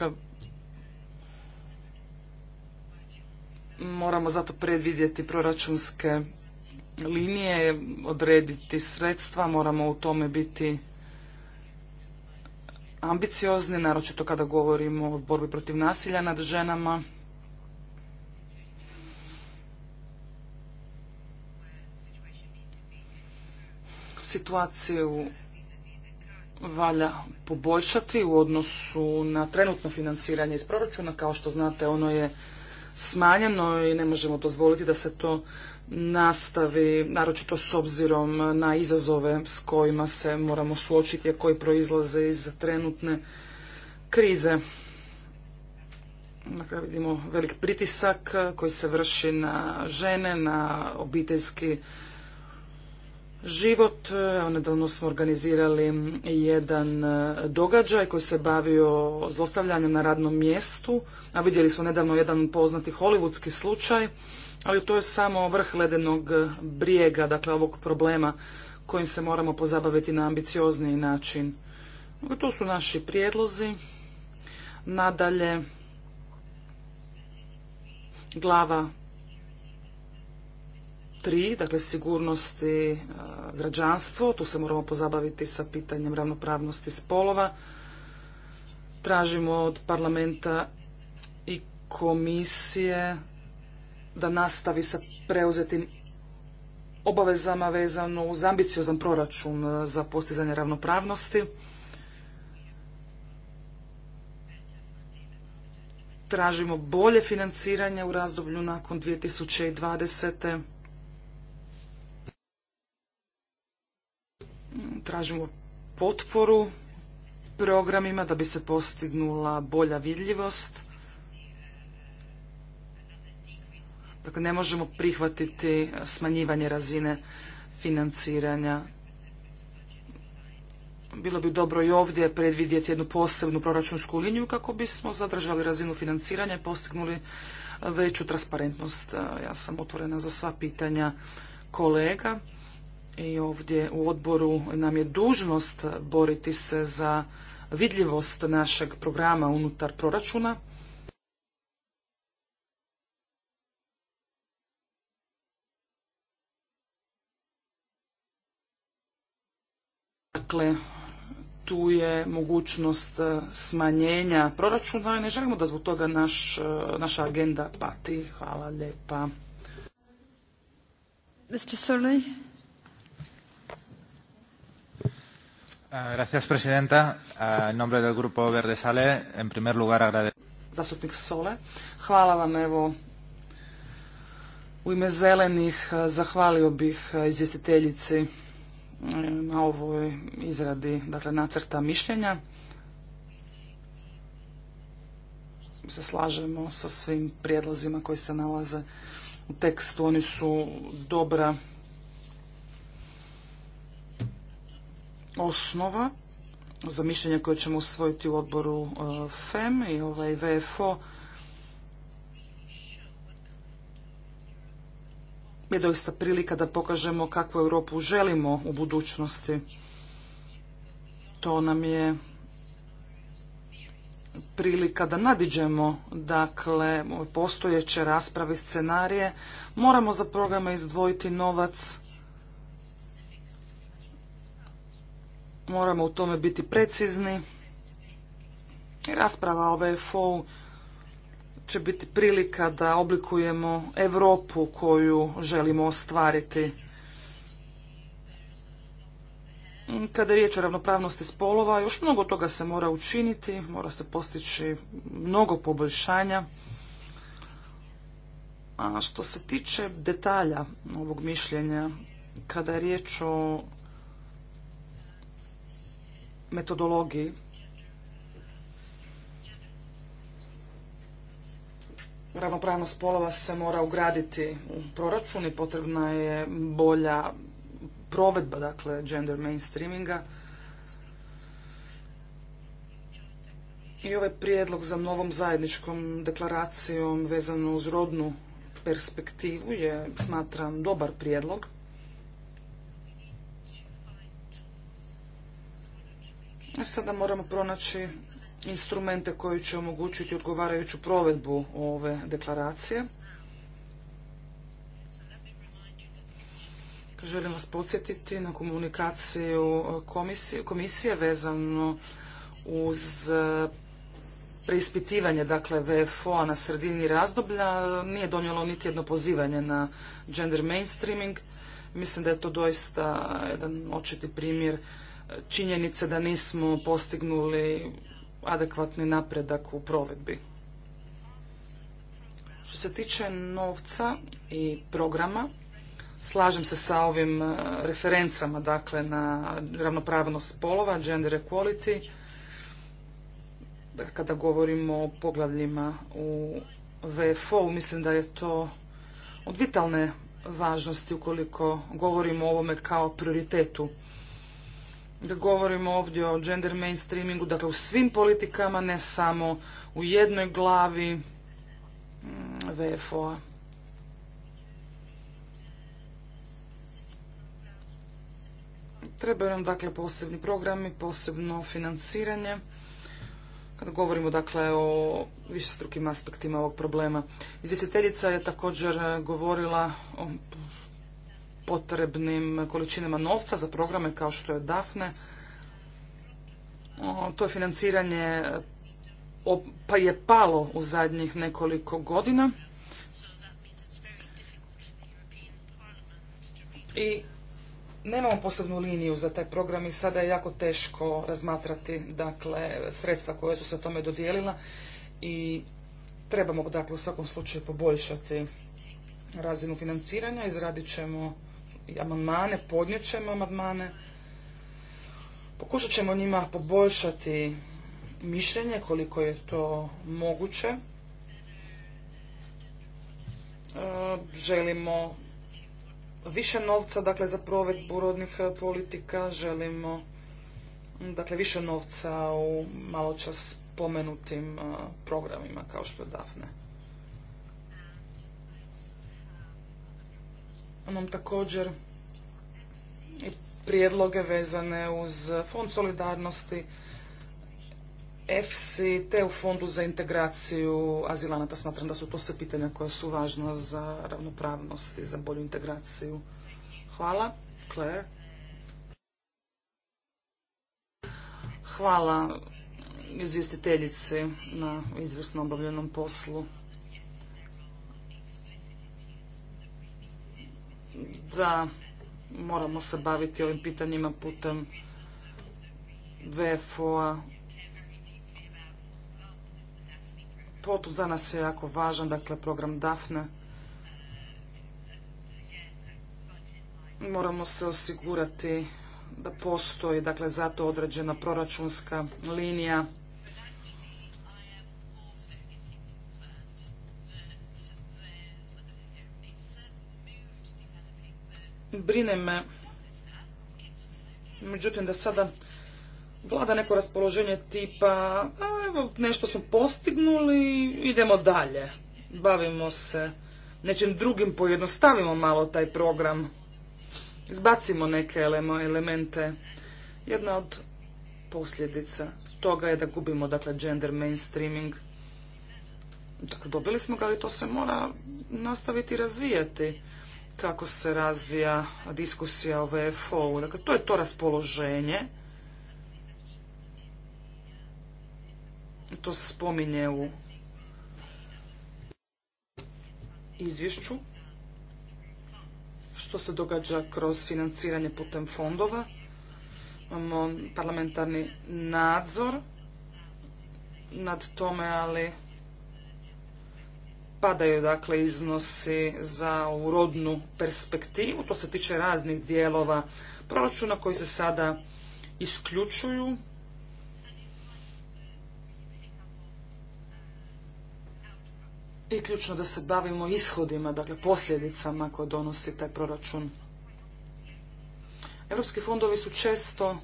Dakle, moramo zato predvidjeti proračunske linije, odrediti sredstva, moramo u tome biti ambiciozni, naročito kada govorimo o borbi protiv nasilja nad ženama. Situaciju valja poboljšati u odnosu na trenutno financiranje iz proračuna. Kao što znate, ono je smanjeno i ne možemo dozvoliti da se to nastavi, naročito s obzirom na izazove s kojima se moramo suočiti, a koji proizlaze iz trenutne krize. Dakle, vidimo velik pritisak koji se vrši na žene, na obiteljski život. E, nedavno smo organizirali jedan e, događaj koji se bavio zlostavljanjem na radnom mjestu, a vidjeli smo nedavno jedan poznati hollywoodski slučaj, ali to je samo vrh ledenog brijega, dakle ovog problema kojim se moramo pozabaviti na ambiciozniji način. E, to su naši prijedlozi. Nadalje, glava tri dakle sigurnosti e, građanstvo, tu se moramo pozabaviti sa pitanjem ravnopravnosti spolova. Tražimo od parlamenta i komisije da nastavi sa preuzetim obavezama vezano uz ambiciozan proračun e, za postizanje ravnopravnosti. Tražimo bolje financiranje u razdoblju nakon 2020. tražimo potporu programima da bi se postignula bolja vidljivost. Dakle, ne možemo prihvatiti smanjivanje razine financiranja. Bilo bi dobro i ovdje predvidjeti jednu posebnu proračunsku liniju kako bismo zadržali razinu financiranja i postignuli veću transparentnost. Ja sam otvorena za sva pitanja kolega i ovdje u odboru nam je dužnost boriti se za vidljivost našeg programa unutar proračuna. Dakle, tu je mogućnost smanjenja proračuna i ne želimo da zbog toga naš, naša agenda pati. Hvala lijepa. Mr. Ah, gracias, presidenta. Ah, en nombre del Grupo Verde Sale, en primer lugar agradezco. Zastupnik Sole, hvala vam evo u ime zelenih ah, zahvalio bih izvjestiteljici mm, na ovoj izradi dakle, nacrta mišljenja. Se slažemo sa svim prijedlozima koji se nalaze u tekstu. Oni su dobra osnova za mišljenje koje ćemo usvojiti u odboru e, FEM i ovaj VFO je doista prilika da pokažemo kakvu Europu želimo u budućnosti. To nam je prilika da nadiđemo dakle postojeće rasprave scenarije moramo za programe izdvojiti novac Moramo u tome biti precizni. Rasprava o VFO-u će biti prilika da oblikujemo Europu koju želimo ostvariti. Kada je riječ o ravnopravnosti spolova, još mnogo toga se mora učiniti, mora se postići mnogo poboljšanja. A što se tiče detalja ovog mišljenja, kada je riječ o metodologiji ravnopravnost spolova se mora ugraditi u proračun i potrebna je bolja provedba, dakle, gender mainstreaminga. I ovaj prijedlog za novom zajedničkom deklaracijom vezano uz rodnu perspektivu je, smatram, dobar prijedlog. Sada moramo pronaći instrumente koji će omogućiti odgovarajuću provedbu ove deklaracije. Želim vas podsjetiti na komunikaciju komisije, komisije vezano uz preispitivanje dakle VFO-a na sredini razdoblja nije donijelo niti jedno pozivanje na gender mainstreaming. Mislim da je to doista jedan očiti primjer činjenice da nismo postignuli adekvatni napredak u provedbi. Što se tiče novca i programa, slažem se sa ovim e, referencama, dakle, na ravnopravnost spolova, gender equality, kada govorimo o poglavljima u VFO, mislim da je to od vitalne važnosti ukoliko govorimo o ovome kao prioritetu govorimo ovdje o gender mainstreamingu, dakle u svim politikama, ne samo u jednoj glavi mm, VFO-a. Trebaju nam dakle posebni programi, posebno financiranje. Kada govorimo dakle o višestrukim aspektima ovog problema. Izvjestiteljica je također eh, govorila o potrebnim količinama novca za programe kao što je DAFNE. To je financiranje pa je palo u zadnjih nekoliko godina. I nemamo posebnu liniju za taj program i sada je jako teško razmatrati dakle, sredstva koje su se tome dodijelila i trebamo dakle, u svakom slučaju poboljšati razinu financiranja. Izradit ćemo amandmane, podnijet ćemo amandmane, pokušat ćemo njima poboljšati mišljenje koliko je to moguće. E, želimo više novca dakle za provedbu rodnih e, politika, želimo mm, dakle više novca u malo čas spomenutim e, programima kao što je Dafne. nam također i prijedloge vezane uz Fond solidarnosti, EFSI, te u Fondu za integraciju azilanata. Smatram da su to sve pitanja koja su važna za ravnopravnost i za bolju integraciju. Hvala. Claire. Hvala izvjestiteljici na izvrsno obavljenom poslu. da moramo se baviti ovim pitanjima putem VFO-a. Potu za nas je jako važan, dakle program DAFNE. Moramo se osigurati da postoji, dakle, zato određena proračunska linija brine me, međutim da sada vlada neko raspoloženje tipa, a, evo, nešto smo postignuli, idemo dalje, bavimo se nečim drugim, pojednostavimo malo taj program, izbacimo neke elemente. Jedna od posljedica toga je da gubimo, dakle, gender mainstreaming. Dakle, dobili smo ga, ali to se mora nastaviti razvijati kako se razvija diskusija o VFO-u. Dakle, to je to raspoloženje. To se spominje u izvješću. Što se događa kroz financiranje putem fondova. Imamo parlamentarni nadzor nad tome, ali padaju dakle iznosi za ovu rodnu perspektivu. To se tiče raznih dijelova proračuna koji se sada isključuju. I ključno da se bavimo ishodima, dakle posljedicama koje donosi taj proračun. Europski fondovi su često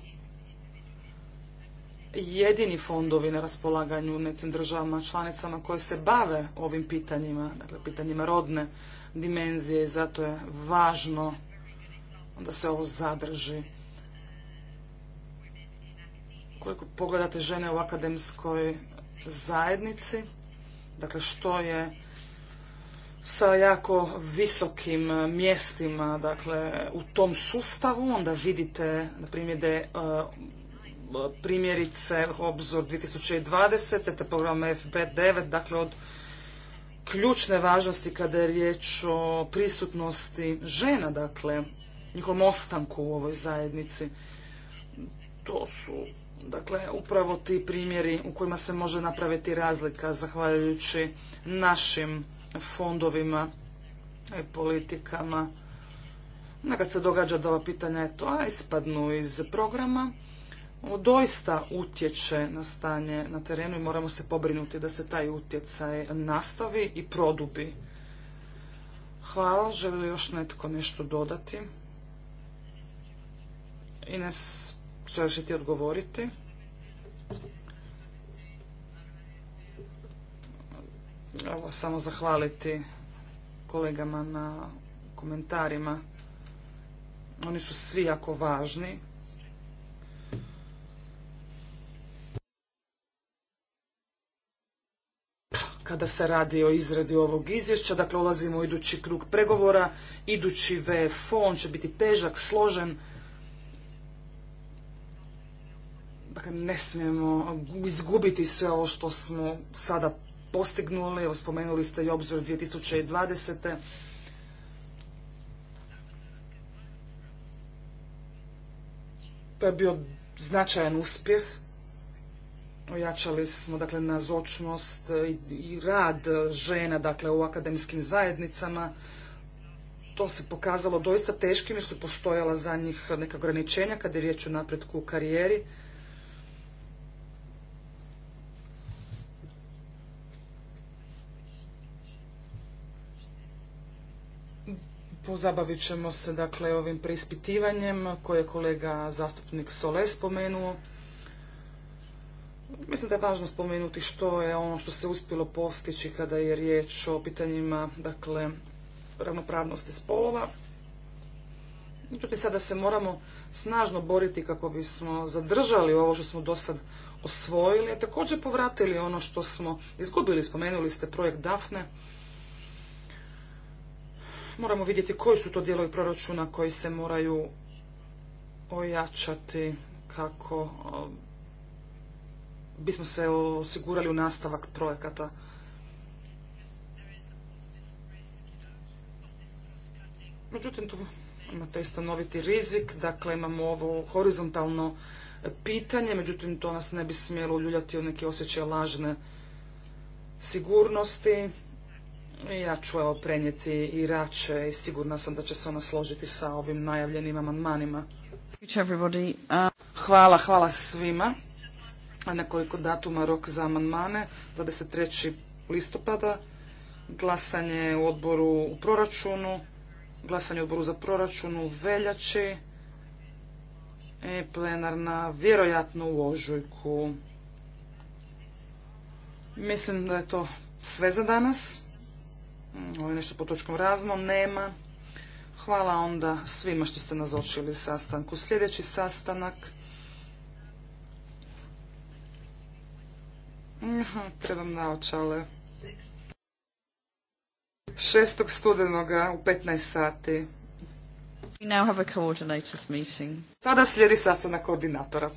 jedini fondovi na raspolaganju u nekim državama članicama koje se bave ovim pitanjima, dakle pitanjima rodne dimenzije i zato je važno da se ovo zadrži. Koliko pogledate žene u akademskoj zajednici, dakle što je sa jako visokim mjestima, dakle u tom sustavu, onda vidite, na primjer, da je e, primjerice obzor 2020. te program FB9, dakle od ključne važnosti kada je riječ o prisutnosti žena, dakle njihovom ostanku u ovoj zajednici. To su dakle upravo ti primjeri u kojima se može napraviti razlika zahvaljujući našim fondovima i politikama. Nekad se događa da ova pitanja eto, a ispadnu iz programa, ovo doista utječe na stanje na terenu i moramo se pobrinuti da se taj utjecaj nastavi i produbi. Hvala. Želi li još netko nešto dodati? Ines, želiš ti odgovoriti? Evo, samo zahvaliti kolegama na komentarima. Oni su svi jako važni kada se radi o izradi ovog izvješća. Dakle, ulazimo u idući krug pregovora. Idući VFO, on će biti težak, složen. Dakle, ne smijemo izgubiti sve ovo što smo sada postignuli. Evo, spomenuli ste i obzor 2020. To je bio značajan uspjeh Ojačali smo dakle nazočnost i rad žena dakle u akademskim zajednicama. To se pokazalo doista teškim jer su postojala za njih neka ograničenja kada je riječ o napretku u karijeri. Pozabavit ćemo se dakle ovim preispitivanjem koje je kolega zastupnik Sole spomenuo. Mislim da je važno spomenuti što je ono što se uspjelo postići kada je riječ o pitanjima dakle, ravnopravnosti spolova. Međutim, sada se moramo snažno boriti kako bismo zadržali ovo što smo do sad osvojili, a također povratili ono što smo izgubili. Spomenuli ste projekt DAFNE. Moramo vidjeti koji su to dijelovi proračuna koji se moraju ojačati kako bismo se osigurali u nastavak projekata. Međutim, tu imate istanoviti stanoviti rizik, dakle imamo ovo horizontalno pitanje, međutim to nas ne bi smjelo uljuljati u neki osjećaj lažne sigurnosti. Ja ću evo prenijeti i rače i sigurna sam da će se ona složiti sa ovim najavljenim amandmanima. Uh, hvala, hvala svima nekoliko datuma rok za amandmane, 23. listopada, glasanje u odboru u proračunu, glasanje u odboru za proračun u veljači, i plenarna vjerojatno u ožujku. Mislim da je to sve za danas. Mm, ovo je nešto po točkom razno, nema. Hvala onda svima što ste nazočili sastanku. Sljedeći sastanak trebam naočale. 6. studenoga u 15 sati. Sada slijedi sastanak koordinatora.